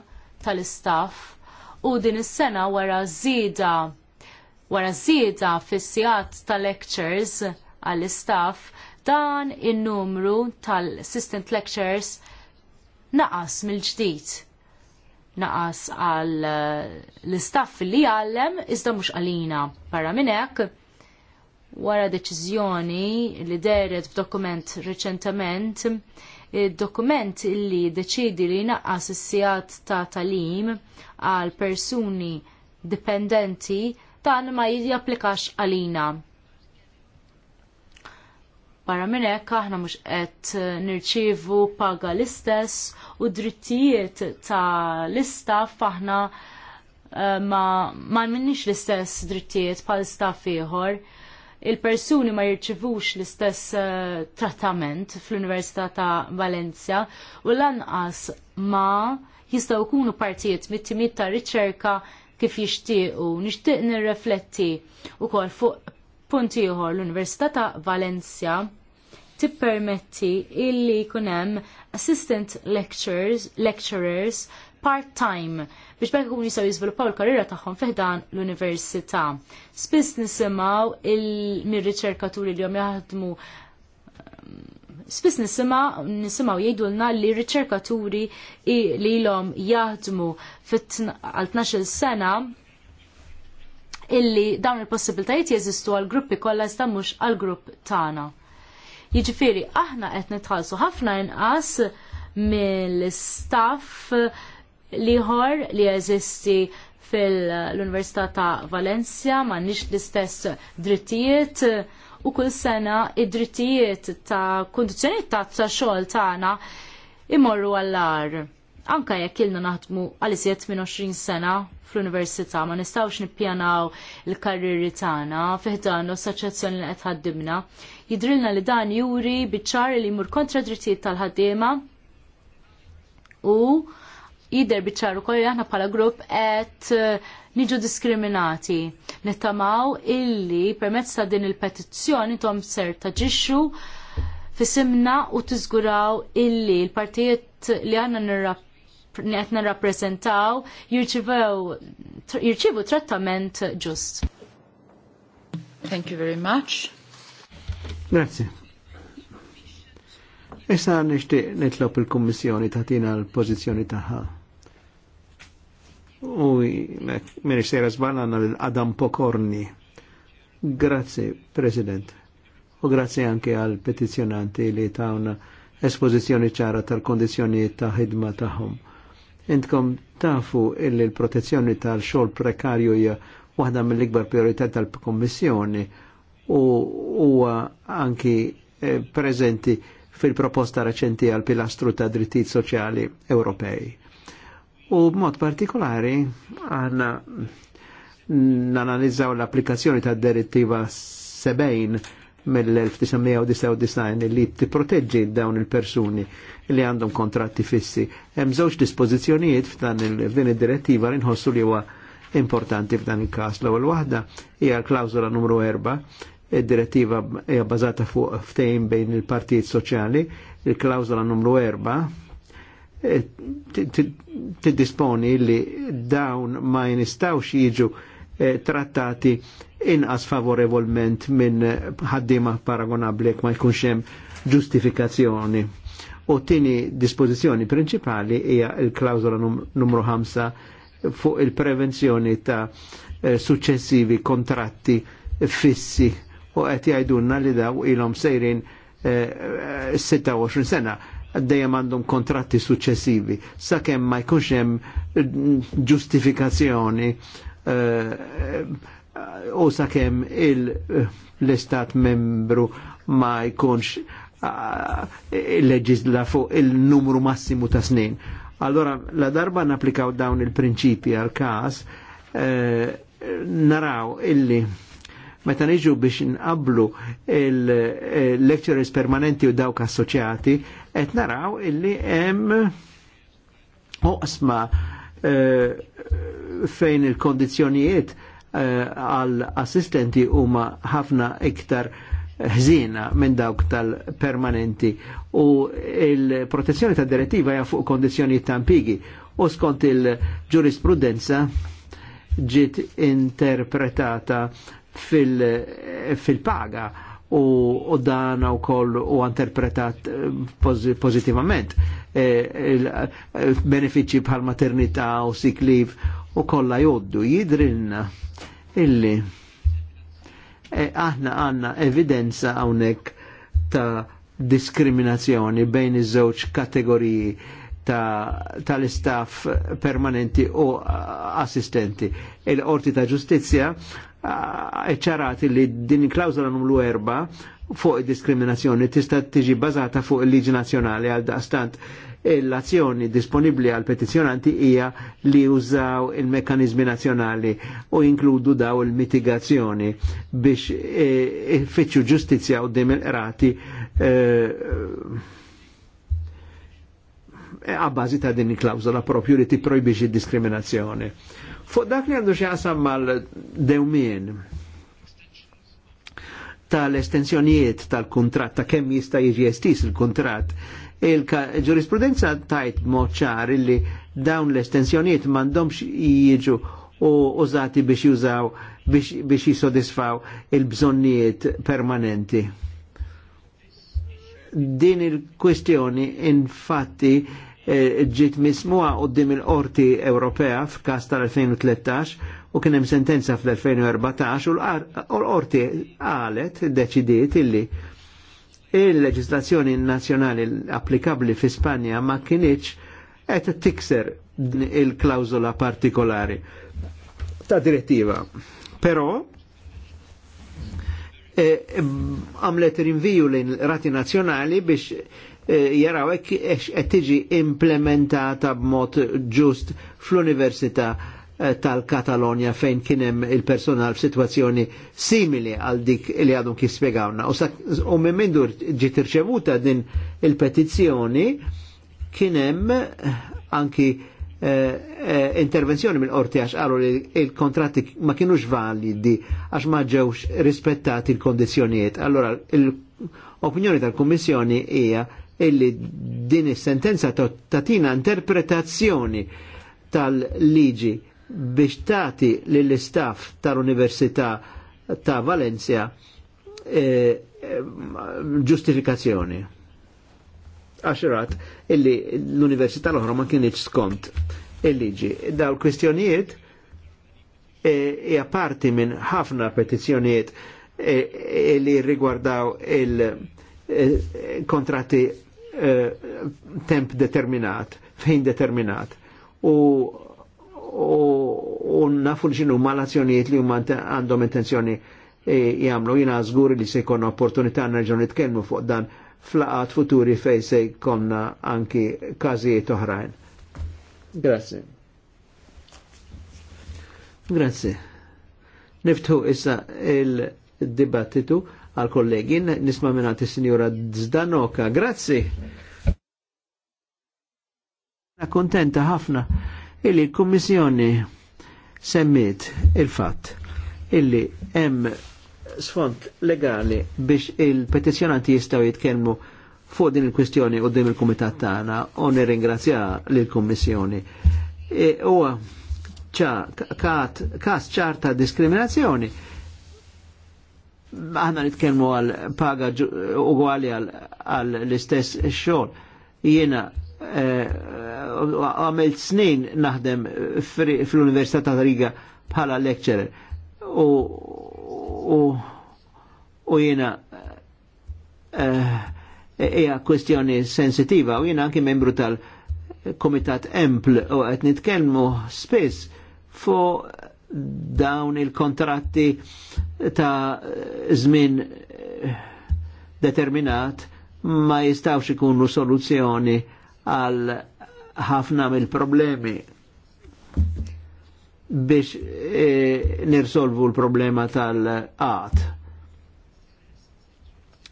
tal-istaff u din is-sena wara żieda wara żieda fis-sigħat ta' lectures għall-istaff dan in-numru tal-assistant lectures naqas mill-ġdid. Naqas għal eh, l-istaff li jgħallem iżda mhux għalina. para minn hekk, wara deċiżjoni li deret f'dokument reċentament, dokument li deċidi li naqqas is-sijat ta' talim għal persuni dipendenti dan ma japplikax għalina. Barra minn hekk aħna mhux qed nirċievu paga l-istess u drittijiet ta' l-istaff aħna eh, ma ma minnix l-istess drittijiet bħal staff ieħor. Il-persuni ma jirċivux l-istess eh, trattament fl-Università ta' Valencia u lanqas ma jistgħu jkunu partijiet mit-timiet ta' riċerka kif jixtiequ, nixtieq nirrefletti wkoll fuq Punt ieħor l-Università ta' Valencia tippermetti illi jkun hemm assistant lecturers, lecturers part-time biex bekk ikun jistgħu jizvilupaw l karriera tagħhom fiħdan l-università. Spiss nisimgħu mir-riċerkaturi li jom jaħdmu spiss nisimgħu nisimgħu jgħidulna li riċerkaturi li l-om jaħdmu għal 12 sena illi dawn il-possibilitajiet jeżistu għal gruppi kollha iżda mhux għal grupp tagħna. Jiġifieri aħna qed nitħallsu ħafna inqas mill-staff liħor li jeżisti fil-Università ta' Valencia m'għandniex l-istess drittijiet u kull sena id-drittijiet ta' kundizzjonijiet ta' xogħol tagħna imorru għall-ar anka jekk ilna naħdmu iżjed minn 20 sena fl-università ma nistgħux nippjanaw il-karriri tagħna fiħdan l-assoċjazzjoni li qed ħaddimna. Jidrilna li dan juri biċċar li jmur kontra drittijiet tal-ħaddiema u jider biċċar ukoll aħna bħala grupp qed eh, niġu diskriminati. Nittamaw illi permezz ta' din il-petizzjoni tom ser taġixxu fisimna u tiżguraw illi l-partijiet li għanna nirrap qed nirrappreżentaw jirċivew jirċivu trattament ġust. Thank you very much. Grazie. Issa nixtieq nitlob il-Kummissjoni tagħtina l-pożizzjoni tagħha. U Ministera Zbanana l-Adam Pokorni. Grazie, President. U grazie anke għal petizjonanti li tawna espożizzjoni ċara tal-kondizjoni ta' ħidma tagħhom. Intkom tafu illi l-protezzjoni tal-xol prekarju hija waħda mill-ikbar priorità tal-Kommissjoni u huwa anki eh, preżenti fil-proposta reċenti għal pilastru ta' drittijiet soċjali Ewropej. U b'mod partikolari għanna nanalizzaw l-applikazzjoni ta' direttiva 70 mill-1999 li t-proteġi dawn il-persuni li għandhom kontratti fissi. Hemm żewġ dispożizzjonijiet f'dan il-din id-direttiva li nħossu li huwa importanti f'dan il-każ. L-ewwel waħda hija l-klawżola numru 4 id-direttiva hija bbażata fuq ftehim bejn il-partijiet soċjali, il-klawżola numru 4 tiddisponi li dawn ma jinistawx jiġu Eh, trattati inqas favorevolment minn ħaddima paragonabli ma jkunx hemm ġustifikazzjoni. U tini dispożizzjoni prinċipali hija l-klawżola numru 5 fuq il-prevenzjoni ta' eh, successivi kontratti fissi u qed jgħidulna li daw ilhom sejrin 26 eh, sena dejjem għandhom kontratti successivi sakemm ma jkunx hemm ġustifikazzjoni Eh, eh, u sakemm eh, l-istat membru ma jkunx leġizla fuq il-numru massimu ta' snin. Allora, la darba naplikaw dawn il-prinċipi għal-kas, naraw illi meta niġu biex nqablu il-lecturers permanenti u dawk assoċjati, et naraw illi hemm oqsma fejn il-kondizjonijiet eh, għal uh, assistenti huma ħafna iktar ħżina minn dawk tal-permanenti u il-protezzjoni tad direttiva hija fuq kondizjoni tampigi u skont il-ġurisprudenza ġiet interpretata fil-paga fil paga u dan u koll u interpretat eh, pozitivament. Eh, eh, Benefiċi bħal maternità u siklif u kolla joddu jidrilna illi aħna għanna evidenza għawnek ta' diskriminazzjoni bejn iż-żewġ kategoriji tal-istaff permanenti u assistenti. Il-Qorti ta' Ġustizzja Ah, ċarati li din klawzola numru erba fuq diskriminazzjoni tista' tiġi bazata fuq il-liġi nazzjonali għal daqstant l-azzjoni disponibli għal petizjonanti hija li użaw il-mekkanizmi nazzjonali u inkludu daw il-mitigazzjoni biex eh, ifittxu ġustizzja u dim il qrati għabbażi eh, eh, ta' din il-klawzola propju li tipprojbix id-diskriminazzjoni. Fuq dak li għandu xaqsam mal-dewmien tal-estensjonijiet tal-kontrat, ta' kemm jista' jiġi estis il-kontrat, il-ġurisprudenza tajt moċar illi dawn l-estensjonijiet mandomx jiġu u użati biex jużaw biex jisodisfaw il-bżonnijiet permanenti. Din il-kwestjoni infatti Eh, ġiet mismuha qoddim il-Qorti Ewropea f'każ tal-2013 u kien hemm sentenza fl-2014 u l-Qorti qalet deċidiet illi il-leġislazzjoni nazzjonali applikabbli fi Spanja ma kienieċ qed tikser il-klawżola partikolari ta' direttiva. Però eh, għamlet rinviju lejn rati nazjonali biex Eh, jaraw qed tiġi implementata b'mod ġust fl-Università eh, tal-Katalonja fejn kien hemm il-personal f'sitwazzjoni simili għal dik li għadhom kif spiegawna. U minn dur ġiet irċevuta din il-petizzjoni kien hemm eh, anki intervenzjoni mill qorti għax għalu li il-kontratti ma kienux validi għax ma ġewx rispettati l-kondizjonijiet. Allora, l-opinjoni tal-Kommissjoni hija illi din is-sentenza tatina interpretazzjoni tal-liġi biex tati lill-istaff tal-Università ta' Valencia eh, eh, ġustifikazzjoni. E, Għaxirat, illi l-Università l-oħra ma kienieċ skont il-liġi. Daw l-kwestjonijiet eh, hija e, parti minn ħafna petizzjonijiet e, li rigwardaw il-kontratti Eh, temp determinat, fejn determinat. U u nafu ġinu ma l-azzjonijiet li huma għandhom intenzjoni eh, jgħamlu jina żgur li se jkollna opportunità nerġgħu nitkellmu fuq dan flaqat futuri fej se jkollna anki każijiet oħrajn. Grazzi. Grazzi. Niftħu issa il-dibattitu għal kollegi nisma minnati signora Zdanoka. Grazzi. Kontenta ħafna illi l-Kommissjoni semmit il-fatt illi hemm sfond legali biex il-petizjonanti jistaw jitkelmu fuq din il-kwistjoni u din il-Kumitat tagħna u nirringrazzja lill-Kummissjoni. E, huwa e, kas ċarta diskriminazzjoni aħna nitkellmu għal paga ugwali għal l-istess xogħol. Jiena eh, għamilt snin naħdem fl-Università ta' Riga bħala lecturer u jiena eh, hija kwestjoni sensitiva u jiena anki membru tal-Komitat Empl u qed nitkellmu spiss fuq dawn il-kontratti ta' żmien eh, determinat ma jistawx ikunu soluzzjoni għal ħafna mill-problemi biex e, nirsolvu l-problema tal-qat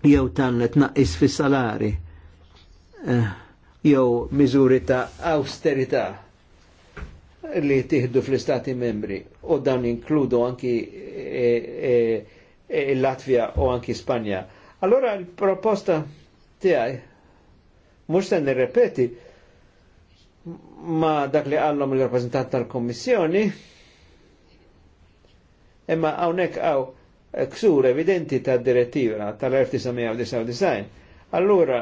jew tan tnaqqis fis-salari eh, jew miżuri ta' austerità li tiħdu fl-istati membri u dan inkludu anki e, eh, e, eh, e, eh, latvija u anki Spanja. Allora il-proposta tiegħi mhux se nirrepeti ma dak li għallhom il-rappreżentant tal-Kommissjoni imma hawnhekk għaw ksur evidenti tad direttiva tal-1999. Allura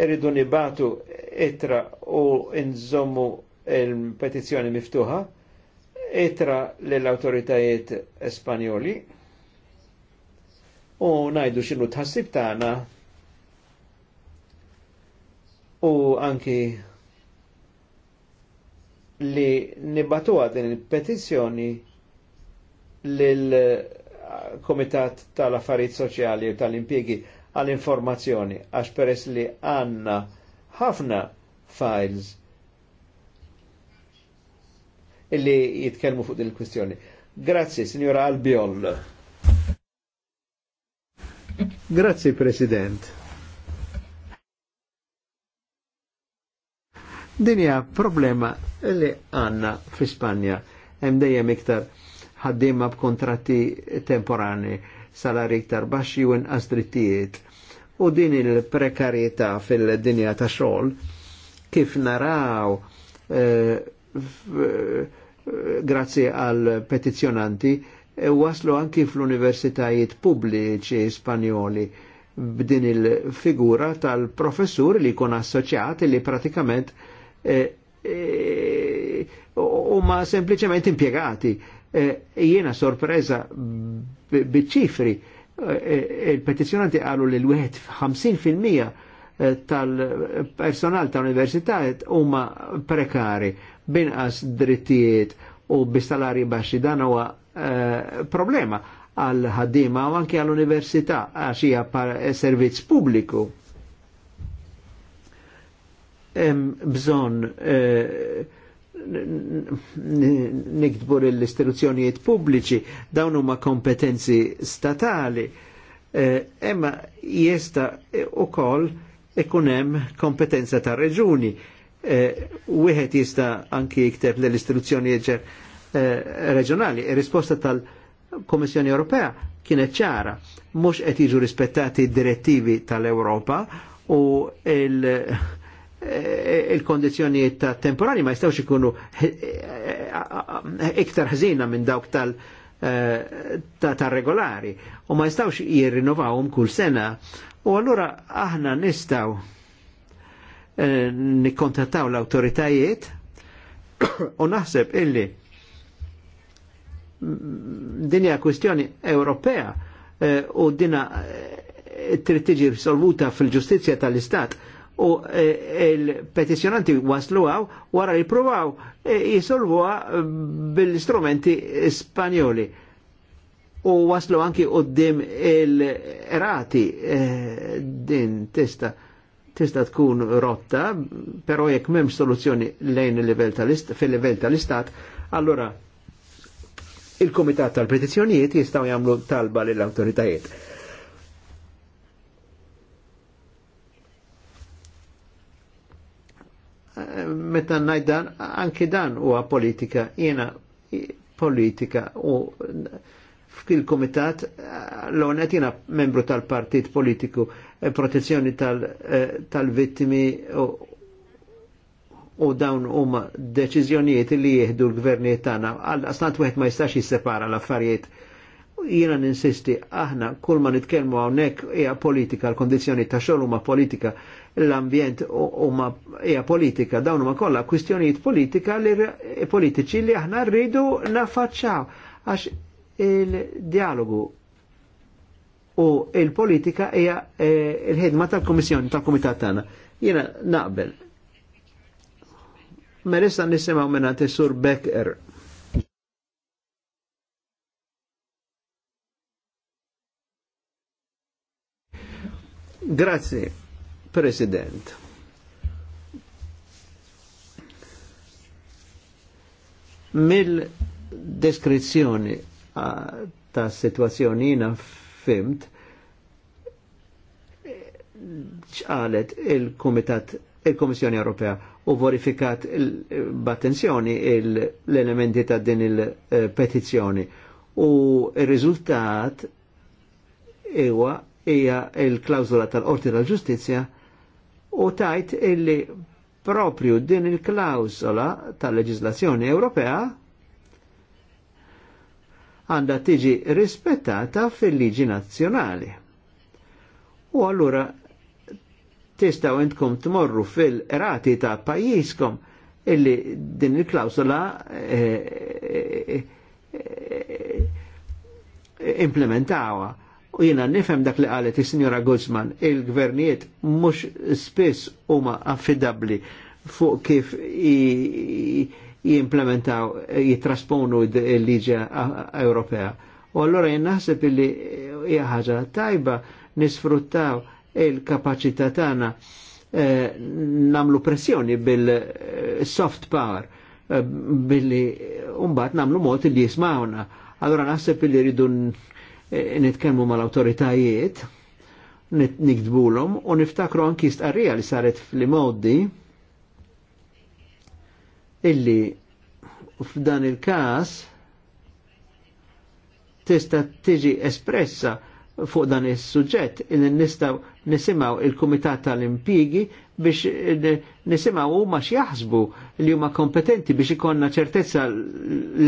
irridu nibatu itra u nżommu il-petizzjoni miftuħa, itra l-autoritajiet Espanjoli u najdu xinu tħassib tana u anki li nibatuha din il-petizzjoni l Komitat tal-Affarijiet Soċjali u tal-Impjegi għall-informazzjoni, għax peress li għanna ħafna files illi jitkelmu fuq din il-kwistjoni. Grazzi, signora Albiol. Grazzi, President. Dinja problema li għanna fi Spanja hemm dejjem iktar ħaddiema b'kontratti temporani salari iktar baxxi u inqas drittijiet. U din il-prekarjetà fil-dinja ta' xogħol kif naraw eh, grazzi għal petizjonanti eh, waslu anki fl-universitajiet pubbliċi spanjoli b'din il-figura tal-professur li kun assoċjati li pratikament huma eh, eh, u ma sempliciment impiegati. jiena sorpresa biċ-ċifri eh, eh, il-petizjonanti għalu li l-wieħed 50% eh, tal-personal ta' università huma prekari binqas drittijiet u bistalari baxi dan huwa problema għal ħaddima u anke għall università għax hija servizz pubbliku. Hemm bżonn eh, nikdbu l-istituzzjonijiet pubbliċi dawn huma kompetenzi statali imma eh, e, jista ukoll ikun hemm kompetenza ta' reġuni eh, wieħed jista' anki jikteb l-istituzzjonijiet eh, reġjonali. Ir-risposta e tal-Kommissjoni Ewropea kienet ċara mhux qed jiġu rispettati d-direttivi tal-Ewropa u il- il-kondizjonijiet ta' temporani ma jistawx ikunu iktar ħżina minn dawk tal- eh, ta' regolari u ma jistawx jirrinnovawhom kull sena. U allura aħna nistaw eh, nikkontattaw l-autoritajiet u naħseb illi dinja kwestjoni Ewropea eh, u dina trid tiġi risolvuta fil-ġustizzja tal-Istat u eh, il-petizjonanti waslu għaw wara li provaw eh, jisolvuha eh, bil-istrumenti spanjoli u waslu anki qoddim il-rati din tista tista tkun rotta, però jekk m'hemm soluzzjoni lejn il level tal fil level tal-istat, allora il-Komitat tal petizjonijiet jistgħu jagħmlu talba lill-awtoritajiet meta najdan anki dan huwa politika jiena politika u fil komitat l-onet jena membru tal-partit politiku eh, protezzjoni eh, tal-vittimi tal u dawn huma deċiżjonijiet li jieħdu l-gvernijiet tagħna għal astant wieħed ma jistax jissepara l-affarijiet Jiena ninsisti, aħna kull ma nitkellmu hawnhekk hija politika, l kondizjoni ta' xogħol huma politika, l-ambjent u huma hija politika, dawn ma kollha kwistjonijiet politika li e politiċi li aħna rridu nafaċċaw għax il-dialogu u il-politika hija e, il ħedma tal-Komissjoni tal-Kumitat tagħna. Jiena naqbel. Merissa nisimgħu minn sur Becker. Grazie, President. Mill-deskrizzjoni ah, ta' situazzjoni jina fimt ċqalet il-Komitat il-Komissjoni Ewropea u verifikat b'attenzjoni l-elementi ta' din il-petizzjoni eh, u il-riżultat ewa hija il klawzula tal-Qorti tal ġustizja u tajt illi propju din il klawzula tal-leġislazzjoni Ewropea għandha tiġi rispettata fil-liġi nazzjonali. U allura tistaw intkom tmorru fil-rati ta' pajjiżkom illi din il-klawsola eh, eh, eh, eh, implementawa U jina nifem dak li għalet il Signora Guzman, il-gvernijiet mux spiss huma affidabli fuq kif jimplementaw, jitrasponu il-liġa Ewropea. U allora jinnaħseb illi jaħħaġa tajba nisfruttaw il kapacita tagħna eh, namlu pressjoni bil-soft eh, power eh, billi umbat namlu mod li jismawna. Allora naħseb illi ridun nitkellmu mal-awtoritajiet, nikdbulom u niftakru anki stqarrija li saret fl-modi illi f'dan il-każ tista' tiġi espressa fuq dan is-suġġett illi nistgħu nisimgħu il-Kumitat tal impigi biex nisimgħu huma x'jaħsbu li huma kompetenti biex ikonna ċertezza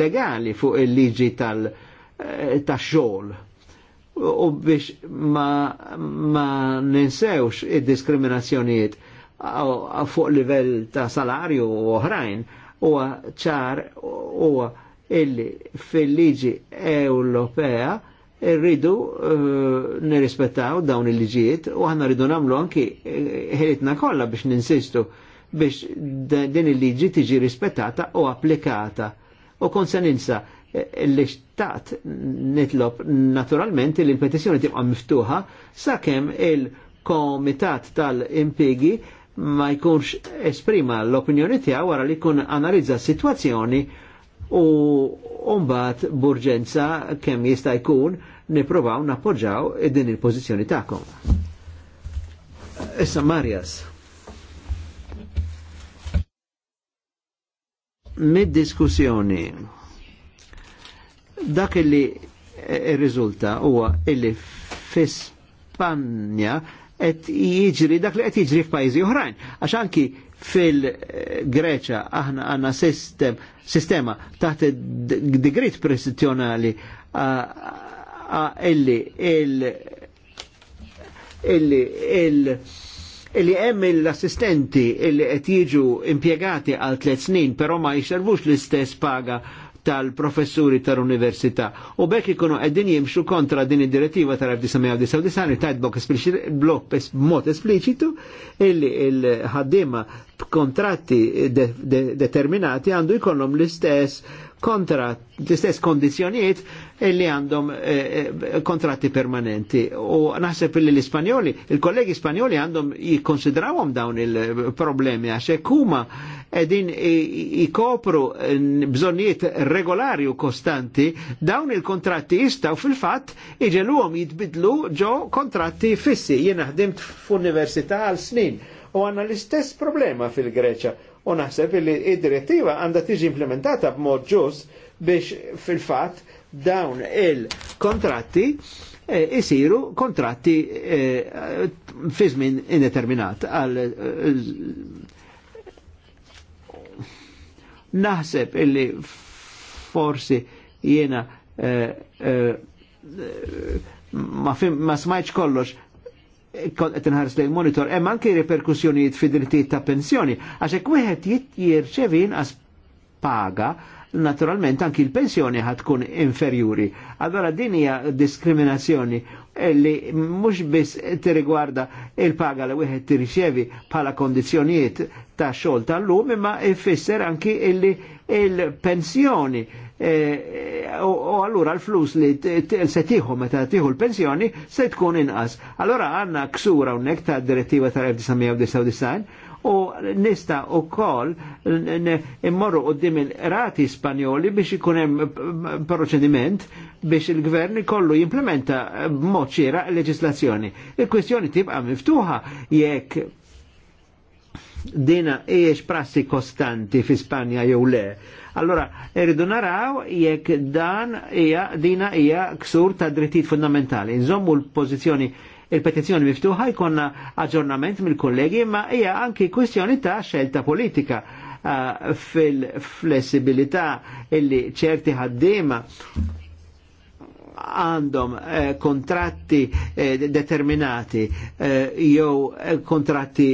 legali fuq il-liġi tal-xogħol. Tal eh, u biex ma, ma ninsewx id-diskriminazzjonijiet fuq livell ta' salarju u oħrajn u ċar u illi fil-liġi Ewropea rridu uh, nirrispettaw dawn il-liġijiet u aħna rridu namlu anki ħelitna kollha biex ninsistu biex din il-liġi tiġi rispettata u applikata. U konsa ninsa li xtaqt nitlob naturalment li l-petizjoni tibqa' miftuħa sakemm il-komitat tal-impigi ma jkunx esprima l-opinjoni tiegħu wara li jkun analizza s-sitwazzjoni u mbagħad burġenza kemm jista' jkun nippruvaw nappoġġaw din il-pożizzjoni tagħkom. Issa Marjas. Mid-diskussjoni dak illi eh, rizulta huwa illi Fispanja qed jiġri dak li qed jiġri f'pajjiżi oħrajn. Għax anki fil-Greċa aħna għandna sistem, sistema taħt digrit presizjonali illi illi illi illi hemm l-assistenti illi qed jiġu impjegati għal tliet snin, però ma jxervux l-istess paga tal-professuri tal-università. U bekk ikunu għeddin jimxu kontra din id-direttiva tal-1999 tajt blok mod espliċitu illi il-ħaddiema b'kontratti determinati għandu jkollhom l-istess kontrat, l-istess kondizjonijiet li għandhom eh, eh, kontratti permanenti. U naħseb li l-Ispanjoli, il-kollegi Ispanjoli għandhom jikonsidrawom dawn il-problemi għax huma edin ikopru bżonniet regolari u kostanti, dawn il-kontratti jistaw fil-fat iġeluhom jitbidlu ġo kontratti fissi. Jien ħdimt f'università għal snin u għanna l-istess problema fil-Greċa. U naħseb li id-direttiva għandha tiġi implementata b'mod ġus biex fil-fat dawn il-kontratti e, isiru e kontratti e, fi żmien indeterminat għal e, naħseb illi forsi jiena e, e ma, ma smajċ kollox qed inħares lejn monitor hemm anke reperkussjonijiet fi drittijiet ta' pensjoni għax hekk wieħed jirċevi inqas paga naturalment anki il pensjoni ħad tkun inferjuri. Allora din hija diskriminazzjoni eh, li mhux biss tirrigwarda il-paga li wieħed tirrixevi bħala kondizzjonijiet ta' xogħol tal-lum imma ifisser anki illi il-pensjoni eh, u allura l-flus li se tiħu meta tiħu l-pensjoni se tkun inqas. Allora għanna ksura unnek ta' direttiva tal-1999 u nista u kol immorru u dim il-rati spanjoli biex ikunem proċediment biex il-gvern kollu jimplementa moċira ċira leġislazzjoni. Il-kwestjoni tibqa miftuħa jekk dina iex prassi kostanti fi Spanja jew le. Allora, irridu naraw jekk dan hija dina hija ksur ta' drittijiet fundamentali. Nżommu l pozizjoni il-petizjoni miftuħa jkonna aġġornament mill-kollegi ma hija anki kwistjoni ta' xelta politika eh, fil-flessibilità illi ċerti ħaddiema għandhom eh, kontratti eh, determinati jew kontratti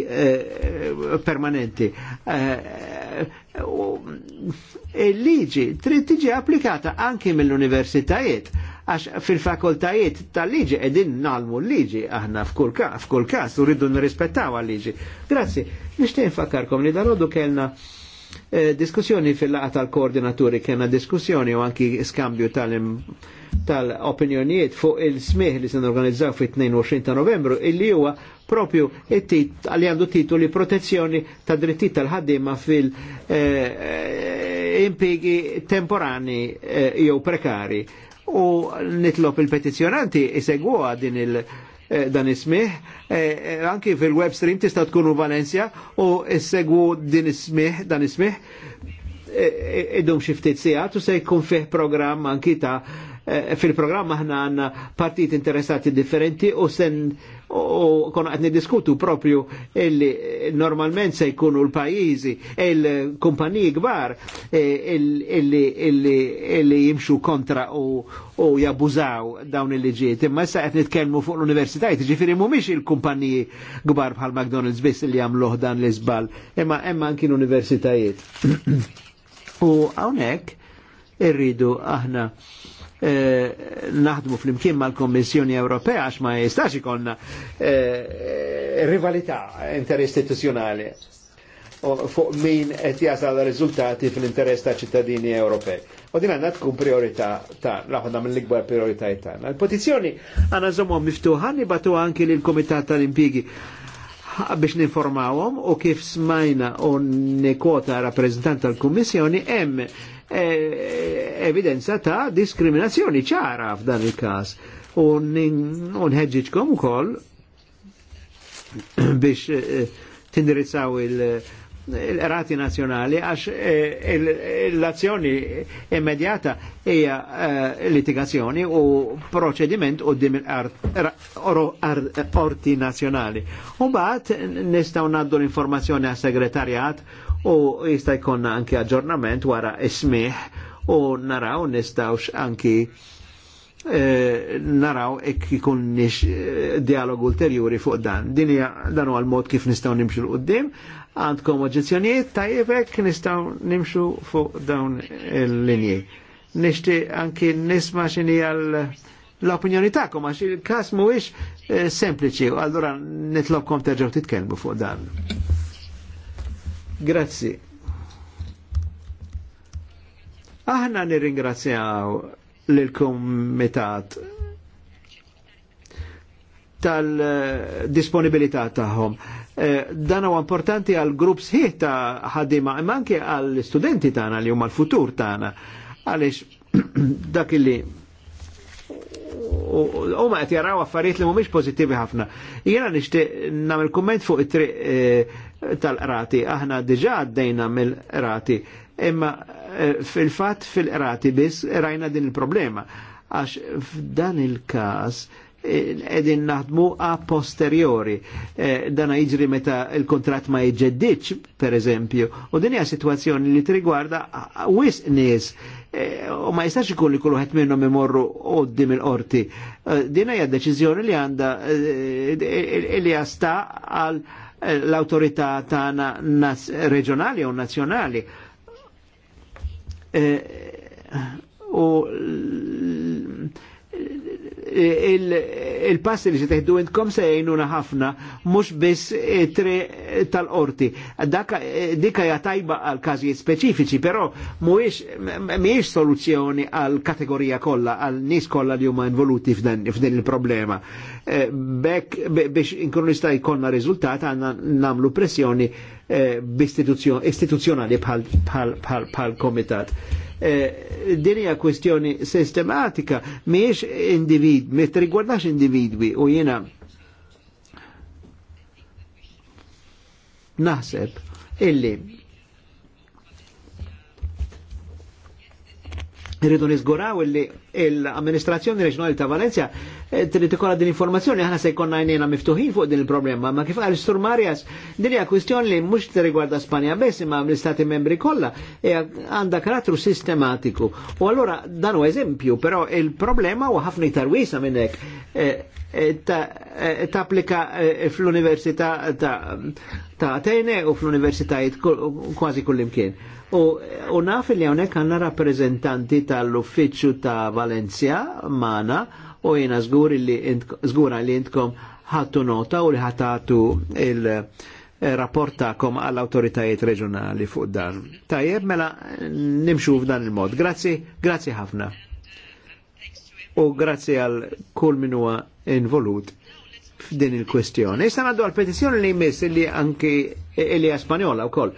permanenti. Il-liġi trid tiġi applikata anki mill-universitajiet għax fil-fakultajiet tal-liġi edin nalmu l-liġi aħna f'kull kas u rridu nirrispettaw għal-liġi. Grazzi, nishtiq nfakkarkom li dal kellna eh, diskussjoni fil-laqa tal-koordinaturi, kellna diskussjoni u anki skambju tal-opinjonijiet fuq il-smih li se organizzaw fit-22 ta' novembru, illi huwa propju għalli għandu titoli protezzjoni ta' drittit tal-ħaddima fil-impigi eh, temporani eh, jew prekari u nitlob il-petizjonanti isegwa din il- eh, dan ismiħ, eh, eh, anki fil-web stream tista' tkunu Valencia u segwu din ismiħ, dan ismiħ eh, idum xiftit sija, tu se jkun fih program anki ta' Eh, fil-programma ħna għanna partit interessati differenti u sen u konna għatni diskutu propju illi normalment se jkunu l-pajizi, il-kumpaniji gbar eh, illi jimxu kontra u, u jabużaw dawn il-liġiet. Imma issa qed nitkellmu fuq l-universitajt, ġifieri mhumiex il-kumpaniji gbar bħal McDonald's biss li għamluħ dan l izbal imma hemm anki l-universitajiet. u hawnhekk irridu aħna Eh, naħdmu fl-imkien ma' l kommissjoni Ewropea għax ma jistax ikonna eh, rivalità interistituzjonali fuq min qed jasal riżultati fl-interess ta' ċittadini Ewropej. U din għandha tkun priorità ta' waħda mill-ikbar prioritajiet tagħna. Il-petizzjoni għandha żommhom miftuħa nibatu anki lil Kumitat tal-Impjigi biex ninformawhom u kif smajna u nikota rappreżentant tal-Kummissjoni hemm E, evidenza ta' diskriminazzjoni ċara f'dan il-kas. Unħedġiġkom u koll biex eh, tindirizzaw il- l-rati nazjonali għax eh, l-azzjoni immedjata hija eh, litigazzjoni u proċediment u dim orti nazjonali. bat nistaw naddu l-informazzjoni għas segretarjat u jista' jkun anki aġġornament wara ismiħ u naraw nistawx anki eh, naraw ek ikun nix dialog ulterjuri fuq dan. Din hija dan huwa l-mod kif nistgħu nimxu l qudiem Għandkom oġezzjonijiet tajjebek nistaw nimxu fuq dawn il-linji. Nishti anki nisma xini għal l-opinjoni ta'kom, għax il-kas muwix eh, sempliċi, u nitlobkom terġaw titkelmu fuq dan. Grazzi. Aħna nirringrazzjaw l-komitat tal-disponibilità tagħhom. Eh, dan huwa importanti għal grupp sħiħ ta' ħaddiema imma anke għal studenti tagħna li huma l-futur tagħna. Għaliex dak li u ma qed jaraw affarijiet li mhumiex pożittivi ħafna. Jiena nixtieq nagħmel kumment fuq it-triq eh, tal-qrati, aħna diġà għaddejna mill-qrati, imma eh, fil-fatt fil-qrati biss rajna din il-problema. Għax f'dan il-każ edin naħdmu a posteriori. E, dana iġri meta il-kontrat ma jġeddiċ, per eżempju, u dinja situazzjoni li trigwarda wis nis e, u ma jistax ikun li kullu ħed minnhom imorru qoddim il-qorti. E, Dina hija deċizjoni li għanda e, li jasta għal l-autorità tagħna reġjonali u nazzjonali u il-passi li se teħdu intkom se jgħinuna ħafna, mux biss eh, tre tal orti eh, Dika hija tajba għal kazi speċifiċi, però miex soluzzjoni għal kategorija kolla, għal nis kolla li huma involuti f'din il-problema. Eh, Bek biex inkunu jkonna rizultat għanna namlu pressjoni istituzjonali bħal komitat eh, dinja kwestjoni sistematika miex individ, mi trigwardax individwi u jena naħseb illi rridu nizguraw li l-amministrazzjoni reġjonali ta' Valencia eh, trid ikolla din informazzjoni aħna se jkollna għajnejna miftuħin fuq din il-problema, ma kif qal Sur Marjas din hija kwistjoni li mhux tirrigwarda Spanja biss imma l-istati membri kollha e għandha karattru sistematiku. U allura dan u eżempju, però il-problema huwa ħafna iktar wiesa minn hekk eh, eh, applika fl-Università ta' ta' tejne u fl-universitajiet kważi kullimkien. U naf li hawnhekk għandna rappreżentanti tal-uffiċċju ta' Valencia mana u jiena żgur li żgura li intkom ħattu nota u li ħatatu il-rapport eh, tagħkom għall-awtoritajiet reġjonali fuq dan. Tajjeb mela nimxu f'dan il-mod. Grazzi, grazzi ħafna. U grazzi għal kull minua involut f'din il-kwestjoni. Issa għaddu għal-petizjoni li jmiss li anki li Spanjola u koll.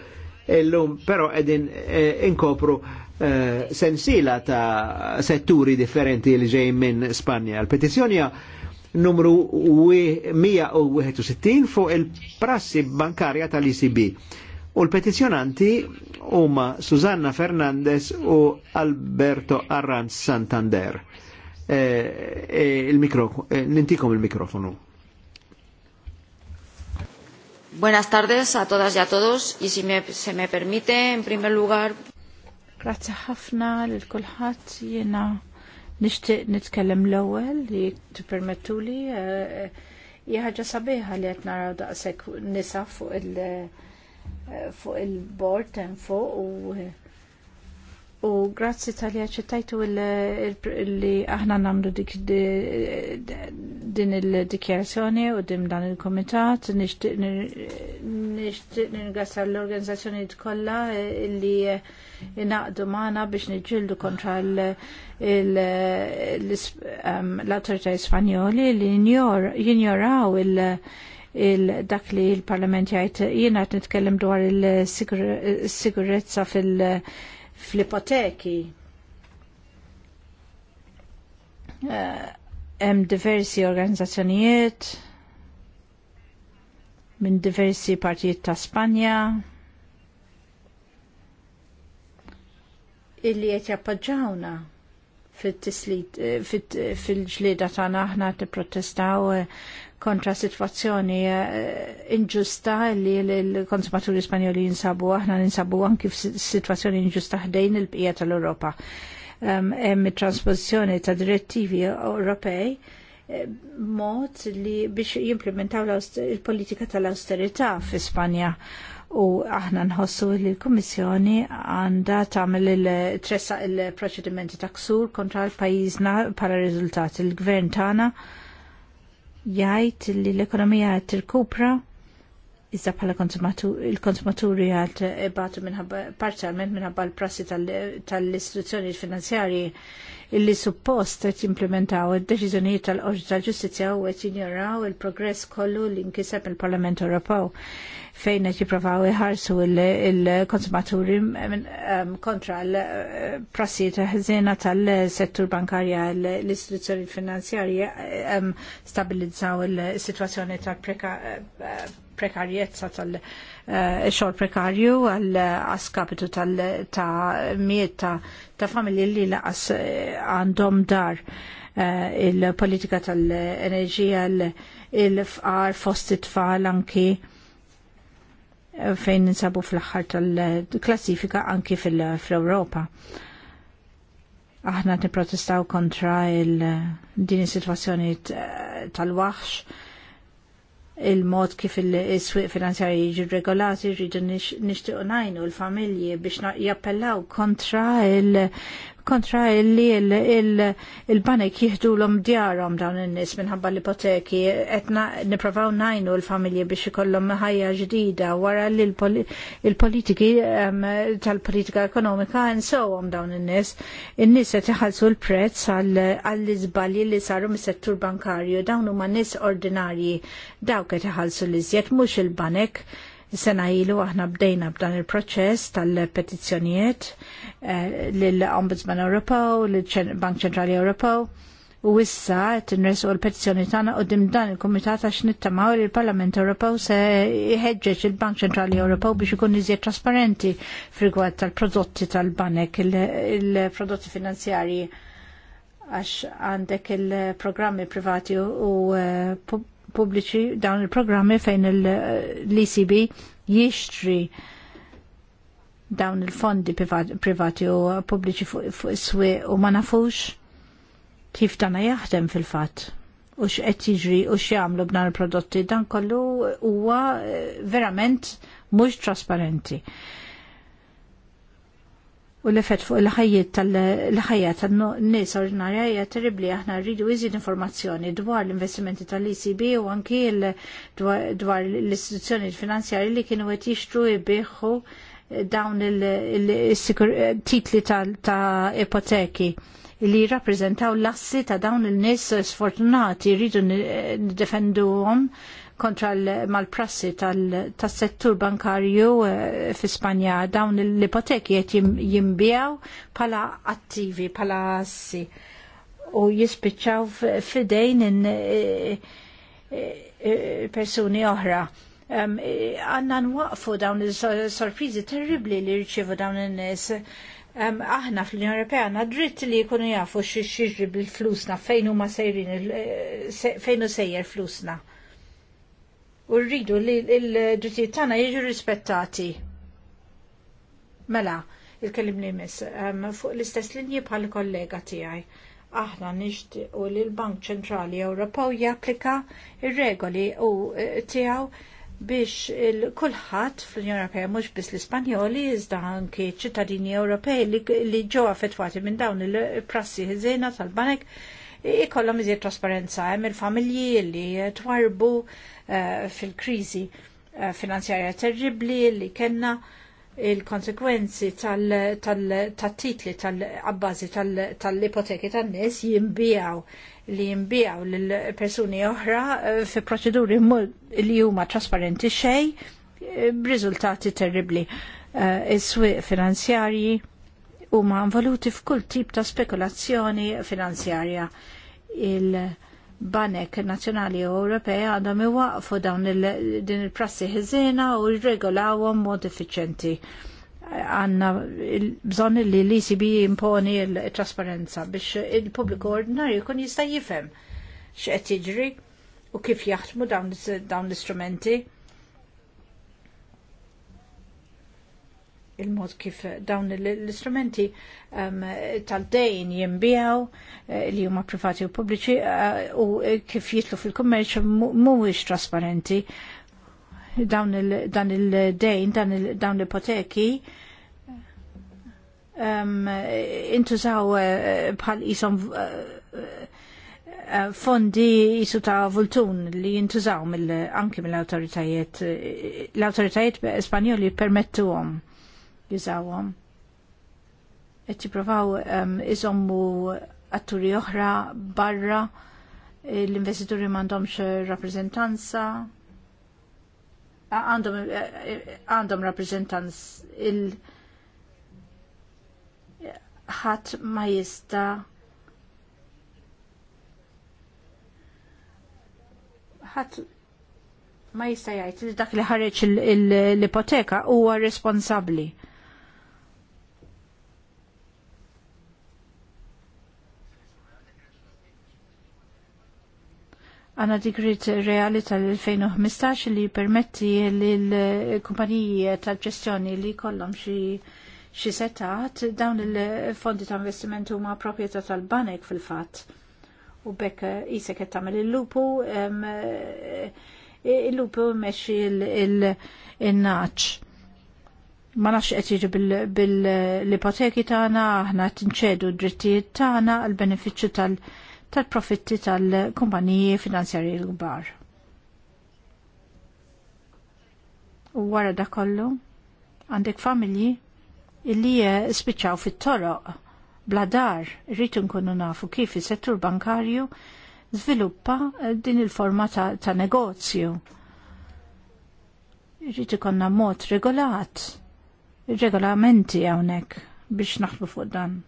Illum però edin eh, inkopru eh, sensila ta' setturi differenti li ġej minn Spanja. L-petizjoni numru 161 fuq il-prassi bankarja tal-ICB. U l-petizjonanti huma Susanna Fernandez u Alberto Arranz Santander. Eh, il-mikro, nintikom il-mikrofonu. Buenas tardes a todas y a todos y si me, se me permite, en primer lugar... Grazie ħafna lil kulħadd jiena nixtieq nitkellem l-ewwel li tippermettuli eh, hija ħaġa sabiħa li qed naraw daqshekk nisa fuq il- eh, fuq il-bord hemm fuq u U grazzi tal-li il li aħna namlu din il-dikjerazzjoni u dim dan il-komitat, nishtiq n-ingassar l-organizzazzjoni kollha li inaqdu maħna biex nġildu kontra l autorita ispanjoli li jinjoraw il- dak li l-Parlament jgħid jiena qed nitkellem dwar il-sigurezza fil- fl-ipoteki. Eh, hemm uh, diversi organizzazzjonijiet minn diversi partijiet ta' Spanja illi qed jappoġġawna. Eh, eh, fil-ġlieda tagħna aħna tipprotestaw eh, kontra situazzjoni inġusta li l-konsumaturi spanjoli jinsabu aħna ninsabu anki situazzjoni inġusta ħdejn il-bqija tal-Ewropa. Hemm it ta' direttivi Ewropej mod li biex jimplementaw il-politika tal-austerità fi Spanja u aħna nħossu li l-Kummissjoni għandha tagħmel il-tressa il-proċedimenti ta' ksur kontra l-pajjiżna bħala riżultat il-gvern tagħna jgħid li l-ekonomija qed tirkupra iżda bħala il-konsumaturi għad ebatu minħabba parzjalment minħabba l-prassi tal-istituzzjoni finanzjarji illi suppost qed jimplementaw id-deċiżjonijiet tal-Qorti tal-Ġustizzja u qed jinjoraw il-progress kollu li nkiseb il-Parlament Ewropew fejn qed jippruvaw iħarsu il-konsumaturi kontra l-prassijiet ħżiena tal-settur bankarja l-istituzzjoni finanzjarji stabilizzaw il-sitwazzjoni tal-prekarjezza eh, tal-xogħol eh, prekarju għal askapitu ta' miet ta' familji li laqas eh, għandhom dar il-politika tal-enerġija il-fqar fost it-tfal anki fejn ninsabu fl-axħar tal-klassifika anki fil-Europa. Aħna niprotestaw kontra il-dini situazzjoni tal-waħx, il-mod kif il-swiq finanzjari jiġi regolati, jiġu nishtiqu najnu l-familji biex jappellaw kontra il- kontra li il-banek jihdu l-om djarom dawn il-nis minħabba l-ipoteki etna niprofaw najnu l-familji biex ikollhom ħajja ġdida wara li l-politiki tal-politika ekonomika nsowhom dawn il-nis il-nis qed iħallsu l-prezz għall-iżbalji li saru mis-settur bankarju dawn huma nis ordinarji dawk qed iħallsu l-iżjed mhux il-banek Sena ilu aħna bdejna b'dan il-proċess tal-petizzjonijiet l eh, lill-Ombudsman Ewropew, lill-Bank Ċentrali Ewropew u issa qed inresu l-petizzjoni tagħna qudiem dan il-Kumitat għax nittamaw li l-Parlament Ewropew se jħeġġeġ il-Bank Ċentrali Ewropew biex ikun iżjed trasparenti f'rigward tal-prodotti tal-banek il-prodotti finanzjarji għax għandek il-programmi privati u eh, pubbliċi dawn il-programmi fejn l-ECB jixtri dawn il-fondi privati u pubbliċi fuq iswi u ma nafux kif dana jaħdem fil-fatt u x'qed jiġri u x'jagħmlu b'dan il-prodotti dan kollu huwa eh, verament mhux trasparenti u l-effett fuq il-ħajjiet tal-ħajja tan-nies ordinarja hija terribbli aħna rridu iżid informazzjoni dwar l-investimenti tal-ECB u anki dwar l-istituzzjoni finanzjari li kienu qed jixtru jbieħu dawn il-titli ta' ipoteki li jirrappreżentaw l-assi ta' dawn il-nies sfortunati rridu għom kontra mal-prassi tas-settur bankarju eh, fi Spanja dawn l-ipoteki qed jimbijaw bħala attivi, bħala assi u jispiċċaw fidejn eh, eh, persuni oħra. Għanna nwaqfu dawn il-sorprizi terribli li rċivu dawn il-nis. aħna fl-Unjoni Ewropea għandna dritt li jkunu jafu xiex jiġri bil-flusna fejn huma sejrin fejn sejjer flusna u rridu li l-drittijiet tagħna jiġu rispettati. Mela, il-kellim li mis, fuq l-istess linji bħal kollega tiegħi. Aħna nixtiequ li l-Bank Ċentrali Ewropew japplika ir-regoli u e, tiegħu biex il kulħadd fl-Unjoni Ewropea mhux biss l-Ispanjoli iżda anke ċittadini Ewropej li ġew affettwati minn dawn il-prassi ħżiena tal-banek ikollhom iżjed trasparenza hemm il-familji li twarbu eh, fil-kriżi eh, finanzjarja terribli li kellna il-konsekwenzi tal-titli tal-abbażi tal-ipoteki tan-nies jimbijaw li jimbijaw lill persuni oħra eh, fi proċeduri li huma trasparenti xej b'riżultati terribli. Is-swieq finanzjarji huma involuti f'kull tip ta' spekulazzjoni finanzjarja. Il-Banek Nazzjonali Ewropej għandhom iwaqfu dawn il din il-prassi ħiżina u jregolawhom mod effiċenti. Għanna bżonn li l-ECB imponi l-trasparenza biex il-pubbliku ordinarju jkun jista' jifhem x'qed jiġri u kif jaħdmu dawn l-istrumenti. il-mod kif dawn l-istrumenti um, tal-dejn jimbijaw eh, li huma privati u pubbliċi eh, u kif jitlu fil-kummerċ mhuwiex trasparenti dawn il-dejn, dawn l-ipoteki um, intużaw eh, bħal jisom fondi jisu ta' vultun li jintużaw mill anki mill-autoritajiet, l-autoritajiet spanjoli permettu għom jużawhom. Qed jippruvaw ehm, iżommu atturi oħra barra eh, l-investituri m'għandhomx rappreżentanza għandhom eh, eh, għandhom rappreżentanz il ħadd ma jista' ħadd ma jista' jgħid li dak li ħareġ l-ipoteka huwa responsabbli. għanna dikrit reali tal-2015 li permetti l-kumpaniji tal-ġestjoni li kollom xi setat dawn il-fondi ta' investiment huma proprjetà tal-banek fil-fatt. U bekk eh, isek qed tagħmel il-lupu eh, il-lupu meċi il-naċ. Ma nafx qed bil-ipoteki tagħna, aħna tinċedu d-drittijiet tagħna għal benefiċċju tal-benefiċċju tal-profitti tal-kumpaniji finanzjarji l-kbar. U wara da kollu, għandek familji illi spiċċaw fit-toroq bla dar rrid nkunu nafu kif is-settur bankarju żviluppa eh, din il-forma ta', ta negozju. Rritu konna mod regolat, regolamenti hawnhekk biex naħlu fuq dan.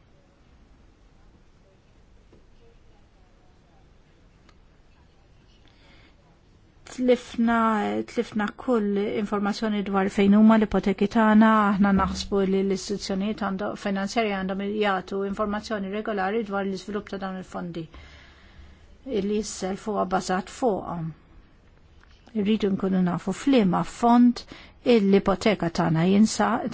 tlifna, tlifna kull informazzjoni dwar fejn huma l-ipoteki tagħna, aħna naħsbu li l-istituzzjonijiet għandhom finanzjarji għandhom jagħtu informazzjoni regolari dwar l-iżvilupp ta' dawn il-fondi li fuqha bbażat fuqhom. Irridu nkunu nafu f'liema fond l-ipoteka tagħna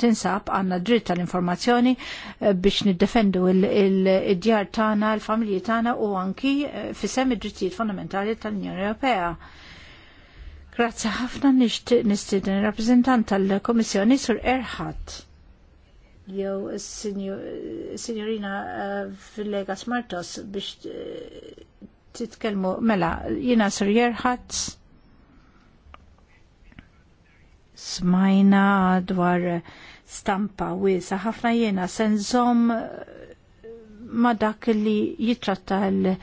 tinsab għandna dritt tal-informazzjoni eh, biex niddefendu id djar tagħna, l-familji tagħna u anki eh, fisem id-drittijiet fondamentali tal-Unjoni Ewropea. Grazzi ħafna nixtieq nistieden rappreżentant tal-Komissjoni sur Erħat. Jew signorina eh, Villega Smartos biex eh, titkellmu mela jiena sur Erħat smajna dwar stampa wiesa ħafna jiena senżom ma dak li jitratta l-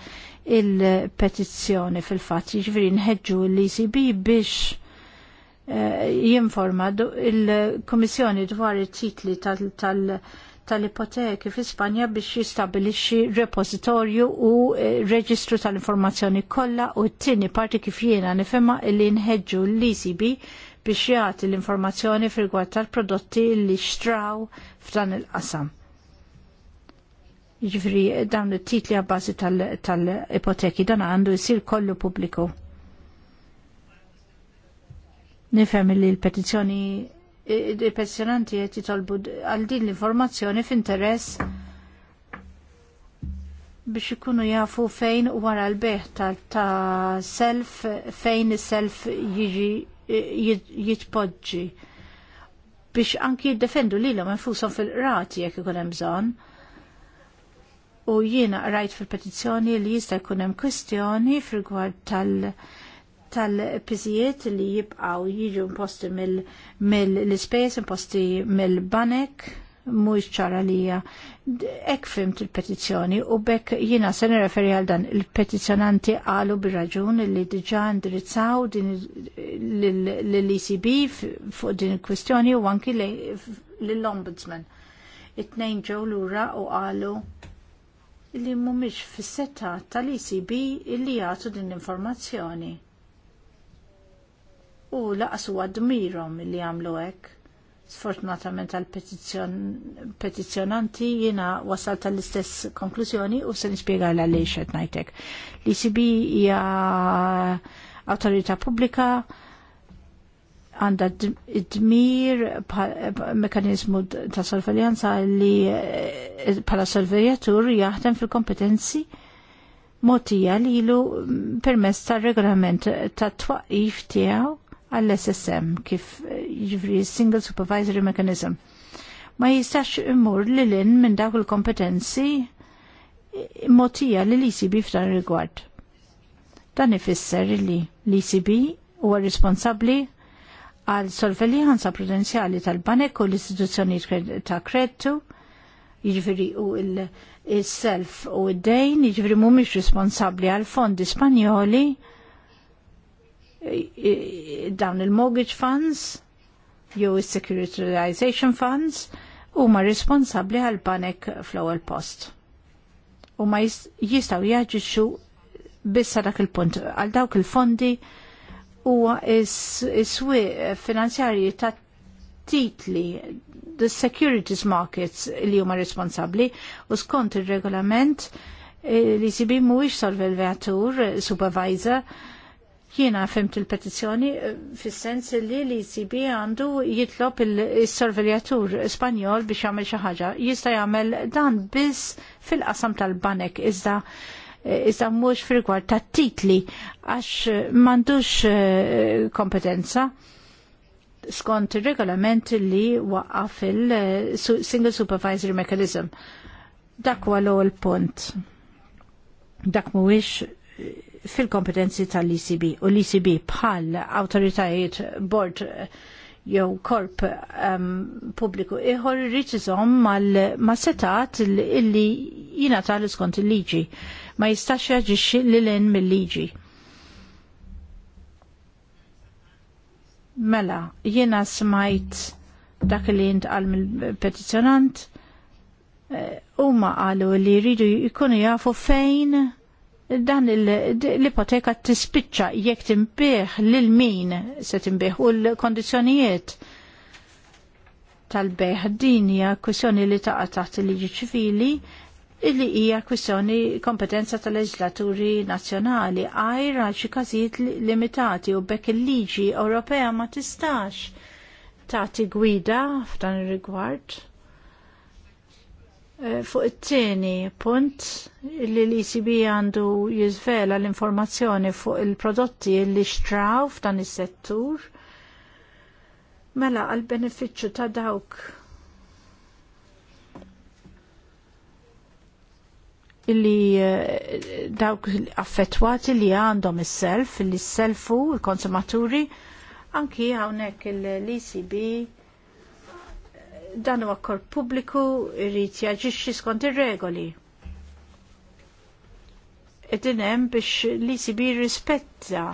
il-petizzjoni fil-fatt, jiġifieri nħeġġu l-ECB biex eh, jinforma il-Komissjoni dwar it-titli tal-ipoteki fi Spanja biex jistabilixi repositorju u eh, reġistru tal-informazzjoni kollha u t-tieni parti kif jiena nifhimha li nħeġġu l-ECB biex jagħti l-informazzjoni fil-gwad tal-prodotti li xtraw f'dan il-qasam Ġifri, dawn it-titli għabbażi tal-ipoteki, dan għandu jisir kollu pubbliku. Nifhem li l-petizjoni, il-petizjonanti qed jitolbu għal din l-informazzjoni f'interess biex ikunu jafu fejn wara l-beħ ta' self, fejn self jiġi jitpoġġi biex anki jiddefendu lilhom għamfusom fil-qrati jekk ikun hemm bżonn u jiena rajt fil-petizzjoni li jista' jkun hemm kwistjoni fil-gwad tal- tal-piżijiet li jibqaw jiġu imposti mill-ispejs, imposti mill-banek, mux ċara li hija ek fimt il-petizzjoni u bekk jina se nirreferi għal dan il-petizzjonanti għalu bir-raġun li diġa indirizzaw l-ECB fuq din il-kwistjoni u anki l-Ombudsman. It-nejn ġew lura u għalu li mhumiex fis-setta tal-ECB li jagħtu din l-informazzjoni. U laqsu għadmirom illi li jagħmlu hekk. Sfortunatament għal petizzjonanti jiena wasal tal-istess konklużjoni u se nispjega l għaliex qed ngħidlek. L-ECB hija autorita pubblika għanda id-dmir mekanizmu ta' sorveljanza li eh, pala sorveljatur jaħdem fil-kompetenzi motija li ilu mm, permess ta' regolament ta' twaqif tiegħu għall-SSM kif eh, jivri jiġifieri Single Supervisory Mechanism. Ma jistax immur li l-in minn dawk il-kompetenzi eh, motija li l-ECB f'dan rigward. Dan ifisser li l-ECB huwa responsabbli għal sorveljanza prudenzjali tal-banek u l istituzzjoni ta' kredtu, jiġifieri u il-self u id-dejn, jiġifieri mhumiex responsabbli għal fondi Spanjoli dawn il-mortgage funds jew il securitization funds huma responsabbli għal banek fl-ewwel post. U ma jistgħu jaġixxu biss dak il-punt għal dawk il-fondi il fondi huwa is-swieq finanzjarji ta' titli the securities markets li huma responsabbli u skont ir-regolament eh, li sibi mhuwiex solvelvatur eh, supervisor jiena fimt il-petizzjoni eh, fis-sens li li sibi għandu jitlob il-sorveljatur Spanjol biex jagħmel xi ħaġa. Jista' jagħmel dan biss fil-qasam tal-banek iżda iżda mhux fil-gwar ta' titli għax m'għandux eh, kompetenza skont ir-regolament li waqqaf fil-Single eh, Supervisory Mechanism. Dak huwa l-ewwel punt. Dak mhuwiex eh, fil-kompetenzi tal-ECB u l-ECB bħal awtoritajiet bord jew korp um, pubbliku iħor rritizom iżomm mal-setat illi jingħata l-iskont il-liġi. il liġi ma jistax jaġixxi lil hinn mill-liġi. Mela, jiena smajt dak li intqal mill-petizzjonant eh, huma qalu li jridu jkunu jafu fejn dan l-ipoteka tispiċċa jekk timbih lil min se timbih u l-kondizzjonijiet tal-beħ din hija kwissjoni li taqa' taħt il-liġi ċivili illi hija kwistjoni kompetenza tal-leġislaturi nazzjonali għajra għal xi każijiet limitati u bekk il-liġi Ewropea ma tistax tagħti gwida f'dan ir-rigward. Eh, fuq it-tieni punt li l-ECB għandu jiżvela l-informazzjoni fuq il-prodotti li xtraw f'dan is-settur mela għal benefiċċju ta' dawk li eh, dawk affettwati li għandhom is-self, li s-selfu, il-konsumaturi, anki hawnhekk l-ECB dan huwa kor pubbliku jrid jaġixxi skont ir-regoli. Qegħdin hemm biex l-ECB rispetta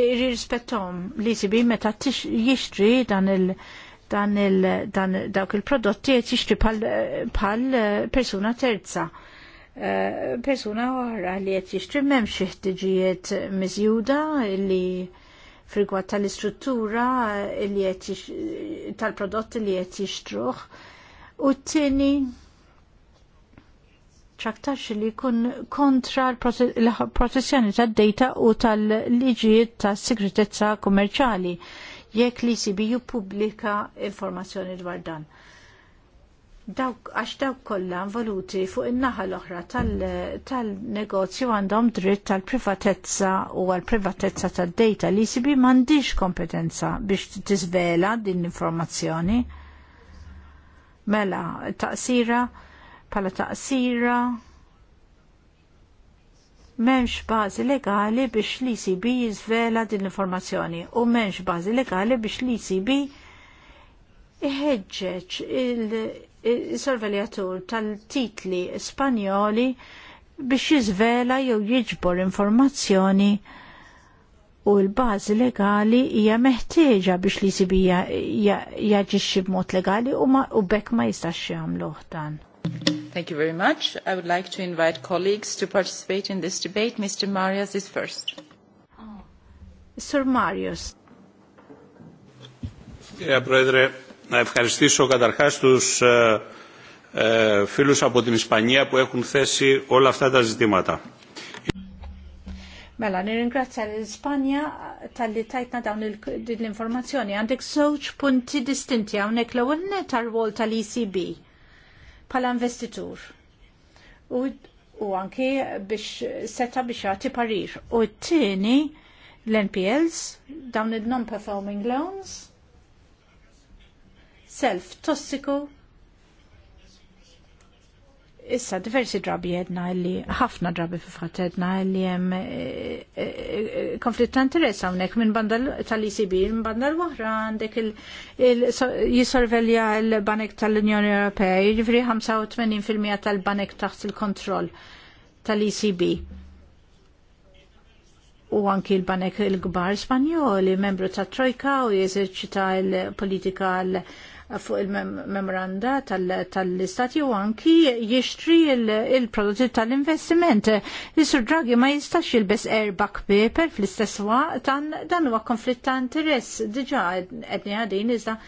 irrispettom l-ECB meta jixtri dan il- dan il dan dawk il-prodotti qed jixtri bħal persuna terza. Eh, persuna oħra li qed jixtri xi ħtiġijiet miżjuda li frigwat tal-istruttura li qed tal prodotti li qed jixtruh u t-tieni ċaktax li jkun kontra l-protezzjoni tad dejta u tal-liġijiet tas-sigritezza kummerċali jekk li sibi jippubblika informazzjoni dwar dan dawk għax dawk kollha involuti fuq in-naħa l-oħra tal-negozju tal għandhom dritt tal-privatezza u għall-privatezza tad-data li sibi m'għandix kompetenza biex tiżvela din l-informazzjoni. Mela, taqsira bħala taqsira m'hemmx bażi legali biex li sibi jiżvela din l-informazzjoni u m'hemmx bażi legali biex li sibi iħeġġeġ sorveljatur tal-titli Spanjoli biex jizvela jew jiġbor informazzjoni u l-bażi legali hija meħtieġa biex li sibija jaġixxi b'mod legali u, u bekk ma jistax jagħmluh dan. Thank you very much. I would like to invite colleagues to participate in this debate. Mr. Marius is first. Sir Marius. Yeah, President να ευχαριστήσω καταρχάς τους ε, ε, φίλους από την Ισπανία που έχουν θέσει όλα αυτά τα ζητήματα. Mela, nirringrazzja l-Ispanja tal-li tajtna dawn l-informazzjoni. Għandek żewġ punti distinti hawnhekk l-ewwel net għal tal-ECB pala investitur. U, u anki biex seta biex jagħti parir. U t-tieni l-NPLs, dawn il-non-performing loans, self tossiku Issa, diversi drabi jedna li, ħafna drabi fi fat jedna li jem eh, eh, eh, konflitt ta' interess għawnek minn banda tal-ECB, minn banda l-wahra għandek jisorvelja l-banek tal-Unjoni Ewropea, jivri jiġifieri 85% tal-banek taħt il-kontroll tal-ECB. U anki l-banek il-gbar Spanjoli, membru ta' Trojka u jeżerċita l-politika l-politika fuq il-memoranda tal-istati u anki jixtri il-prodotti tal-investiment. L-Sur Draghi ma jistax jilbes airbag paper fl-istess waqt dan huwa konflitt ta' interess diġa għedni għadin iżda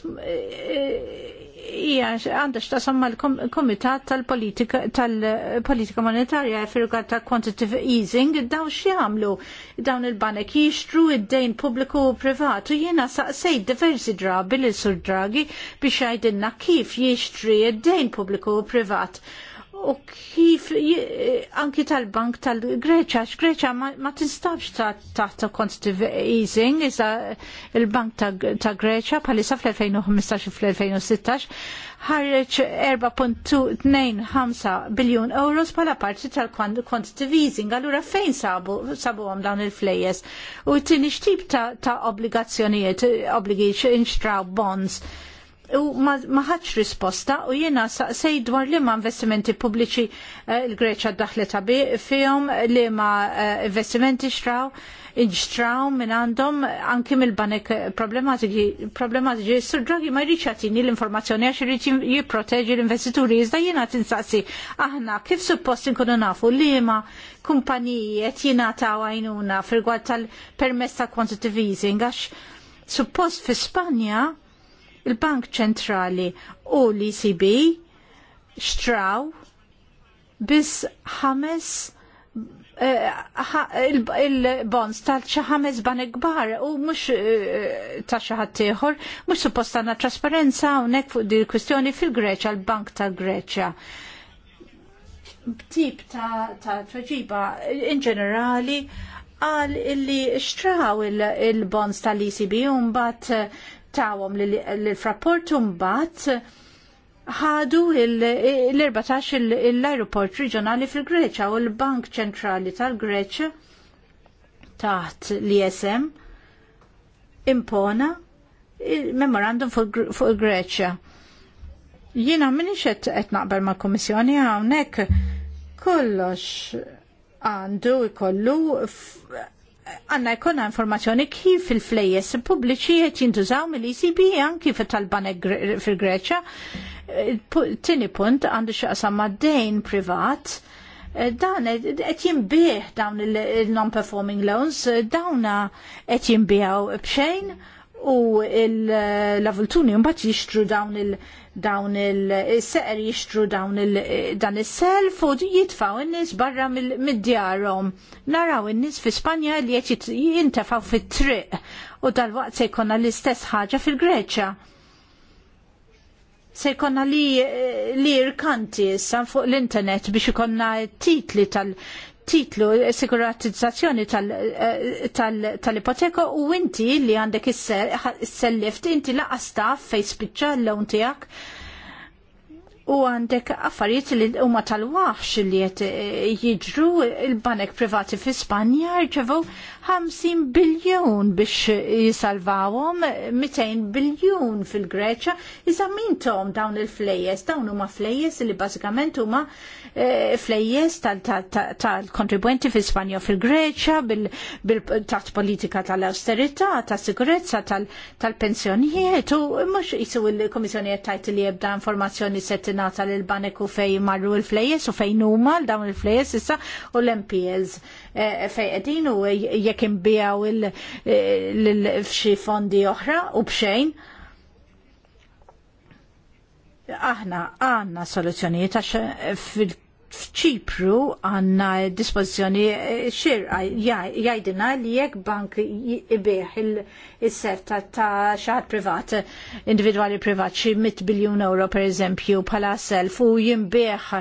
hija għandha samma mal-Kumitat tal-Politika tal-Politika Monetarja firga ta' quantitative easing dawn x'jagħmlu dawn il-banek jixtru id-dejn pubbliku u privatu jiena saqsej diversi drabi lil Sur Draghi biex jgħidilna kif jixtri id-dejn pubbliku u privat u kif anki tal-Bank tal-Greċa, x-Greċa ma tistax taħt quantitative easing, iżda il-Bank tal-Greċa palisa fl-2015 fl-2016 ħarreċ 4.25 biljun euros pala parti tal-quantitative easing. Allura fejn sabu, sabu għam dawn il-flejes? U t-tini xtib ta', ta obbligazzjonijiet, obbligi inxtraw bonds u ma ħadx risposta u jiena saqsej dwar li ma investimenti pubbliċi eh, l-Greċa daħlet bi fihom li ma eh, investimenti xtraw inġtraw minn għandhom anki mill-banek problematiċi sur draghi ma jridx jagħtini l-informazzjoni għax irid jipproteġi l-investituri iżda jiena tinsaqsi aħna kif suppost inkunu nafu li ma kumpaniji qed jingħataw għajnuna fil-gwad tal-permess ta' quantitative easing għax suppost fi Spanja il-Bank ċentrali u l-ECB xtraw biss ħames eh, il-bonds tal xi ħames banek kbar u mhux eh, ta' xi ħadd ieħor, mhux suppost għandna trasparenza hawnhekk fuq di kwistjoni fil-Greċja, l-Bank tal Greċja. B'tip ta' tweġiba in ġenerali għal illi xtraw il-bonds tal-ECB un bat tawom l-frapport umbat ħadu l-14 l-aeroport regionali fil-Greċa u l-Bank ċentrali tal-Greċa taħt l-ISM impona memorandum fuq il-Greċa. Jina minix qed naqbel ma' kommissjoni hawnhekk kollox għandu ikollu għanna jkonna informazzjoni kif il-flejjes pubbliċi qed jintużaw mill-ECB anki fit-talbanek fil-Greċja. Eh, tini punt għandu xaqsam dejn privat eh, dan qed jinbih dawn il-non-performing loans dawna qed jinbijaw b'xejn u l-avultuni mbagħad jixtru dawn il- dawn il-seqer jixtru dawn il- dan is-self u jitfaw in-nies barra mid-djarhom. Naraw in-nies fi Spanja li qed jintefaw fit-triq u dalwaqt se jkollna l-istess ħaġa fil-Greċja. Se jkollna li, li irkanti issa fuq l-internet biex ikonna titli tal- titlu sikuratizzazzjoni eh, tal-ipoteka u inti li għandek is-sellift inti laqas taf fejn spiċċa l-lawn tiegħek u għandek affarijiet li huma tal-waħx li qed eh, jiġru il-banek privati fi Spanja rċevew 50 biljun biex jisalvawom, 200 biljun fil greċa Iżda mintom dawn il-flejjes, dawn huma flejjes li bażikament huma eh, flejjes tal-kontribwenti fil spanja fil greċa bil-taħt politika tal austerita tas sigurezza tal-pensjonijiet u mhux jisu il-Komissjoni tajt li jibda informazzjoni settinata lil banek u fejn marru l-flejjes u fejn huma dawn il-flejjes issa u l-MPLs Eh, fejqedin u jekk imbijaw eh, f'xi fondi oħra u bxejn. Aħna għanna soluzzjonijiet għax eh, fil ċipru għanna dispozizjoni xirqa jajdina li jekk bank jibieħ il-serta ta' xaħat privat, individuali privat, xi 100 biljun euro per eżempju bħala self u jimbieħ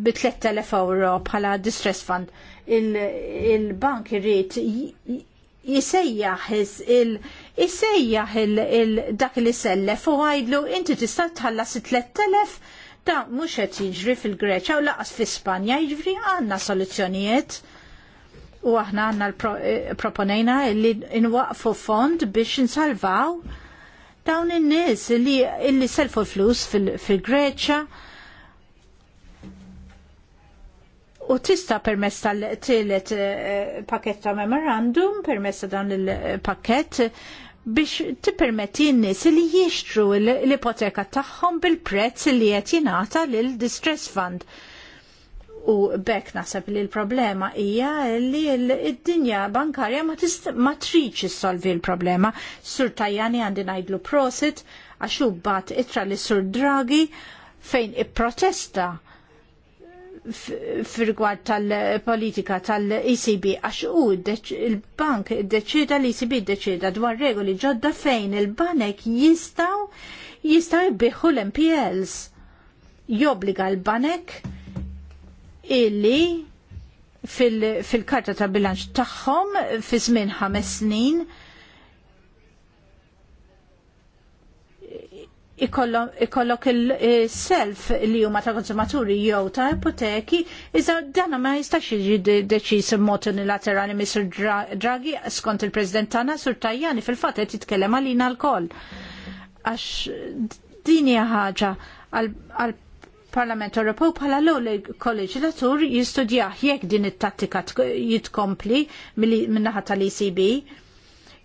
bi 3000 euro bħala distress fund il-bank irrit jisejjaħ jisejjaħ dak li sellef u għajdlu inti tista' tħallas 3000 da mhux qed jiġri fil-Greċja u laqas fi Spanja jiġri għandna soluzzjonijiet u aħna għanna eh, proponejna li nwaqfu fond biex nsalvaw dawn in-nies li, li selfu flus fil-Greċa fil U tista permess tal tillet eh, pakket ta' memorandum, permess ta' dan il-pakket, biex tippermetti n-nis li jixtru l-ipoteka tagħhom bil-prezz li qed jingħata lil distress fund. U bekk naħseb li l-problema hija li d-dinja bankarja ma triċ issolvi l-problema. Sur Tajani għandi ngħidlu prosit għax bat itra li Sur Draghi fejn ipprotesta protesta firgwad tal-politika tal-ECB għax u il-bank deċida l-ECB deċida dwar regoli ġodda fejn il-banek jistaw jistaw jibbiħu l-MPLs jobbliga l-banek illi fil-karta ta' bilanċ tagħhom fi żmien ħames snin ikollok il-self li huma ta' konsumaturi jew ta' ipoteki, iżda dan ma jistax jiġi deċiż mod unilaterali Mr. Draghi skont il-President tagħna Sur Tajjani fil-fatt qed jitkellem għalina l-koll. Għax din hija ħaġa għal Parlament Ewropew bħala l-ewwel kolleġilatur jistudjah jekk din it-tattika jitkompli min-naħa tal-ECB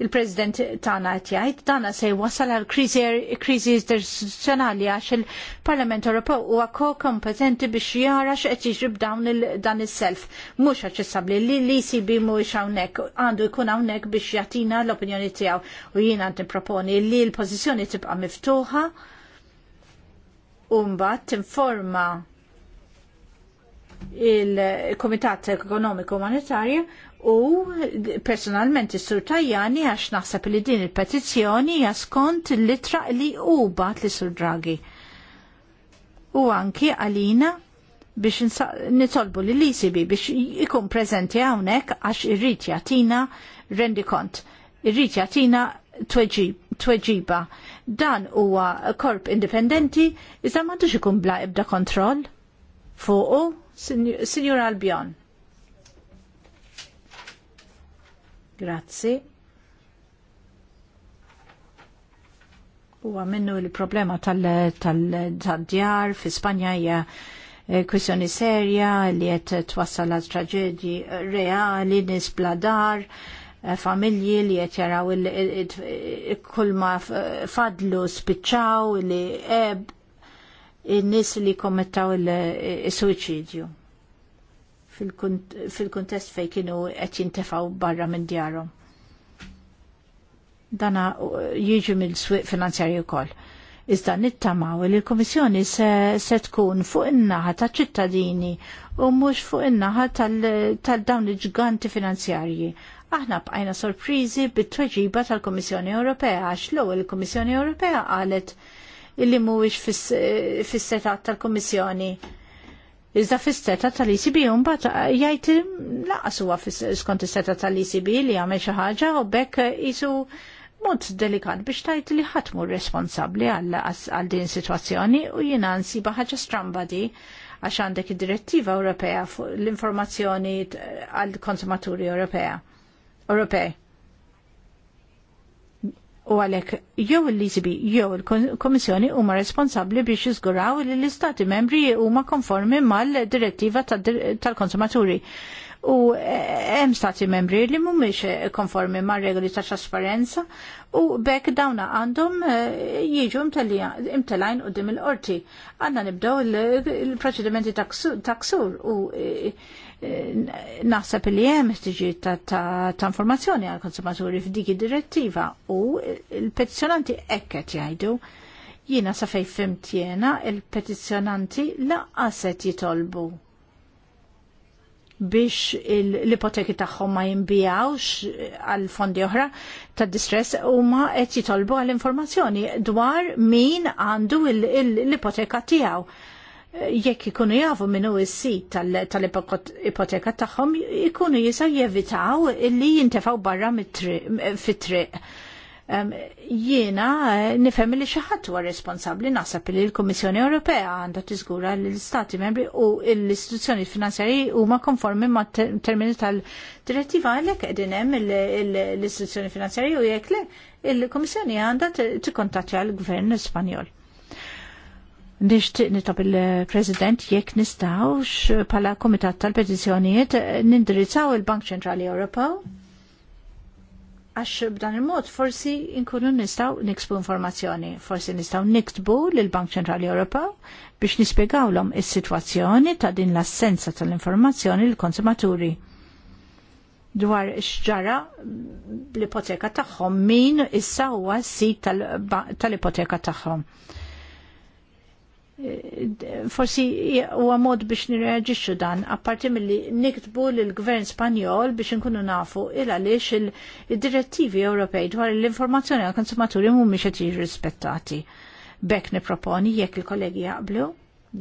il-President tagħna qed jgħid tagħna se jwassal għal kriżi istituzzjonali għax il-Parlament Ewropew huwa ko kompetenti biex jara x'qed jiġri dawn dan is-self. Mhux aċċessabbli li l-ECB mhuwiex hawnhekk għandu jkun hawnhekk biex jagħtina l-opinjoni tiegħu u jiena proponi li l-pożizzjoni tibqa' miftuħa u mbagħad tinforma il-Komitat Ekonomiku Monetarju U personalment is-sur Tajani għax naħseb li din il-petizzjoni hija skont l-litra li u bat li sur Draghi. U anki għalina biex nitolbu li l-ICB biex ikun prezenti hawnhekk għax irrit jagħtina rendi kont. Irrid jagħtina tweġiba. Dan huwa korp indipendenti iżda m'għandux ikun bla ebda kontroll fuqu, Sinjur Albion. Grazzi. Huwa minnu il problema tal-djar fi Spanja hija eh, kwistjoni serja li qed twassal għal traġedji eh, reali nies bla dar eh, familji li qed jaraw kulma fadlu spiċċaw li eb in-nies li kommettaw il-suicidju fil-kontest fej kienu qed jintefgħu barra minn djarhom. Dana uh, jiġu mill-swieq finanzjarji wkoll. Iżda nittamaw li l-Komissjoni se, se tkun fuq in-naħa ta' ċittadini u mhux fuq in-naħa tal-dawn il-ġganti finanzjarji. Aħna bqajna sorpriżi bit-tweġiba tal-Komissjoni Ewropea għax l-ewwel il-Komissjoni Ewropea qalet illi mhuwiex eh, fis-setat tal kummissjoni Iżda fis-seta tal-ECB mbagħad eh, jgħid laqas huwa skont is-seta tal-ECB li għamel xi ħaġa u bekk eh, isu mod delikat biex tajt li ħadd mur responsabbli għal din sitwazzjoni u jiena nsiba ħaġa stramba di għax għandek id-direttiva Ewropea fuq l-informazzjoni għall konsumaturi Ewropea. Ewropej u għalek jew l-ICB jew il-Komissjoni huma responsabbli biex jiżguraw li l-Istati membri huma konformi mal-direttiva tal-konsumaturi. U eh, hemm stati membri li mhumiex konformi mar-regoli ta' trasparenza u bekk dawna għandhom eh, jiġu imtelajn dim il-qorti. Għanna nibdew il-proċedimenti ta' ksur u eh, naħseb li hemm tiġi ta' informazzjoni għall konsumaturi f'dik id-direttiva u l-petizzjonanti hekk qed jgħidu jiena sa fej fimt il-petizzjonanti la qed jitolbu biex l-ipoteki tagħhom ma jimbijawx għal fondi oħra ta' distress huma qed jitolbu għall informazzjoni dwar min għandu l-ipoteka tiegħu jekk ikunu jafu minnu s-sit tal-ipoteka tagħhom ikunu jisa jevitaw li jintefaw barra fit-triq. Jiena eh, nifhem li xi ħadd huwa responsabbli naħseb li l-Kummissjoni Ewropea għandha tiżgura l istati membri u l-istituzzjoni finanzjarji huma konformi ma' termini tal-direttiva għalhekk qegħdin hemm l-istituzzjoni finanzjarji u jekk le il-Kummissjoni għandha tikkontattja l-Gvern Spanjol nixtieq nitob il-President jekk nistgħux bħala Kumitat tal-Petizzjonijiet nindirizzaw il-Bank Ċentrali Ewropew għax b'dan il-mod forsi nkunu nistaw niksbu informazzjoni, forsi nistaw niktbu l-Bank Ċentrali Ewropew biex nispiegawlhom is-sitwazzjoni ta' din l-assenza tal-informazzjoni l-konsumaturi dwar xġara l-ipoteka tagħhom min issa huwa s-sit tal-ipoteka tagħhom forsi huwa mod biex nirreġixxu dan, apparti milli niktbu lill gvern Spanjol biex nkunu nafu il għaliex il-direttivi Ewropej dwar l-informazzjoni għall konsumaturi mhumiex qed rispettati. Bek niproponi jekk il-kollegi jaqblu,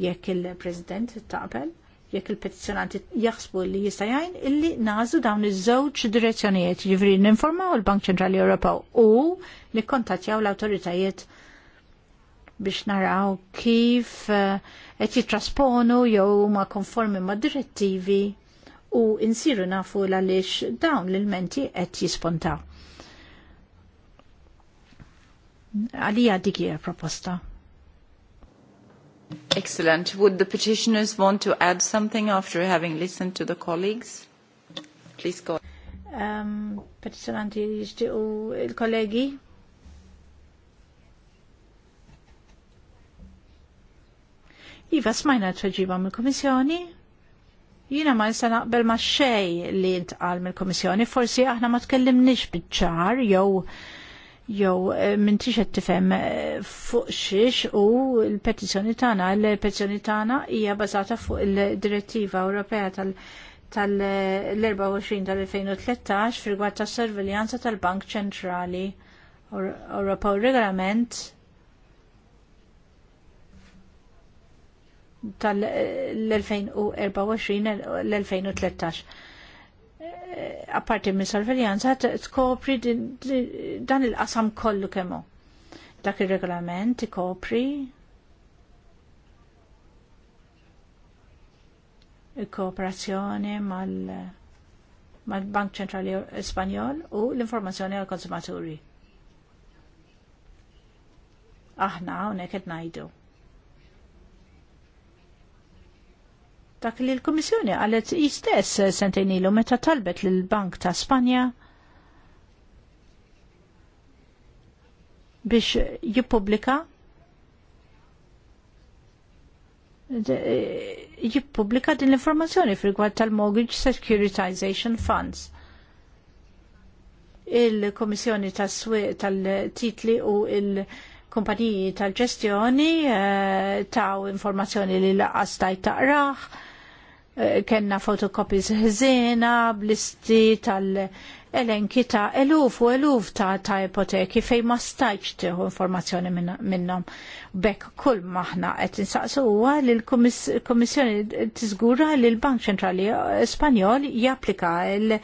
jekk il-President taqbel jekk il-petizjonanti jaħsbu li jista' illi nażu dawn iż-żewġ direzzjonijiet jiġri ninformaw il-Bank Ċentrali Ewropew u nikkontattjaw l-awtoritajiet biex naraw kif eh, qed jitrasponu jew huma konformi ma' direttivi u insiru nafu għaliex dawn l-elementi qed jispontaw. Għalija dik proposta. Excellent. Would the petitioners want to add something after having listened to the colleagues? Please go. Um, ehm, petitionanti jishtiqu il-kollegi Iva, smajna t mill-Komissjoni, jina ma nista naqbel ma xej li jintqal mill-Komissjoni, forsi aħna ma tkellimniex biċ-ċar jew jew eh, minn tix qed tifhem eh, fuq xiex u l-petizzjoni tagħna, l-petizzjoni tagħna hija bazata fuq il-Direttiva Ewropea tal- tal-24 tal-2013 fil-gwad tas-sorveljanza tal-Bank Ċentrali Ewropew Regolament tal-2024 l-2013 eh, apparti minn sorveljanza tkopri dan il-qasam kollu kemmu. Dak il-regolament ikopri il-kooperazzjoni mal- bank Ċentrali Espanjol u l-informazzjoni għal konsumaturi. Aħna unek qed ngħidu dak li l-Komissjoni għalet jistess sentejn ilu meta talbet l bank ta' Spanja biex jippubblika e, jippubblika din l-informazzjoni fil-gwad tal-Mortgage Securitization Funds il-Komissjoni tal-titli u il- kumpaniji tal-ġestjoni e, taw informazzjoni li laqas tajt taqraħ Eh, kena fotokopis ħżiena blisti tal-elenki ta' eluf u eluf ta', ta ipoteki fej ma stajċ tiħu informazzjoni minnom. Bekk kull maħna qed insaqsu huwa li l-Kummissjoni tiżgura li l-Bank Ċentrali Spanjol japplika l-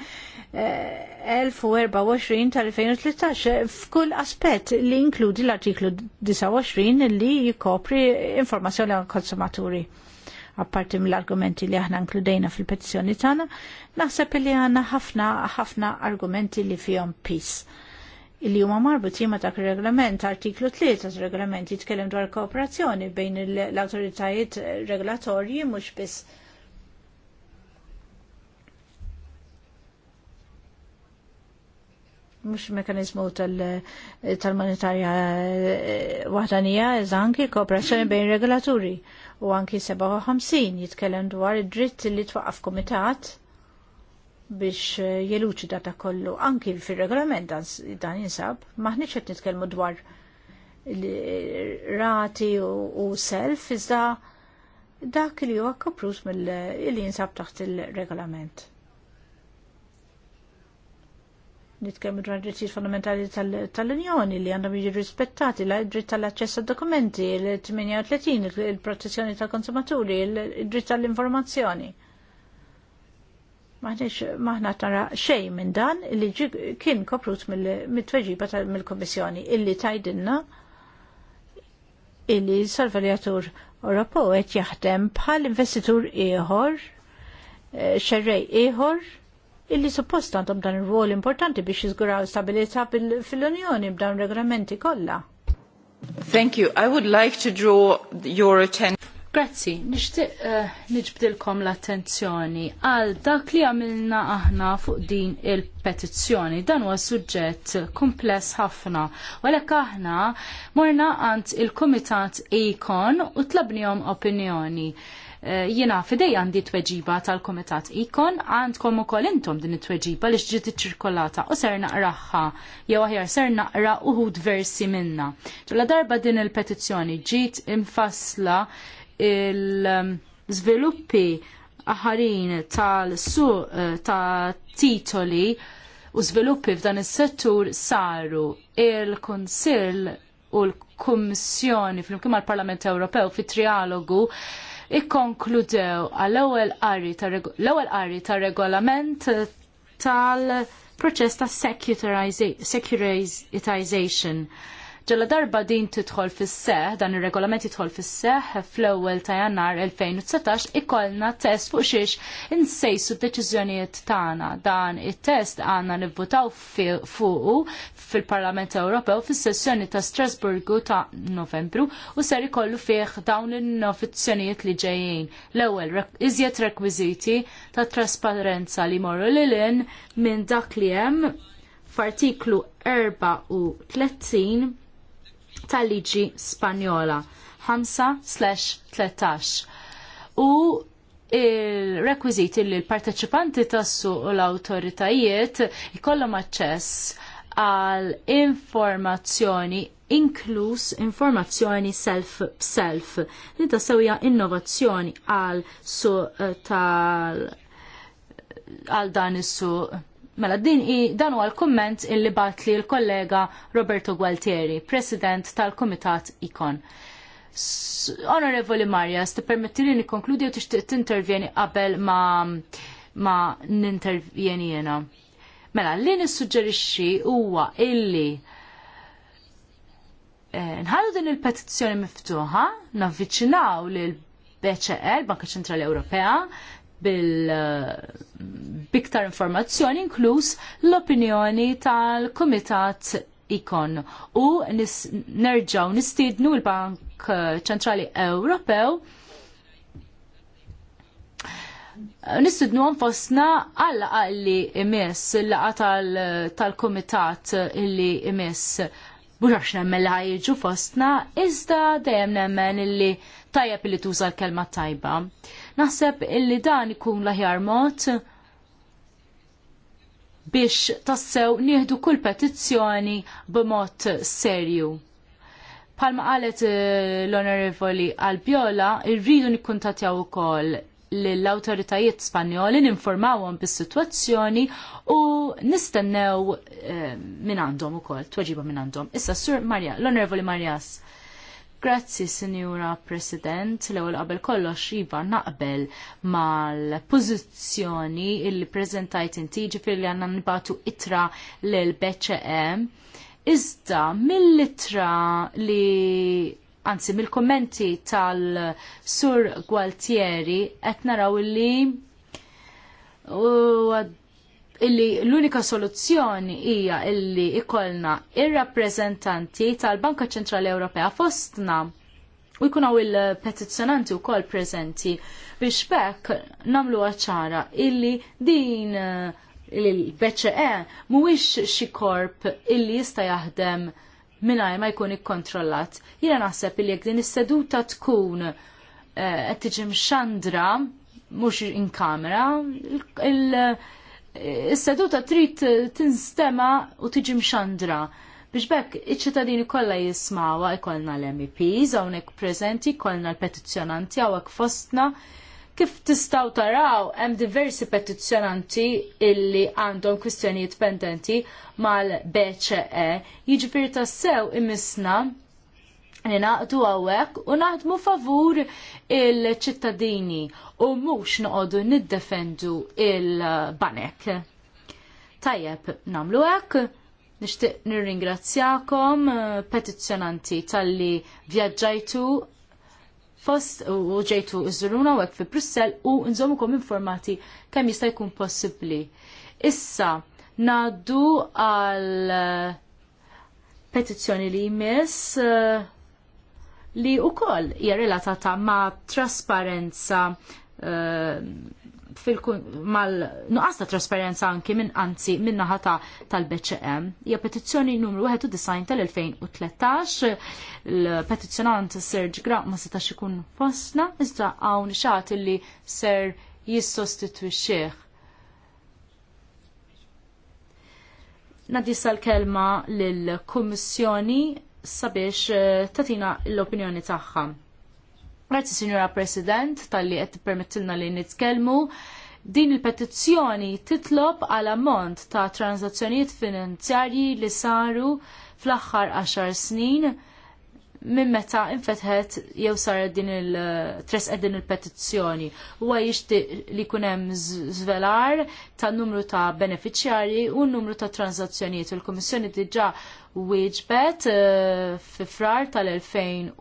1024 eh, tal-2013 f'kull aspett li inkludi l-artiklu 29 li jikopri informazzjoni għal konsumaturi apparti mill-argumenti li aħna nkludejna fil-petizzjoni tagħna, naħseb li għandna ħafna ħafna argumenti li fihom peace. Illi huma marbutin ma' dak ir reglament artiklu 3 tas reglament jitkellem dwar kooperazzjoni bejn l-awtoritajiet regolatorji mhux biss mux mekanizmu tal-monetarja wahdanija, zanki kooperazzjoni bejn regolaturi u anki 57 jitkellem dwar id-dritt li twaqqaf komitat biex eh, jeluċida data kollu anki fil-regolament dan jinsab maħniċ qed nitkellmu dwar rati u self iżda dak li huwa kopruż mill-li jinsab taħt il-regolament nitkellmu dwar drittijiet fondamentali tal-Unjoni li għandhom jiġu rispettati, l-dritt tal-aċċess għad dokumenti, l-38, il-protezzjoni tal-konsumaturi, l dritt tal-informazzjoni. Maħniex maħna tara xej minn dan li kien koprut mill-tweġiba mill komissjoni illi tajdinna illi salvaljatur Europo qed jaħdem bħal investitur ieħor eh, xerrej ieħor illi suppost għandhom dan ir-rol importanti biex jiżguraw stabilità fil-Unjoni b'dawn regolamenti kollha. Thank you. I would like to draw your attention. Grazzi, nixtieq uh, niġbdilkom l-attenzjoni għal dak li għamilna aħna fuq din il-petizzjoni. Dan huwa suġġett kumpless ħafna. Għalhekk aħna morna għand il-Kumitat ikon u tlabnihom opinjoni. Eh, jiena fidej għandi tweġiba tal-Komitat Ikon, għandkom ukoll intom din it-tweġiba li xġiet iċirkolata u ser naqraħħa jew aħjar ser naqra uħud versi minna. Ġola darba din il-petizzjoni ġiet imfassla il-żviluppi aħarin tal-su eh, ta' titoli u żviluppi f'dan is-settur saru il-Kunsill u l-Kummissjoni fl-imkien mal-Parlament Ewropew fit-trialogu ikkonkludew għall-ewwel qari l-ewwel qari ta' regolament tal-proċess ta' securitization Ġella darba din tidħol fis-seħ, dan ir-regolament titħol fis-seħ fl-ewwel ta' Jannar 2019 ikollna test fuq xiex insejsu d-deċiżjonijiet tagħna. Dan it-test għandna nivvutaw fuqu fil-Parlament Ewropew fis-sessjoni ta' Strasburgu ta' Novembru u ser ikollu fih dawn in-nofizzjonijiet li ġejjin. L-ewwel iżjed rekwiżiti ta' trasparenza li morru lilin minn dak li hemm f'artiklu 34 tal-liġi Spanjola 5/13 u il-rekwiziti li l-parteċipanti tassu u l-autoritajiet jkollhom aċċess għal informazzjoni inkluż informazzjoni self self li tassewja innovazzjoni għal su eh, tal għal dan is-suq Mela, din i dan huwa l-kumment illi bat li l-kollega Roberto Gualtieri, President tal-Kumitat Ikon. Onorevoli Marja, sti permettili konkludi u tixtieq intervjeni qabel ma ma n-intervjeni jena. Mela, li nissuġġerixxi huwa illi eh, nħallu din il-petizzjoni miftuħa, navviċinaw l BCE, Banka Ċentrali Ewropea, bil-biktar informazzjoni inkluż l-opinjoni tal-Kumitat ikon u nis, nerġaw nistidnu l-Bank ċentrali Ewropew Nistidnu għan fosna għalla għalli imiss l-laqa tal-komitat illi imiss Burax nemmen li ħajġu fostna, iżda dejjem nemmen illi tajja li tuża l-kelma tajba. Naħseb illi dan ikun l-aħjar mod biex tassew nieħdu kull petizzjoni b'mod serju. Palma qalet eh, l-Onorevoli Albiola, irridu nikkuntatjaw ukoll l-autoritajiet spanjoli ninformawhom bis-sitwazzjoni u nistennew eh, minn għandhom ukoll, tweġiba minn għandhom. Issa sur Marja, l-Onorevoli Marjas. Grazzi, Sinjura President, l ewwel qabel kollox iva naqbel mal-pożizzjoni li preżentajt inti ġifieri għandna nibatu itra lil BCM. E. Iżda mill-itra li anzi mill-kommenti tal-Sur Gualtieri qed naraw li u illi l-unika soluzzjoni hija illi ikollna ir-rappreżentanti tal-Banka Ċentrali Ewropea fostna u jkunaw il-petizzjonanti u kol prezenti biex bekk namlu għacċara illi din eh, il-BCE muwix xi korp illi jista jaħdem minnaj ma jkun ikkontrollat. Jena naħseb illi jek din is-seduta tkun eh, qed tiġi mxandra mhux in kamera, is-seduta trid tinstema u tiġi mxandra biex bekk iċ-ċittadini kollha jismawa ikollna l-MEPs hawnhekk preżenti, kollna l-petizzjonanti hawnhekk fostna. Kif tistaw taraw hemm diversi petizzjonanti illi għandhom kwistjonijiet pendenti mal-BCE, jiġifieri tassew imisna ninaqdu għawek u naħdmu favur il-ċittadini u mux noqodu niddefendu il-banek. Tajjeb, namlu għek, nishtiq nirringrazzjakom eh, petizjonanti tal-li vjaġġajtu fost u ġejtu iżuruna u fi Brussel u nżomukom informati kemm jista' jkun possibbli. Issa, naddu għal eh, petizzjoni li jmiss eh, li wkoll hija relatata ma' trasparenza uh, mal ta' trasparenza anki minn anzi minn naħata tal-BCM. Hija petizzjoni numru 91 tal-2013 l-petizzjonant Serge Gra ma setax ikun fosna iżda hawn xagħat li ser jissostitwixxih. Nadissa l-kelma lill-Kummissjoni sabiex eh, tatina l-opinjoni tagħha. Grazzi Sinjora President tal-li qed permettilna li nitkellmu. Din il-petizzjoni titlob għal ammont ta' transazzjonijiet finanzjarji li saru fl-aħħar 10 snin minn meta infetħet jew sar din il tres din il-petizzjoni. Huwa jixtieq li jkun hemm żvelar ta' numru ta' beneficjarji u numru ta' tranzazzjonijiet. Il-Kummissjoni diġà wieġbet eh, fi frar tal-2012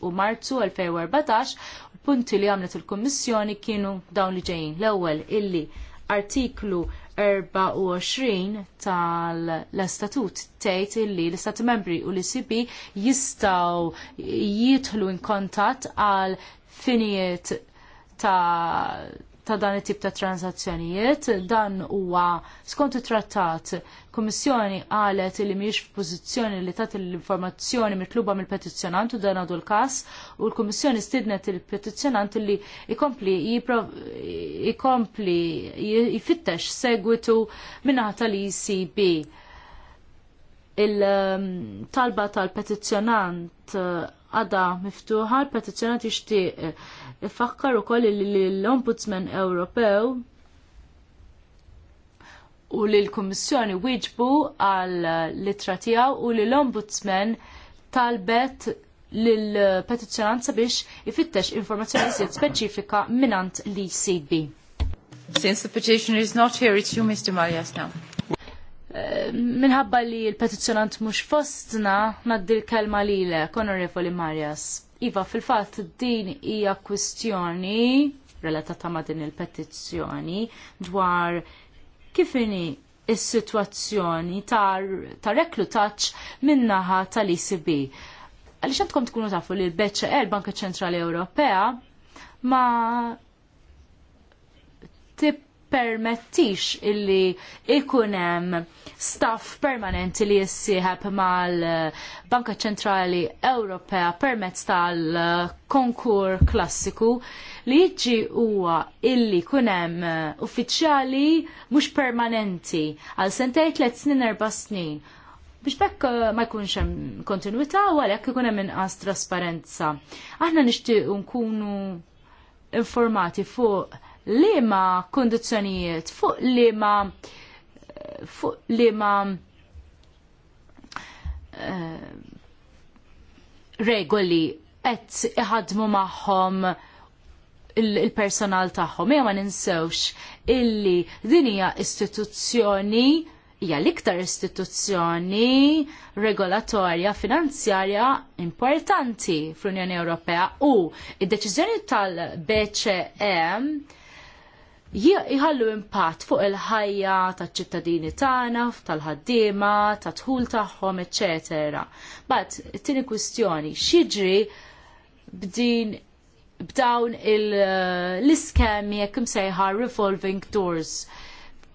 u Marzu 2014 punti li għamlet il-Kummissjoni kienu dawn li ġejjin. L-ewwel illi artiklu 24 tal-estatut tgħid li l-istati membri u l-ICB jistgħu jidħlu in kontatt għal finijiet ta' ta' dan it-tip ta' transazzjonijiet, dan huwa skont it-trattat Kummissjoni qalet li mhijiex f'pożizzjoni li tagħti l-informazzjoni mitluba mill-petizzjonant u dan għadu l-każ u l-Kummissjoni stidnet il-petizzjonant li jkompli jkompli jfittex segwitu minnaħa li ecb Il-talba um, tal-petizzjonant għada miftuħa l-petizzjoni tixtieq eh, ifakkar ukoll li l-Ombudsman Ewropew u li l-Kummissjoni wieġbu għal litra tiegħu u li l-Ombudsman talbet lill-petizzjonant sabiex ifittex informazzjoni żied speċifika minant l-ECB. Since the petitioner is not here, it's you, Mr. Marias, now minħabba li l-petizzjonant mhux fostna naddi l-kelma lilek, Onorevoli Marjas. Iva, fil-fatt din hija kwistjoni relatata ma' din il-petizzjoni dwar kif inhi is-sitwazzjoni ta' reklutaċ min-naħa tal-ECB. Għaliex għandkom tkunu tafu li l-BCE, l-Banka Ċentrali Ewropea, ma tip Permettix illi ikun hemm staff permanenti li jissieħab mal-Banka eh, Ċentrali Ewropea permezz tal-konkur klassiku li jiġi huwa illi jkun hemm eh, uffiċjali mhux permanenti għal sentej tliet snin erba' snin biex bekk eh, ma jkunx hemm kontinuità u għalhekk ikun hemm inqas trasparenza. Aħna nixtieq nkunu informati fuq liema kondizjonijiet, fuq liema fuq liema uh, regoli qed iħadmu magħhom il-personal tagħhom. Ejja ma ninsewx illi din hija istituzzjoni hija l-iktar istituzzjoni regolatorja finanzjarja importanti fl-Unjoni Ewropea u id-deċiżjoni tal-BCE jħallu impatt fuq il-ħajja taċ ċittadini tagħna, tal-ħaddiema, ta' tħul tagħhom, eċetera. bad it-tieni kwistjoni, x'jiġri b'din b'dawn eh, l-iskemi jekk imsejħa revolving doors.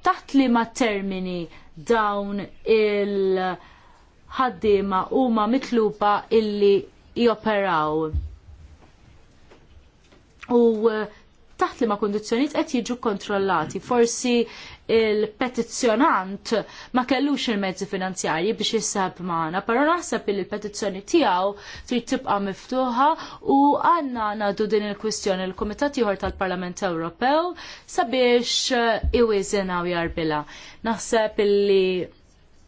Taħt li ma termini dawn il-ħaddiema huma mitluba illi joperaw. U eh, taħt li ma kondizjoniet qed jiġu kontrollati. Forsi il-petizzjonant ma kellux il-mezzi finanzjarji biex jisab maħna, pero naħseb li l-petizzjoni tiegħu trid tibqa' miftuħa u għandna ngħadu din il-kwistjoni l-Kumitat ieħor tal-Parlament Ewropew sabiex iwiżina u jarbilha. Naħseb illi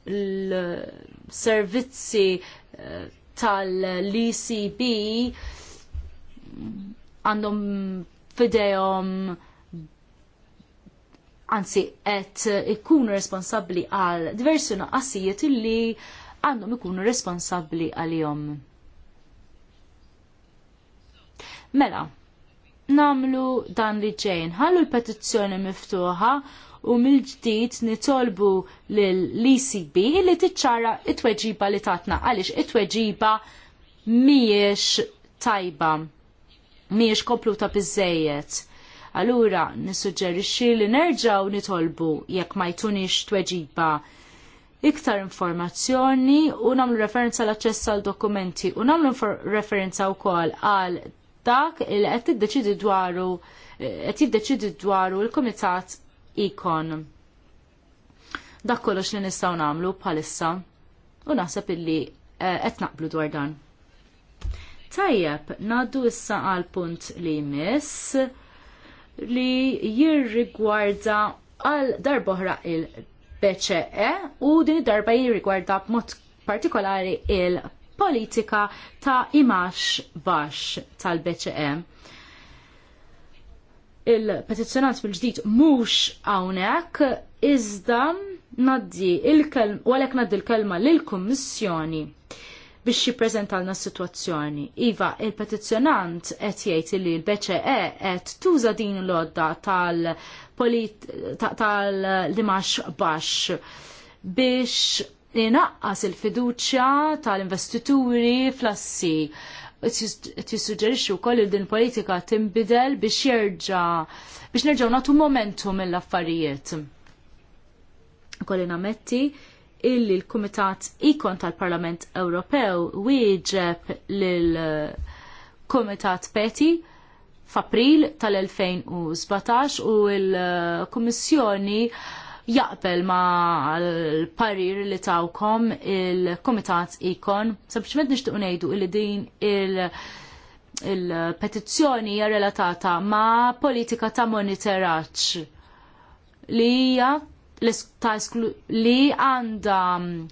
l-servizzi eh, tal-ECB għandhom fidejhom anzi qed ikunu responsabbli għal diversi naqqasijiet illi għandhom ikunu responsabbli għalihom. Mela, namlu dan li ġejn, ħallu l-petizzjoni miftuħa u mill-ġdid nitolbu l-ECB li tiċċara it-tweġiba li tatna għaliex it-tweġiba miex tajba miex kompluta bizzejiet. Allura nissuġġerixxi li nerġgħu nitolbu jekk ma jtunix tweġiba iktar informazzjoni u nagħmlu referenza l-aċċess għal dokumenti u nagħmlu referenza wkoll għal dak il qed tiddeċidi dwaru eh, qed jiddeċidi dwaru il kumitat ikon. Dak kollox li nistgħu nagħmlu bħalissa u naħseb illi eh, qed naqblu dwar dan. Tajjeb, naddu issa għal punt li jmiss li jirrigwarda għal darboħra il-BCE u din darba jirrigwarda b'mod partikolari il-politika ta' imax bax tal-BCE il-petizzjonant bil-ġdid mhux hawnhekk iżda naddi il-kelma u għalhekk naddi l-kelma lill-Kummissjoni biex jippreżentalna s-sitwazzjoni. Iva, il-petizzjonant qed jgħid li l-BCE qed tuża din l-odda tal-limax ta biex inaqqas il-fiduċja tal-investituri fl-assi tissuġġerixxu wkoll il din politika tinbidel biex jerġa' biex nerġgħu nagħtu momentum mill-affarijiet. Kolli nametti illi l-Kumitat ikon tal-Parlament Ewropew wieġeb lill-Kumitat eh, Peti f'April tal-2017 u l-Kummissjoni jaqbel ma l-parir li tawkom il-Kumitat ikon. Sempliċement nixtieq ngħidu li din il- il-petizzjoni hija relatata ma' politika ta' monitoraġġ li hija li għanda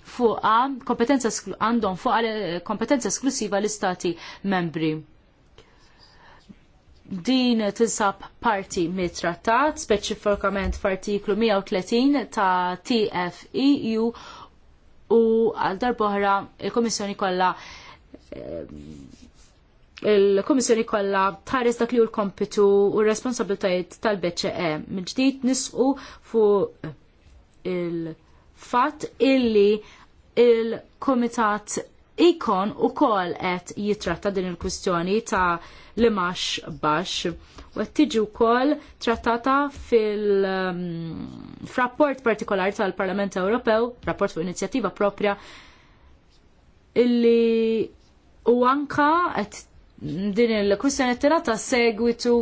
fuqa kompetenza għandhom fuqa kompetenza esklusiva l-istati membri. Din tinsab parti mit-trattat, speċifikament f'artiklu 130 ta' TFEU u għal darbohra il-Komissjoni kollha eh, il-Komissjoni kollha tħares dak li hu l-kompitu u r-responsabiltajiet tal-BCE. Mill-ġdid nisqu fuq il-fatt illi il-Komitat ikon u kol et jitratta din il-kwistjoni ta' li max bax. U għet tiġi kol trattata fil-rapport um, partikolari tal-Parlament Ewropew, rapport fuq inizjattiva propria, illi u anka għed din il-kwistjoni t-tirata segwitu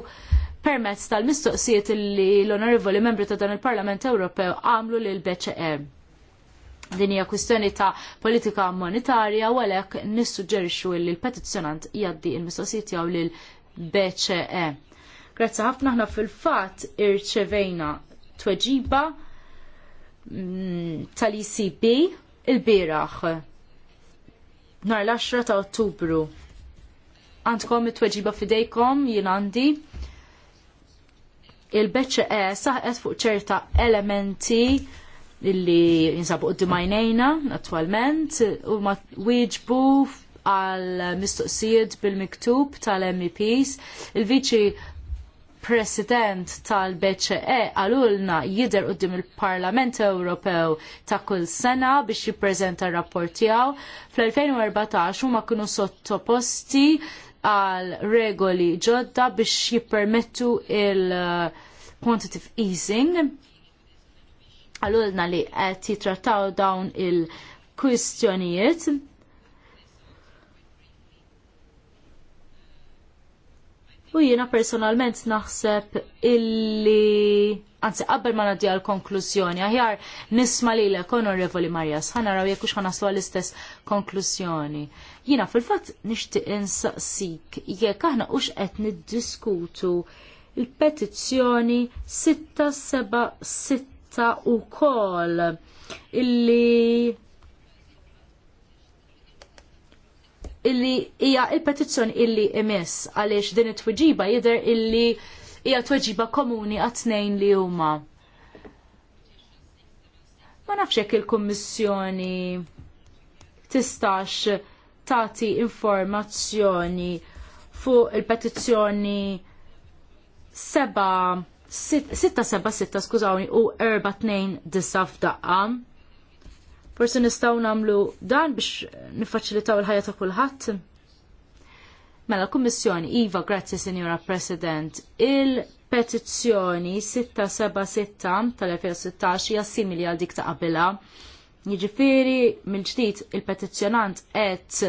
permezz tal-mistoqsijiet li l-onorevoli membri ta' dan il-Parlament Ewropew għamlu lil bce Din hija kwistjoni ta' politika monetarja u għalhekk nissuġġerixxu li l-petizzjonant jgħaddi l mistoqsijiet tiegħu lil BCE. Grazzi ħafna aħna fil-fatt irċevejna tweġiba mm, tal-ECB il-bieraħ nar l-10 ta' Ottubru. Għandkom it-tweġiba fidejkom jien għandi il e saħqet fuq ċerta elementi illi jinsabu d-dimajnejna attualment u ma wieġbu għal mistoqsijiet bil-miktub tal-MEPs. Il-Viċi President tal-BCE għalulna jider uddim il-Parlament Ewropew ta' kull sena biex jippreżenta r-rapport tiegħu. Fl-2014 huma kienu sottoposti għal regoli ġodda biex jippermettu il- quantitative easing. Għallulna li qed jitrattaw dawn il-kwistjonijiet. U jiena personalment naħseb illi anzi qabel ma nadja l-konklużjoni, aħjar nisma li l Revoli Marjas, ħana raw jekux ħanaslu għall-istess konklużjoni. Jina fil-fat nishti insaqsik, jekk aħna ux qed niddiskutu il-petizzjoni 676 u kol illi illi hija il-petizzjoni illi emess għaliex din it-tweġiba jidher illi hija tweġiba komuni għat-tnejn li huma. Ma nafx jekk il-Kummissjoni tistax tagħti informazzjoni fuq il-petizzjoni seba, sitta seba sitta, skużawni, u erba tnejn disaf f'daqqa. Forsi nistaw namlu dan biex nifaċilitaw il-ħajja ta' kulħadd. Mela, kummissjoni, Iva, grazie, Signora President, il-petizzjoni 676 tal-2016 hija simili għal dik ta' qabila, Jiġifieri mill-ġdid il-petizzjonant qed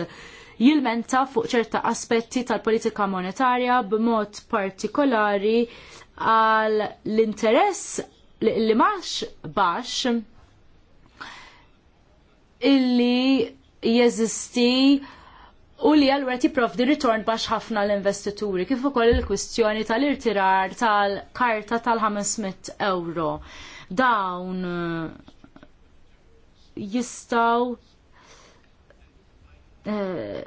jilmenta fuq ċerta aspetti tal-politika monetarja b'mod partikolari għal l-interess li max baħx illi jeżisti u li prof di ritorn bax ħafna l-investituri kif ukoll il-kwistjoni tal-irtirar tal-karta tal-500 euro. Dawn eh, jistaw Eh,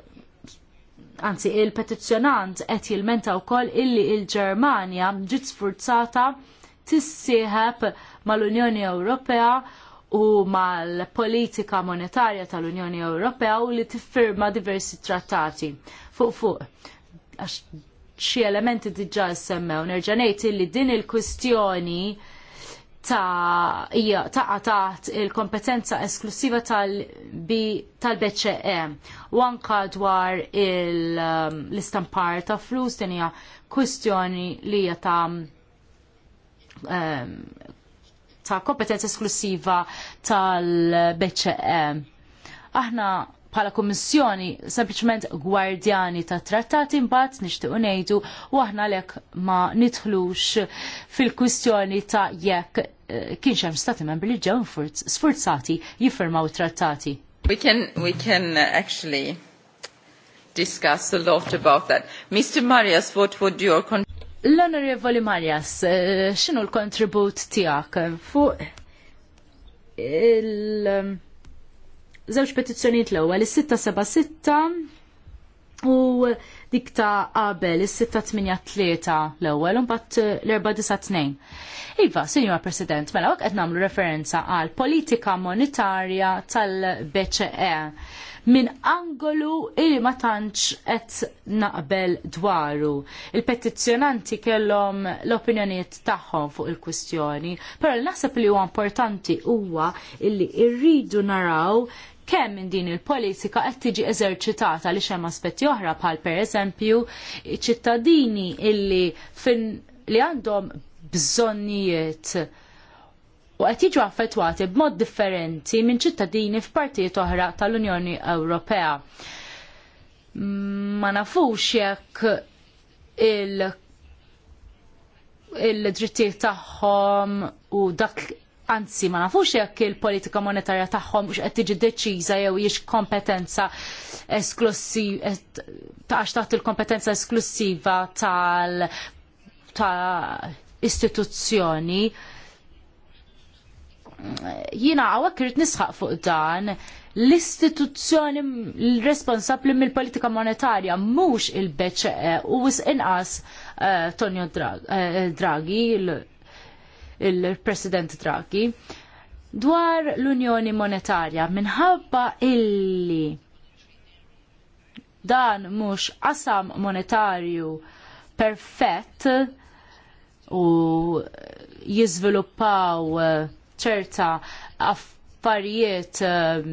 anzi il-petizzjonant qed jilmenta wkoll illi il-Ġermanja ġiet sfurzata tissieħeb mal-Unjoni Ewropea u mal-politika monetarja tal-Unjoni Ewropea u li tiffirma diversi trattati. Fuq fuq, għax xi elementi diġà semmew, nerġa' ngħid illi din il-kwistjoni il kwistjoni ta' hija ta' taħt il-kompetenza esklusiva tal-BCE u anka dwar um, l-istampar ta' flus din hija kwistjoni li hija ta' um, ta' kompetenza esklusiva tal-BCE. Aħna bħala kommissjoni sempliċement gwardjani ta' trattati mbagħad nixtiequ ngħidu u aħna lek ma nidħlux fil-kwistjoni ta' jekk kienx hemm stati membri li ġew sforzati jiffirmaw trattati. We can, we can uh, actually discuss a lot about that. Mr. Marias, what would your L-Onorevoli Marias, uh, xinu l-kontribut tijak fuq il- Zewġ um, petizzjoniet l-ewwel, is-676 u dik ta' qabel is-683 l-ewwel u mbagħad eh, l-492. Iva, Sinjor President, mela waqt qed nagħmlu referenza għal politika monetarja tal-BCE minn angolu il ma tantx qed naqbel dwaru. Il-petizzjonanti kellhom l-opinjonijiet tagħhom fuq il-kwistjoni, però l-naħseb li huwa importanti huwa illi rridu naraw kemm minn din il-politika qed tiġi eżerċitata li xemm aspetti oħra bħal pereżempju ċittadini illi fin li għandhom bżonnijiet u qed jiġu affettwati b'mod differenti minn ċittadini f'partijiet oħra tal-Unjoni Ewropea. Ma nafux jekk il il-drittijiet tagħhom u dak anzi ma nafux jekk il-politika monetarja tagħhom x'qed tiġi deċiża jew jiex kompetenza esklusiva għax taħt il-kompetenza esklusiva tal ta' istituzzjoni. Jiena għawek rrit nisħaq fuq dan l-istituzzjoni responsabbli mill-politika monetarja mhux il-BCE u inqas uh, eh, Tonio eh, Draghi, il-President Draghi dwar l-Unjoni Monetarja minħabba illi dan mhux qasam monetarju perfett u jiżviluppaw ċerta affarijiet affarijiet ehm,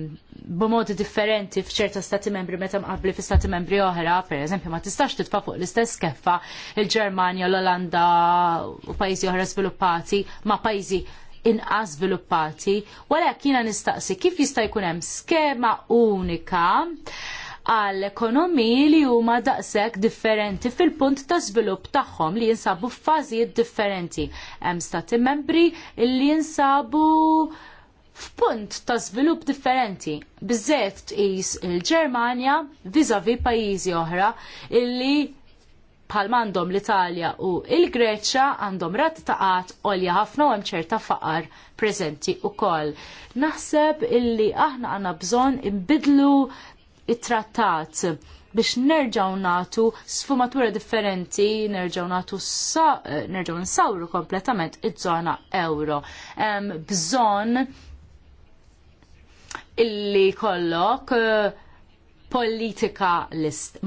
b'modi differenti f'ċerta stati membri meta mqabbli fi stati membri oħra, per eżempju, ma tistax titfa' fuq l-istess keffa il-Ġermanja, l-Olanda u pajjiżi oħra sviluppati ma' pajjiżi inqas sviluppati, wara jiena nistaqsi kif jista' jkun hemm skema unika għal ekonomiji li huma daqshekk differenti fil-punt ta' żvilupp tagħhom li jinsabu f'fażijiet differenti. Hemm stati membri li jinsabu f'punt ta' svilupp differenti. Biżżejjed tqis il-Ġermanja viżavi pajjiżi oħra illi bħal għandhom l-Italja u l-Greċja għandhom rat ta' qatt għolja ħafna u hemm ċerta faqar u wkoll. Naħseb illi aħna għandna bżonn inbidlu it-trattat biex nerġaw natu sfumatura differenti, nerġaw natu nerġaw nsawru kompletament id-żona euro. Um, bżon illi kollok eh, politika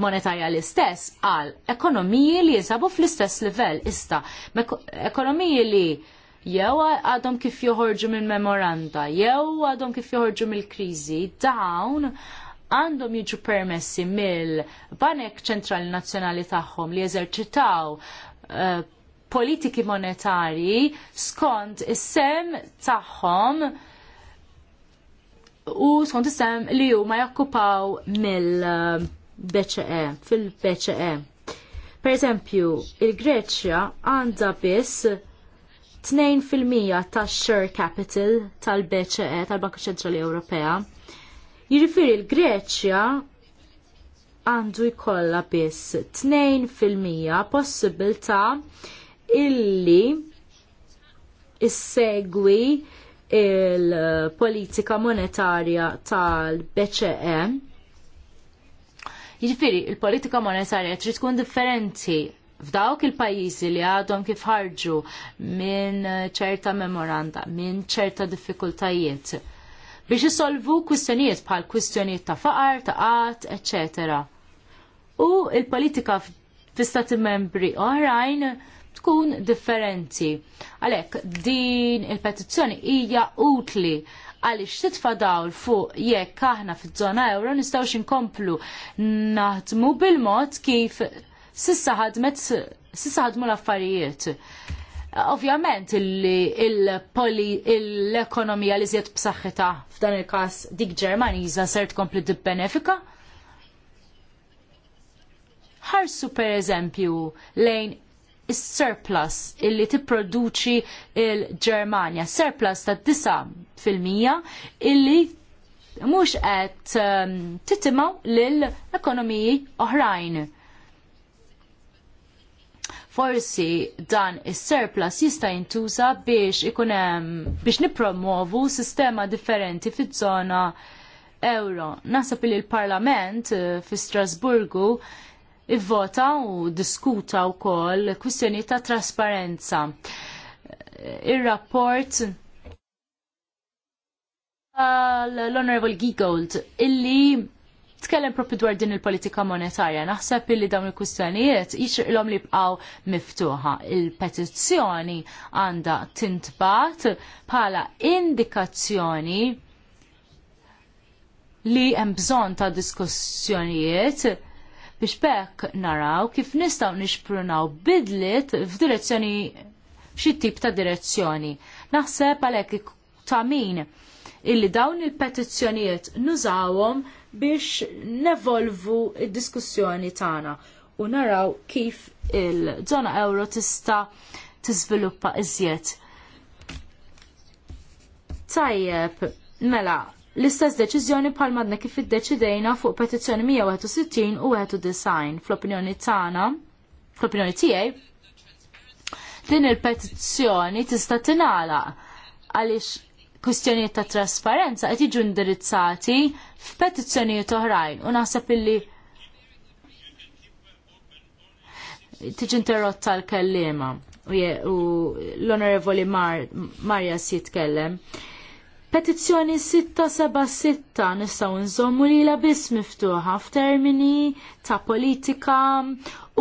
monetarja l-istess għal ekonomiji li jinsabu fl-istess livell ista ekonomiji li jew għadhom kif joħorġu minn memoranda, jew għadhom kif joħorġu mill-kriżi, dawn għandhom jiġu permessi mill-Banek Ċentrali Nazzjonali tagħhom li jeżerċitaw uh, eh, politiki monetari skont is-sem tagħhom u skont isem li ma jakkupaw mill-BCE, fil-BCE. Per eżempju, il-Greċja għandha biss 2% tax share capital tal-BCE, tal-Banka Ċentrali Ewropea. Jiġifieri l-Greċja għandu jkollha biss 2% possibilità illi issegwi il-politika monetarja tal-BCE. Jiġifieri il-politika monetarja trid tkun differenti f'dawk il-pajjiżi li għadhom kif ħarġu minn ċerta memoranda, minn ċerta diffikultajiet biex isolvu kwistjonijiet bħal kwistjonijiet ta' faqar, ta' qatt, etc. U il-politika fi stati membri oħrajn tkun differenti. Għalhekk din il-petizzjoni hija utli għaliex titfa' dawl fuq jekk aħna fiż-żona euro nistgħux inkomplu naħdmu bil-mod kif sissa ħadmu l-affarijiet. Ovvjament l-ekonomija li zjed b'saħħitha f'dan il-każ dik Ġermaniża ser tkompli benefika Ħarsu per eżempju lejn is-surplus illi tipproduċi il-Ġermanja, surplus ta' 9% illi mhux qed um, titimaw lill-ekonomiji oħrajn. Forsi dan is-surplus jista' jintuża biex ikun hemm biex nippromovu sistema differenti fiż-żona euro. Nasab li l-Parlament uh, fi Strasburgu ivvota u diskuta wkoll kwistjoni ta' trasparenza. Ir-rapport l-Honorable Gigold illi tkellem propri dwar din il-politika monetarja, naħseb illi dawn il-kwistjonijiet om li bqaw miftuħa. Il-petizzjoni għandha tintbat bħala indikazzjoni li hemm bżonn ta' diskussjonijiet biex pek naraw kif nistaw nixprunaw bidlit f'direzzjoni xi tip ta' direzzjoni. Naħseb għalhekk ta' min illi dawn il-petizzjonijiet nużawhom biex nevolvu id-diskussjoni tagħna u naraw kif il-żona euro tista' tiżviluppa iżjed. Tajjeb, mela, l-istess deċiżjoni bħal madna kif iddeċidejna fuq petizzjoni 161 u design fl-opinjoni tagħna, fl-opinjoni tiegħi, din il-petizzjoni tista' tingħala għaliex kwistjonijiet ta' trasparenza qed jiġu indirizzati f'petizzjonijiet oħrajn u naħseb illi tiġi interrotta l-kellima u l-onorevoli Marja si jitkellem. Petizzjoni 676 nistgħu nżommu lilha biss miftuħa f'termini ta' politika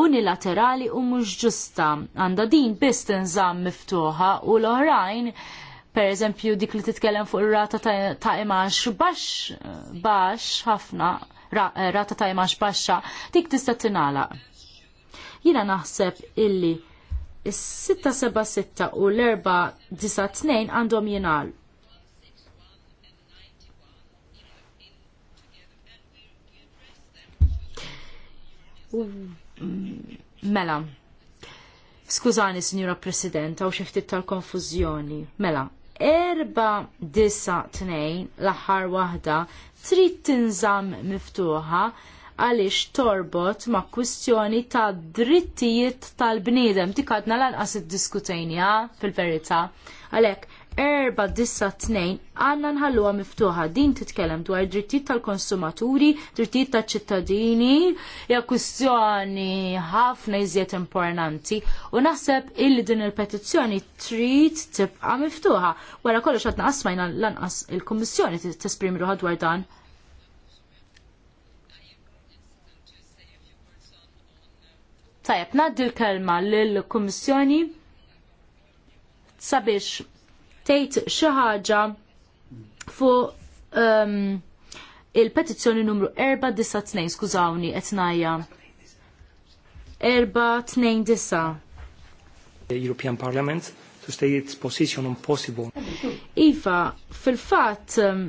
unilaterali u mhux ġusta. Għandha din biss tinżamm miftuħa u l-oħrajn per eżempju dik li titkellem fuq ir-rata ta' imax baxx baxx ħafna rata ta' imax baxxa dik tista' tingħalaq. Jiena naħseb illi is-676 u l tnejn għandhom jingħal Mm, mela, skużani, Signora President, għaw xeftit tal-konfuzjoni. Mela, erba disa tnejn l-aħħar waħda trid tinżam miftuħa għaliex torbot ma' kwistjoni ta' drittijiet tal-bniedem. Tikadna lanqas id-diskutejnija fil-verità. Għalhekk, erba dissa tnejn għanna nħalluha miftuħa. Din titkellem dwar drittijiet tal-konsumaturi, drittijiet tal-ċittadini, hija kwistjoni ħafna iżjed importanti. U naħseb illi din il-petizzjoni trid tibqa' miftuħa. Wara kollox qed naqasmajna lanqas il-Kummissjoni tesprimi ruħad dwar dan. Tajab, naddi l-kelma l-Kummissjoni sabiex tgħid xi ħaġa fuq um, il-petizzjoni numru 492, skużawni, qed ngħajja. 429. European Parliament to stay its position on possible. Iva, fil fat um,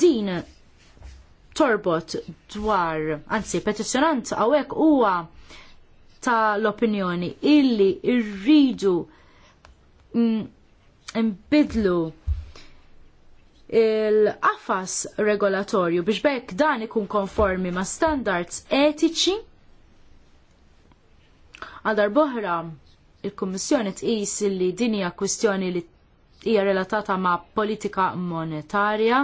din torbot dwar, anzi, petizjonant għawek huwa ta' l-opinjoni illi irridu mm, imbidlu il-qafas regolatorju biex bekk dan ikun konformi ma' standards etiċi għal darboħra il-Kummissjoni tqis li din hija kwistjoni li hija relatata ma' politika monetarja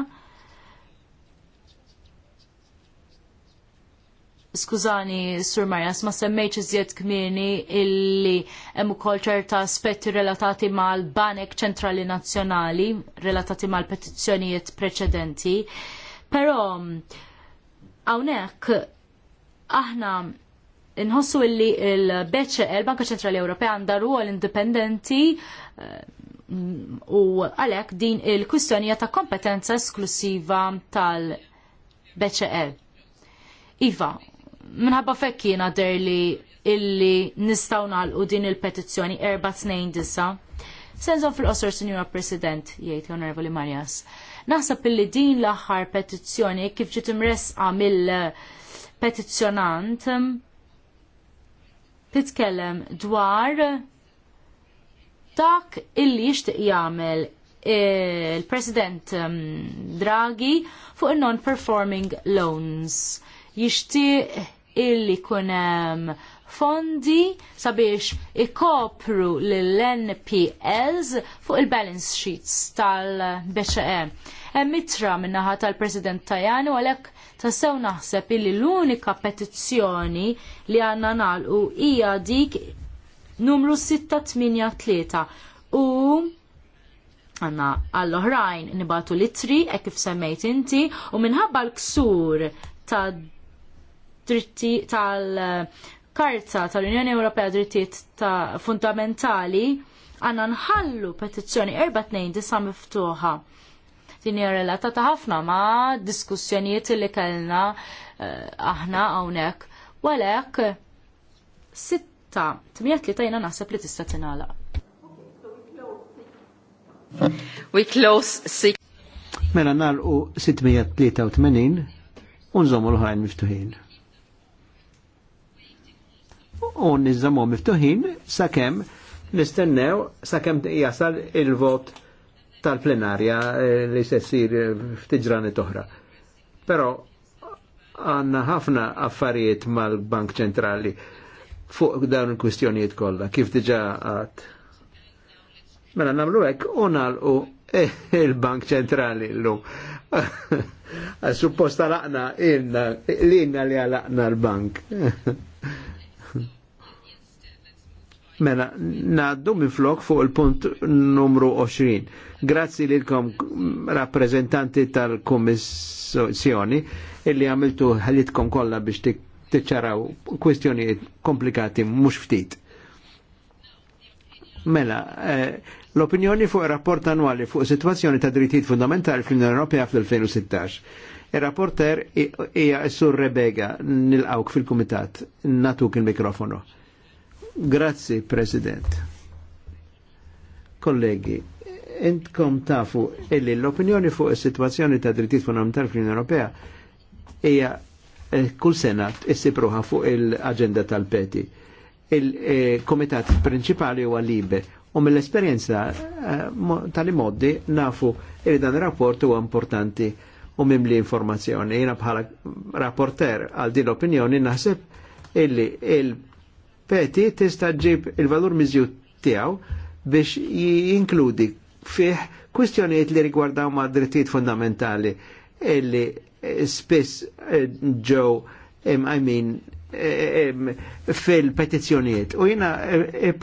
Skużani, Sur Marjas, ma semmejċ iżjed kmieni illi hemm ukoll ċerta aspetti relatati mal-Banek Ċentrali Nazzjonali, relatati mal-petizzjonijiet preċedenti. Però hawnhekk aħna nħossu illi il-BCE, l banka Ċentrali Ewropea, għandha rwol indipendenti eh, u għalhekk din il-kwistjonija ta' kompetenza esklusiva tal-BCE. Iva, minħabba fekkina derli illi nistaw nalqu din il-petizzjoni erba' tnejn disa. Senżon fil-qosor, Sinjura President, jgħid Honorable Marias, Naħseb illi din l-aħħar petizzjoni kif ġiet imresqa mill-petizzjonant titkellem dwar dak illi jixtieq jagħmel il-President um, Draghi fuq il-non-performing loans. Jixtieq illi kunem fondi sabiex ikopru l-NPLs fuq il-balance sheets tal-BCE. Mitra minnaħa tal-President Tajani u għalek tassew naħseb illi l-unika petizzjoni li għanna u ija dik numru 683 u għanna għall-oħrajn nibatu litri, e kif semmejt inti, u minħabba l-ksur ta' dritti tal-Karta tal-Unjoni Ewropea drittijiet ta' fundamentali għanna nħallu petizzjoni erba' disa' miftuħa. Din hija relatata ħafna ma' diskussjonijiet li kellna eh, aħna hawnhekk. Walek sitta tmiet li tajna naħseb li tista' tingħalaq. We close six. Mela nalqu 683 u nżommu l-ħajn miftuħin u nizzamu miftuħin sakemm nistennew sakemm jasal il-vot tal-plenarja eh, li se ssir eh, f'tiġrani toħra. Però għanna ħafna affarijiet mal-Bank Ċentrali fuq dawn il-kwistjonijiet kollha kif diġa għat. Mela nagħmlu hekk u il-Bank Ċentrali llum. Supposta laqna ilna, l-inna li għalaqna l-bank. Mela, naddu miflok fuq il-punt numru 20. Grazzi lilkom rappresentanti tal-Kommissjoni illi għamiltu ħalitkom kollha biex tiċċaraw kwestjonijiet komplikati mhux ftit. Mela, eh, l-opinjoni fuq il-rapport annuali fuq situazzjoni ta' drittijiet fundamentali fl-Unjoni Ewropea fl-2016. Il-rapporter hija Sur Rebega nilqawk fil-Kumitat. Natuk il mikrofono Grazzi, President. Kollegi, intkom tafu illi l-opinjoni fuq il-situazzjoni ta' drittijiet fundamentali fl-Unjoni Ewropea hija eh, kull sena issipruħa fuq il-agenda tal-peti. Il-komitat principali huwa libe u mill-esperjenza eh, tali moddi nafu li dan rapport huwa importanti u mim li informazzjoni. Jena bħala rapporter għal din l-opinjoni naħseb illi il peti tista' ġib il-valur miżju tiegħu biex jinkludi fih kwistjonijiet li rigwardaw ma' drittijiet fundamentali illi spiss eh, ġew eh, imajmin eh, fil petizjoniet U jina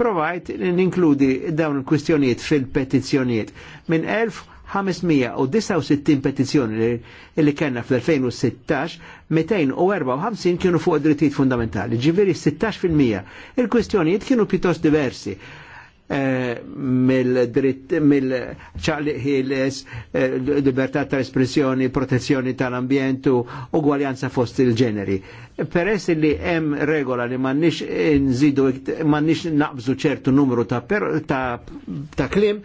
provajt ninkludi dawn il-kwistjonijiet fil petizjoniet Minn elf 569 petizjoni li kellna fl-2016, 254 kienu fuq drittijiet fundamentali, ġiviri 16%. Il-kwestjonijiet kienu pjuttost diversi mill-dritt, mill-ċaqli ħiles, eh, libertà ta' espressjoni, protezzjoni tal-ambjent u ugwaljanza fost il-ġeneri. Peress li hemm regola li mannix eh, nżidu mannix naqbżu ċertu numru ta', per, ta, ta klim,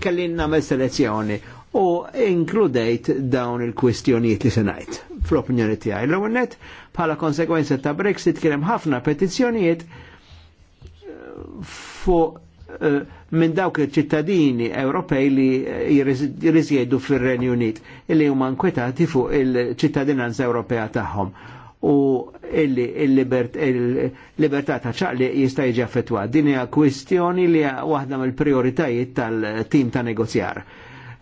kelli nagħmel selezzjoni u inkludejt dawn il-kwistjonijiet li senajt fl-opinjoni tiegħi. L-ewwel bħala konsekwenza ta' Brexit kien hemm ħafna petizzjonijiet eh, fuq Eh, minn dawk il-ċittadini Ewropej li eh, jirriżjedu fir-Renju Unit illi huma nkwetati fuq il-ċittadinanza Ewropea tagħhom u illi il-libertà ta' ċaqli jista' jiġi affettwat. Din hija kwistjoni li waħda mill-prioritajiet tal-tim ta' negozjar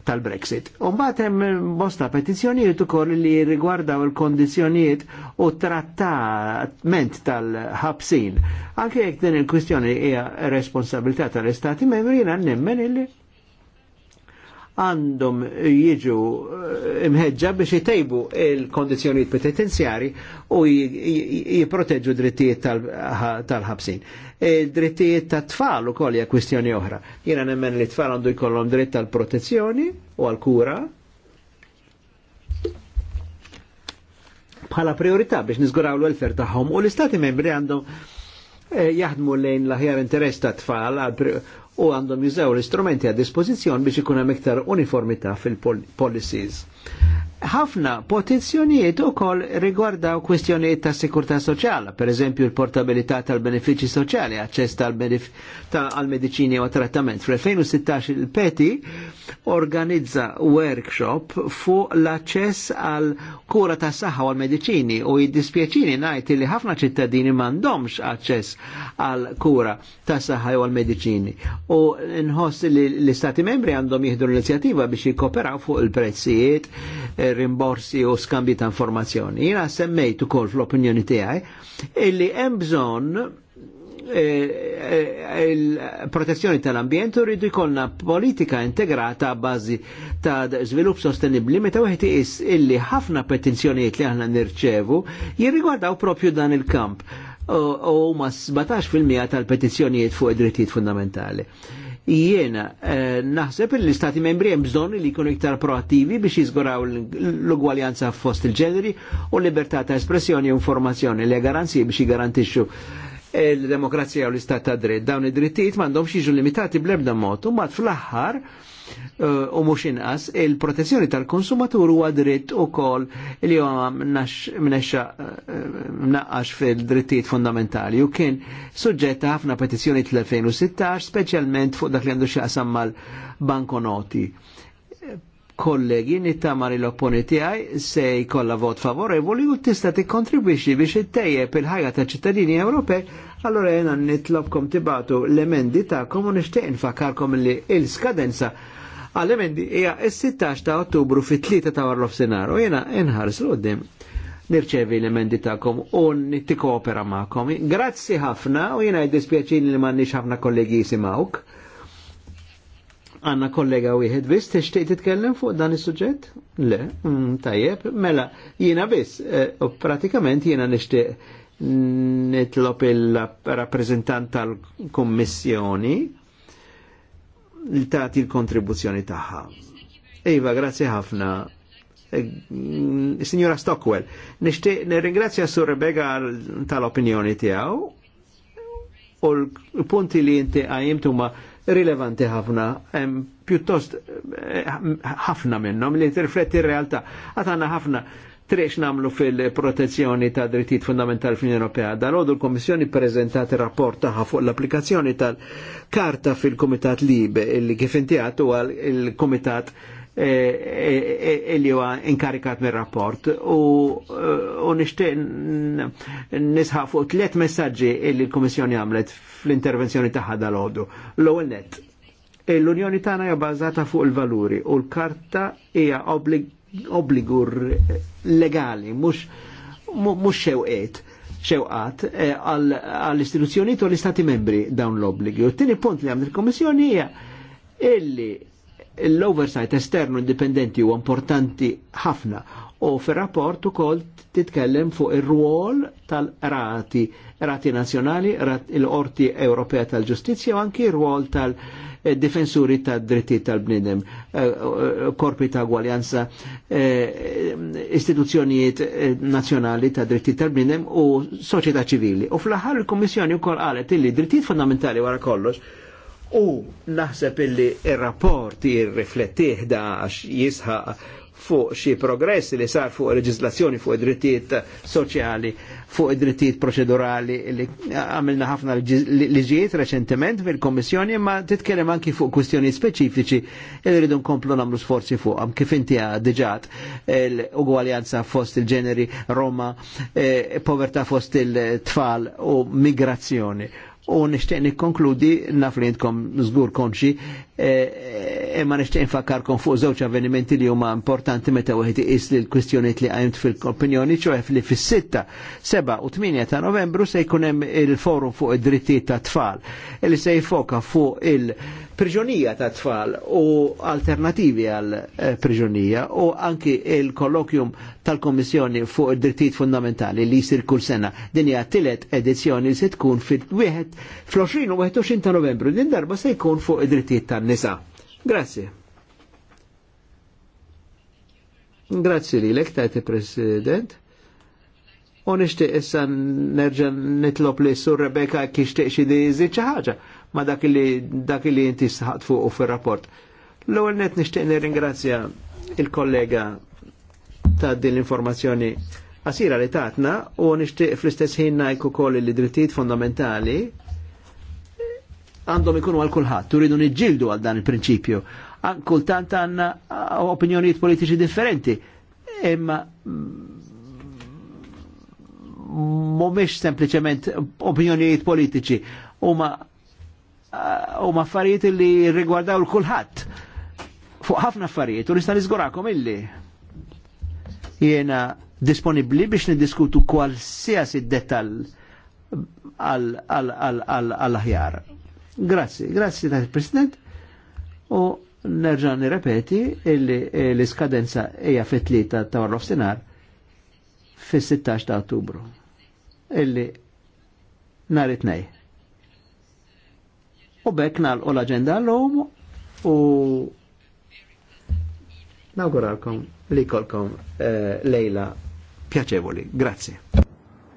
tal-Brexit. Umbat hemm bosta petizzjonijiet ukoll li rigwardaw il-kondizzjonijiet u trattament tal-ħabsin. Anke jekk din il-kwistjoni hija responsabilità tal-Istati membri jiena nemmen illi għandhom jiġu eh, imħedġa biex jtejbu il-kondizjoniet penitenzjari u jiproteġu drittijiet tal-ħabsin. E, drittijiet ta' tfal u kolja kwistjoni oħra. Jena nemmen li tfal għandu jkollhom dritt tal-protezzjoni u għal-kura bħala priorità biex nizguraw l-welfare tagħhom u l-istati membri għandhom eh, jaħdmu lejn l-aħjar interess ta' tfal u għandhom jużaw l-istrumenti għad dispożizzjon biex ikun hemm iktar uniformità fil-policies ħafna potenzjonijiet ukoll u kwestjonijiet ta' sikurta soċjala, per eżempju l-portabilità tal-benefiċi soċjali, aċċess tal-medicini u trattament. Fl-2016 il-PETI organizza workshop fuq l acċess għal kura ta' saħħa u għal-medicini u jiddispieċini ngħid li ħafna ċittadini m'għandhomx aċċess għal kura ta' saħħa u għal-medicini. U nħoss li l-Istati membri għandhom jieħdu l inizjativa biex jikoperaw fuq il-prezzijiet rimborsi u skambi ta' informazzjoni. Jina semmejt ukoll fl-opinjoni tiegħi illi hemm bżonn eh, eh, il-protezzjoni tal-ambjent u rridu jkollna politika integrata bażi ta' żvilupp sostenibbli meta wieħed is illi ħafna petizzjonijiet li aħna nirċevu jirrigwardaw propju dan il-kamp u ma 17% tal-petizzjonijiet fuq id-drittijiet fundamentali jiena eh, naħseb li l istati membri hemm bżonn li jkunu iktar proattivi biex jiżguraw l-ugwaljanza fost il-ġeneri u l libertà ta' espressjoni u informazzjoni li garanzi biex jgarantixxu eh, l-demokrazija u l-istat ta' dritt. Dawn id-drittijiet m'għandhomx jiġu limitati bl-ebda mod. U mbagħad fl-aħħar Eh, u mhux inqas il-protezzjoni tal-konsumatur huwa dritt ukoll li huwa eh, mnaqqax fil-drittijiet fundamentali u kien suġġetta ħafna petizzjoni tal-2016 speċjalment fuq dak li għandu xaqsam mal-bankonoti kollegi nittamar il opponiti għaj se jkolla vot favorevoli u tista tikkontribwixi biex ittejjeb il-ħajja ta' ċittadini Ewropej, allora jena nitlobkom tibatu l-emendi ta' u nishtiq nfakarkom li il-skadenza Għalli mendi, ija s-16 ta' ottubru fit-3 ta' warlof senar u jena inħares l-qoddim nirċevi l-emendi ta'kom u nittikopera ma'kom. Grazzi ħafna u jena jiddispjaċini li m'għandniex ħafna kollegi jisimawk. Għanna kollega wieħed biss tixtieq titkellem fuq dan is-suġġett? Le, mm, tajjeb, mela jiena biss, eh, u pratikament jiena nixtieq nitlob il-rappreżentant tal-Kummissjoni l-tati l-kontribuzzjoni taħħa. Iva, grazie ħafna. E, mm, signora Stockwell, nishtiq nirringrazzja Sur Rebega tal-opinjoni tijaw u l-punti li inti għajimtu ma rilevanti ħafna, pjuttost eh, ħafna minnom li t-rifletti r-realtà. Għatana ħafna trex namlu fil-protezzjoni ta' drittijiet fundamentali fl-Unjoni Ewropea. Dalodu l prezentat preżentat rapport taħħa fuq l-applikazzjoni tal-karta fil-Komitat Libe illi kif intijat u għal il-Komitat eh, eh, eh, illi huwa inkarikat mir-rapport u nixtieq nisħa fuq tliet messaġġi illi l-Kummissjoni għamlet fl-intervenzjoni tagħha dalodu. L-ewwel net, l-Unjoni tagħna hija bażata fuq il-valuri u l-karta hija obbligu obbligu legali, mux, mux xewqet xewqat eh, għall istituzjoni u l-istati membri dawn l obbligu tini punt li għamil il-Komissjoni hija illi l-oversight esternu indipendenti u importanti ħafna u fil-rapport ukoll titkellem fuq ir ruol tal-rati, rati nazzjonali, il-Qorti Ewropea tal-Ġustizzja u anki r ruol tal-difensuri tad dritti tal-bnidem, eh, korpi ta' gwaljanza, eh, istituzzjonijiet eh, nazzjonali ta' dritti tal-bnidem u soċjetà ċivili. U fl ħar il u wkoll qalet illi drittijiet fundamentali wara kollox U naħseb illi il-rapport jirriflettih da jisħa fuq xi progressi li sar fuq leġislazzjoni fuq id-drittijiet soċjali, fuq id-drittijiet proċedurali li għamilna ħafna liġijiet reċentement fil-Kommissjoni ma titkellem anki fuq kwistjoni speċifiċi li rridu nkomplu nagħmlu sforzi fuqhom kif inti diġat l-ugwaljanza fost il-ġeneri Roma, eh, povertà fost il-tfal u migrazzjoni u nishtiq nikkonkludi naf li jintkom żgur konxi imma e, e, nishtiq nfakkarkom fuq żewġ avvenimenti li huma importanti meta wieħed iqis li l-kwistjonijiet li qajmt fil-opinjoni ċoħe li fis-6, 7 u 8 ta' Novembru se jkun hemm il-forum fuq id-drittijiet ta' tfal li se jfoka fuq il- prigionija ta' tfal u alternativi għal eh, prigionija u anki il-kollokjum tal-Komissjoni fuq id-drittijiet fundamentali li jisir kull sena. Din hija tielet edizzjoni li se tkun fil wieħed fl-20 u 21 ta' Novembru. Din darba se jkun fuq id-drittijiet tan-nisa. Grazzi. Grazzi li lek tajti president. U nishtiq issa nerġa nitlob li sur Rebecca kiex tiqxi di zicċa ħaġa ma dak li dak li inti saħat fuq u fir-rapport. L-ewwel net nixtieq nirringrazzja il-kollega ta' din l-informazzjoni għasira li tatna u nixtieq fl-istess ħin ngħid ukoll li drittijiet fondamentali għandhom ikunu għal kulħadd, turidu niġġieldu għal dan il-prinċipju. Kultant għandna uh, opinjonijiet politiċi differenti, imma mhumiex sempliċement opinjonijiet politiċi, huma Ah, u maffarijiet li rigwardaw l-kulħadd fuq ħafna affarijiet u nista' nizgurakom illi jiena disponibbli biex niddiskutu kwalsiasi dettal għall-aħjar. Grazzi, grazzi tal President u nerġa' nirrepeti illi eh, l-iskadenza hija fit-tlieta ta' warlof sinar fis-16 ta' Ottubru. Illi nhar it-tnejn. U bekk nalqu l-agenda l-lum u nawguralkom li kolkom eh, lejla pjaċevoli. Grazie.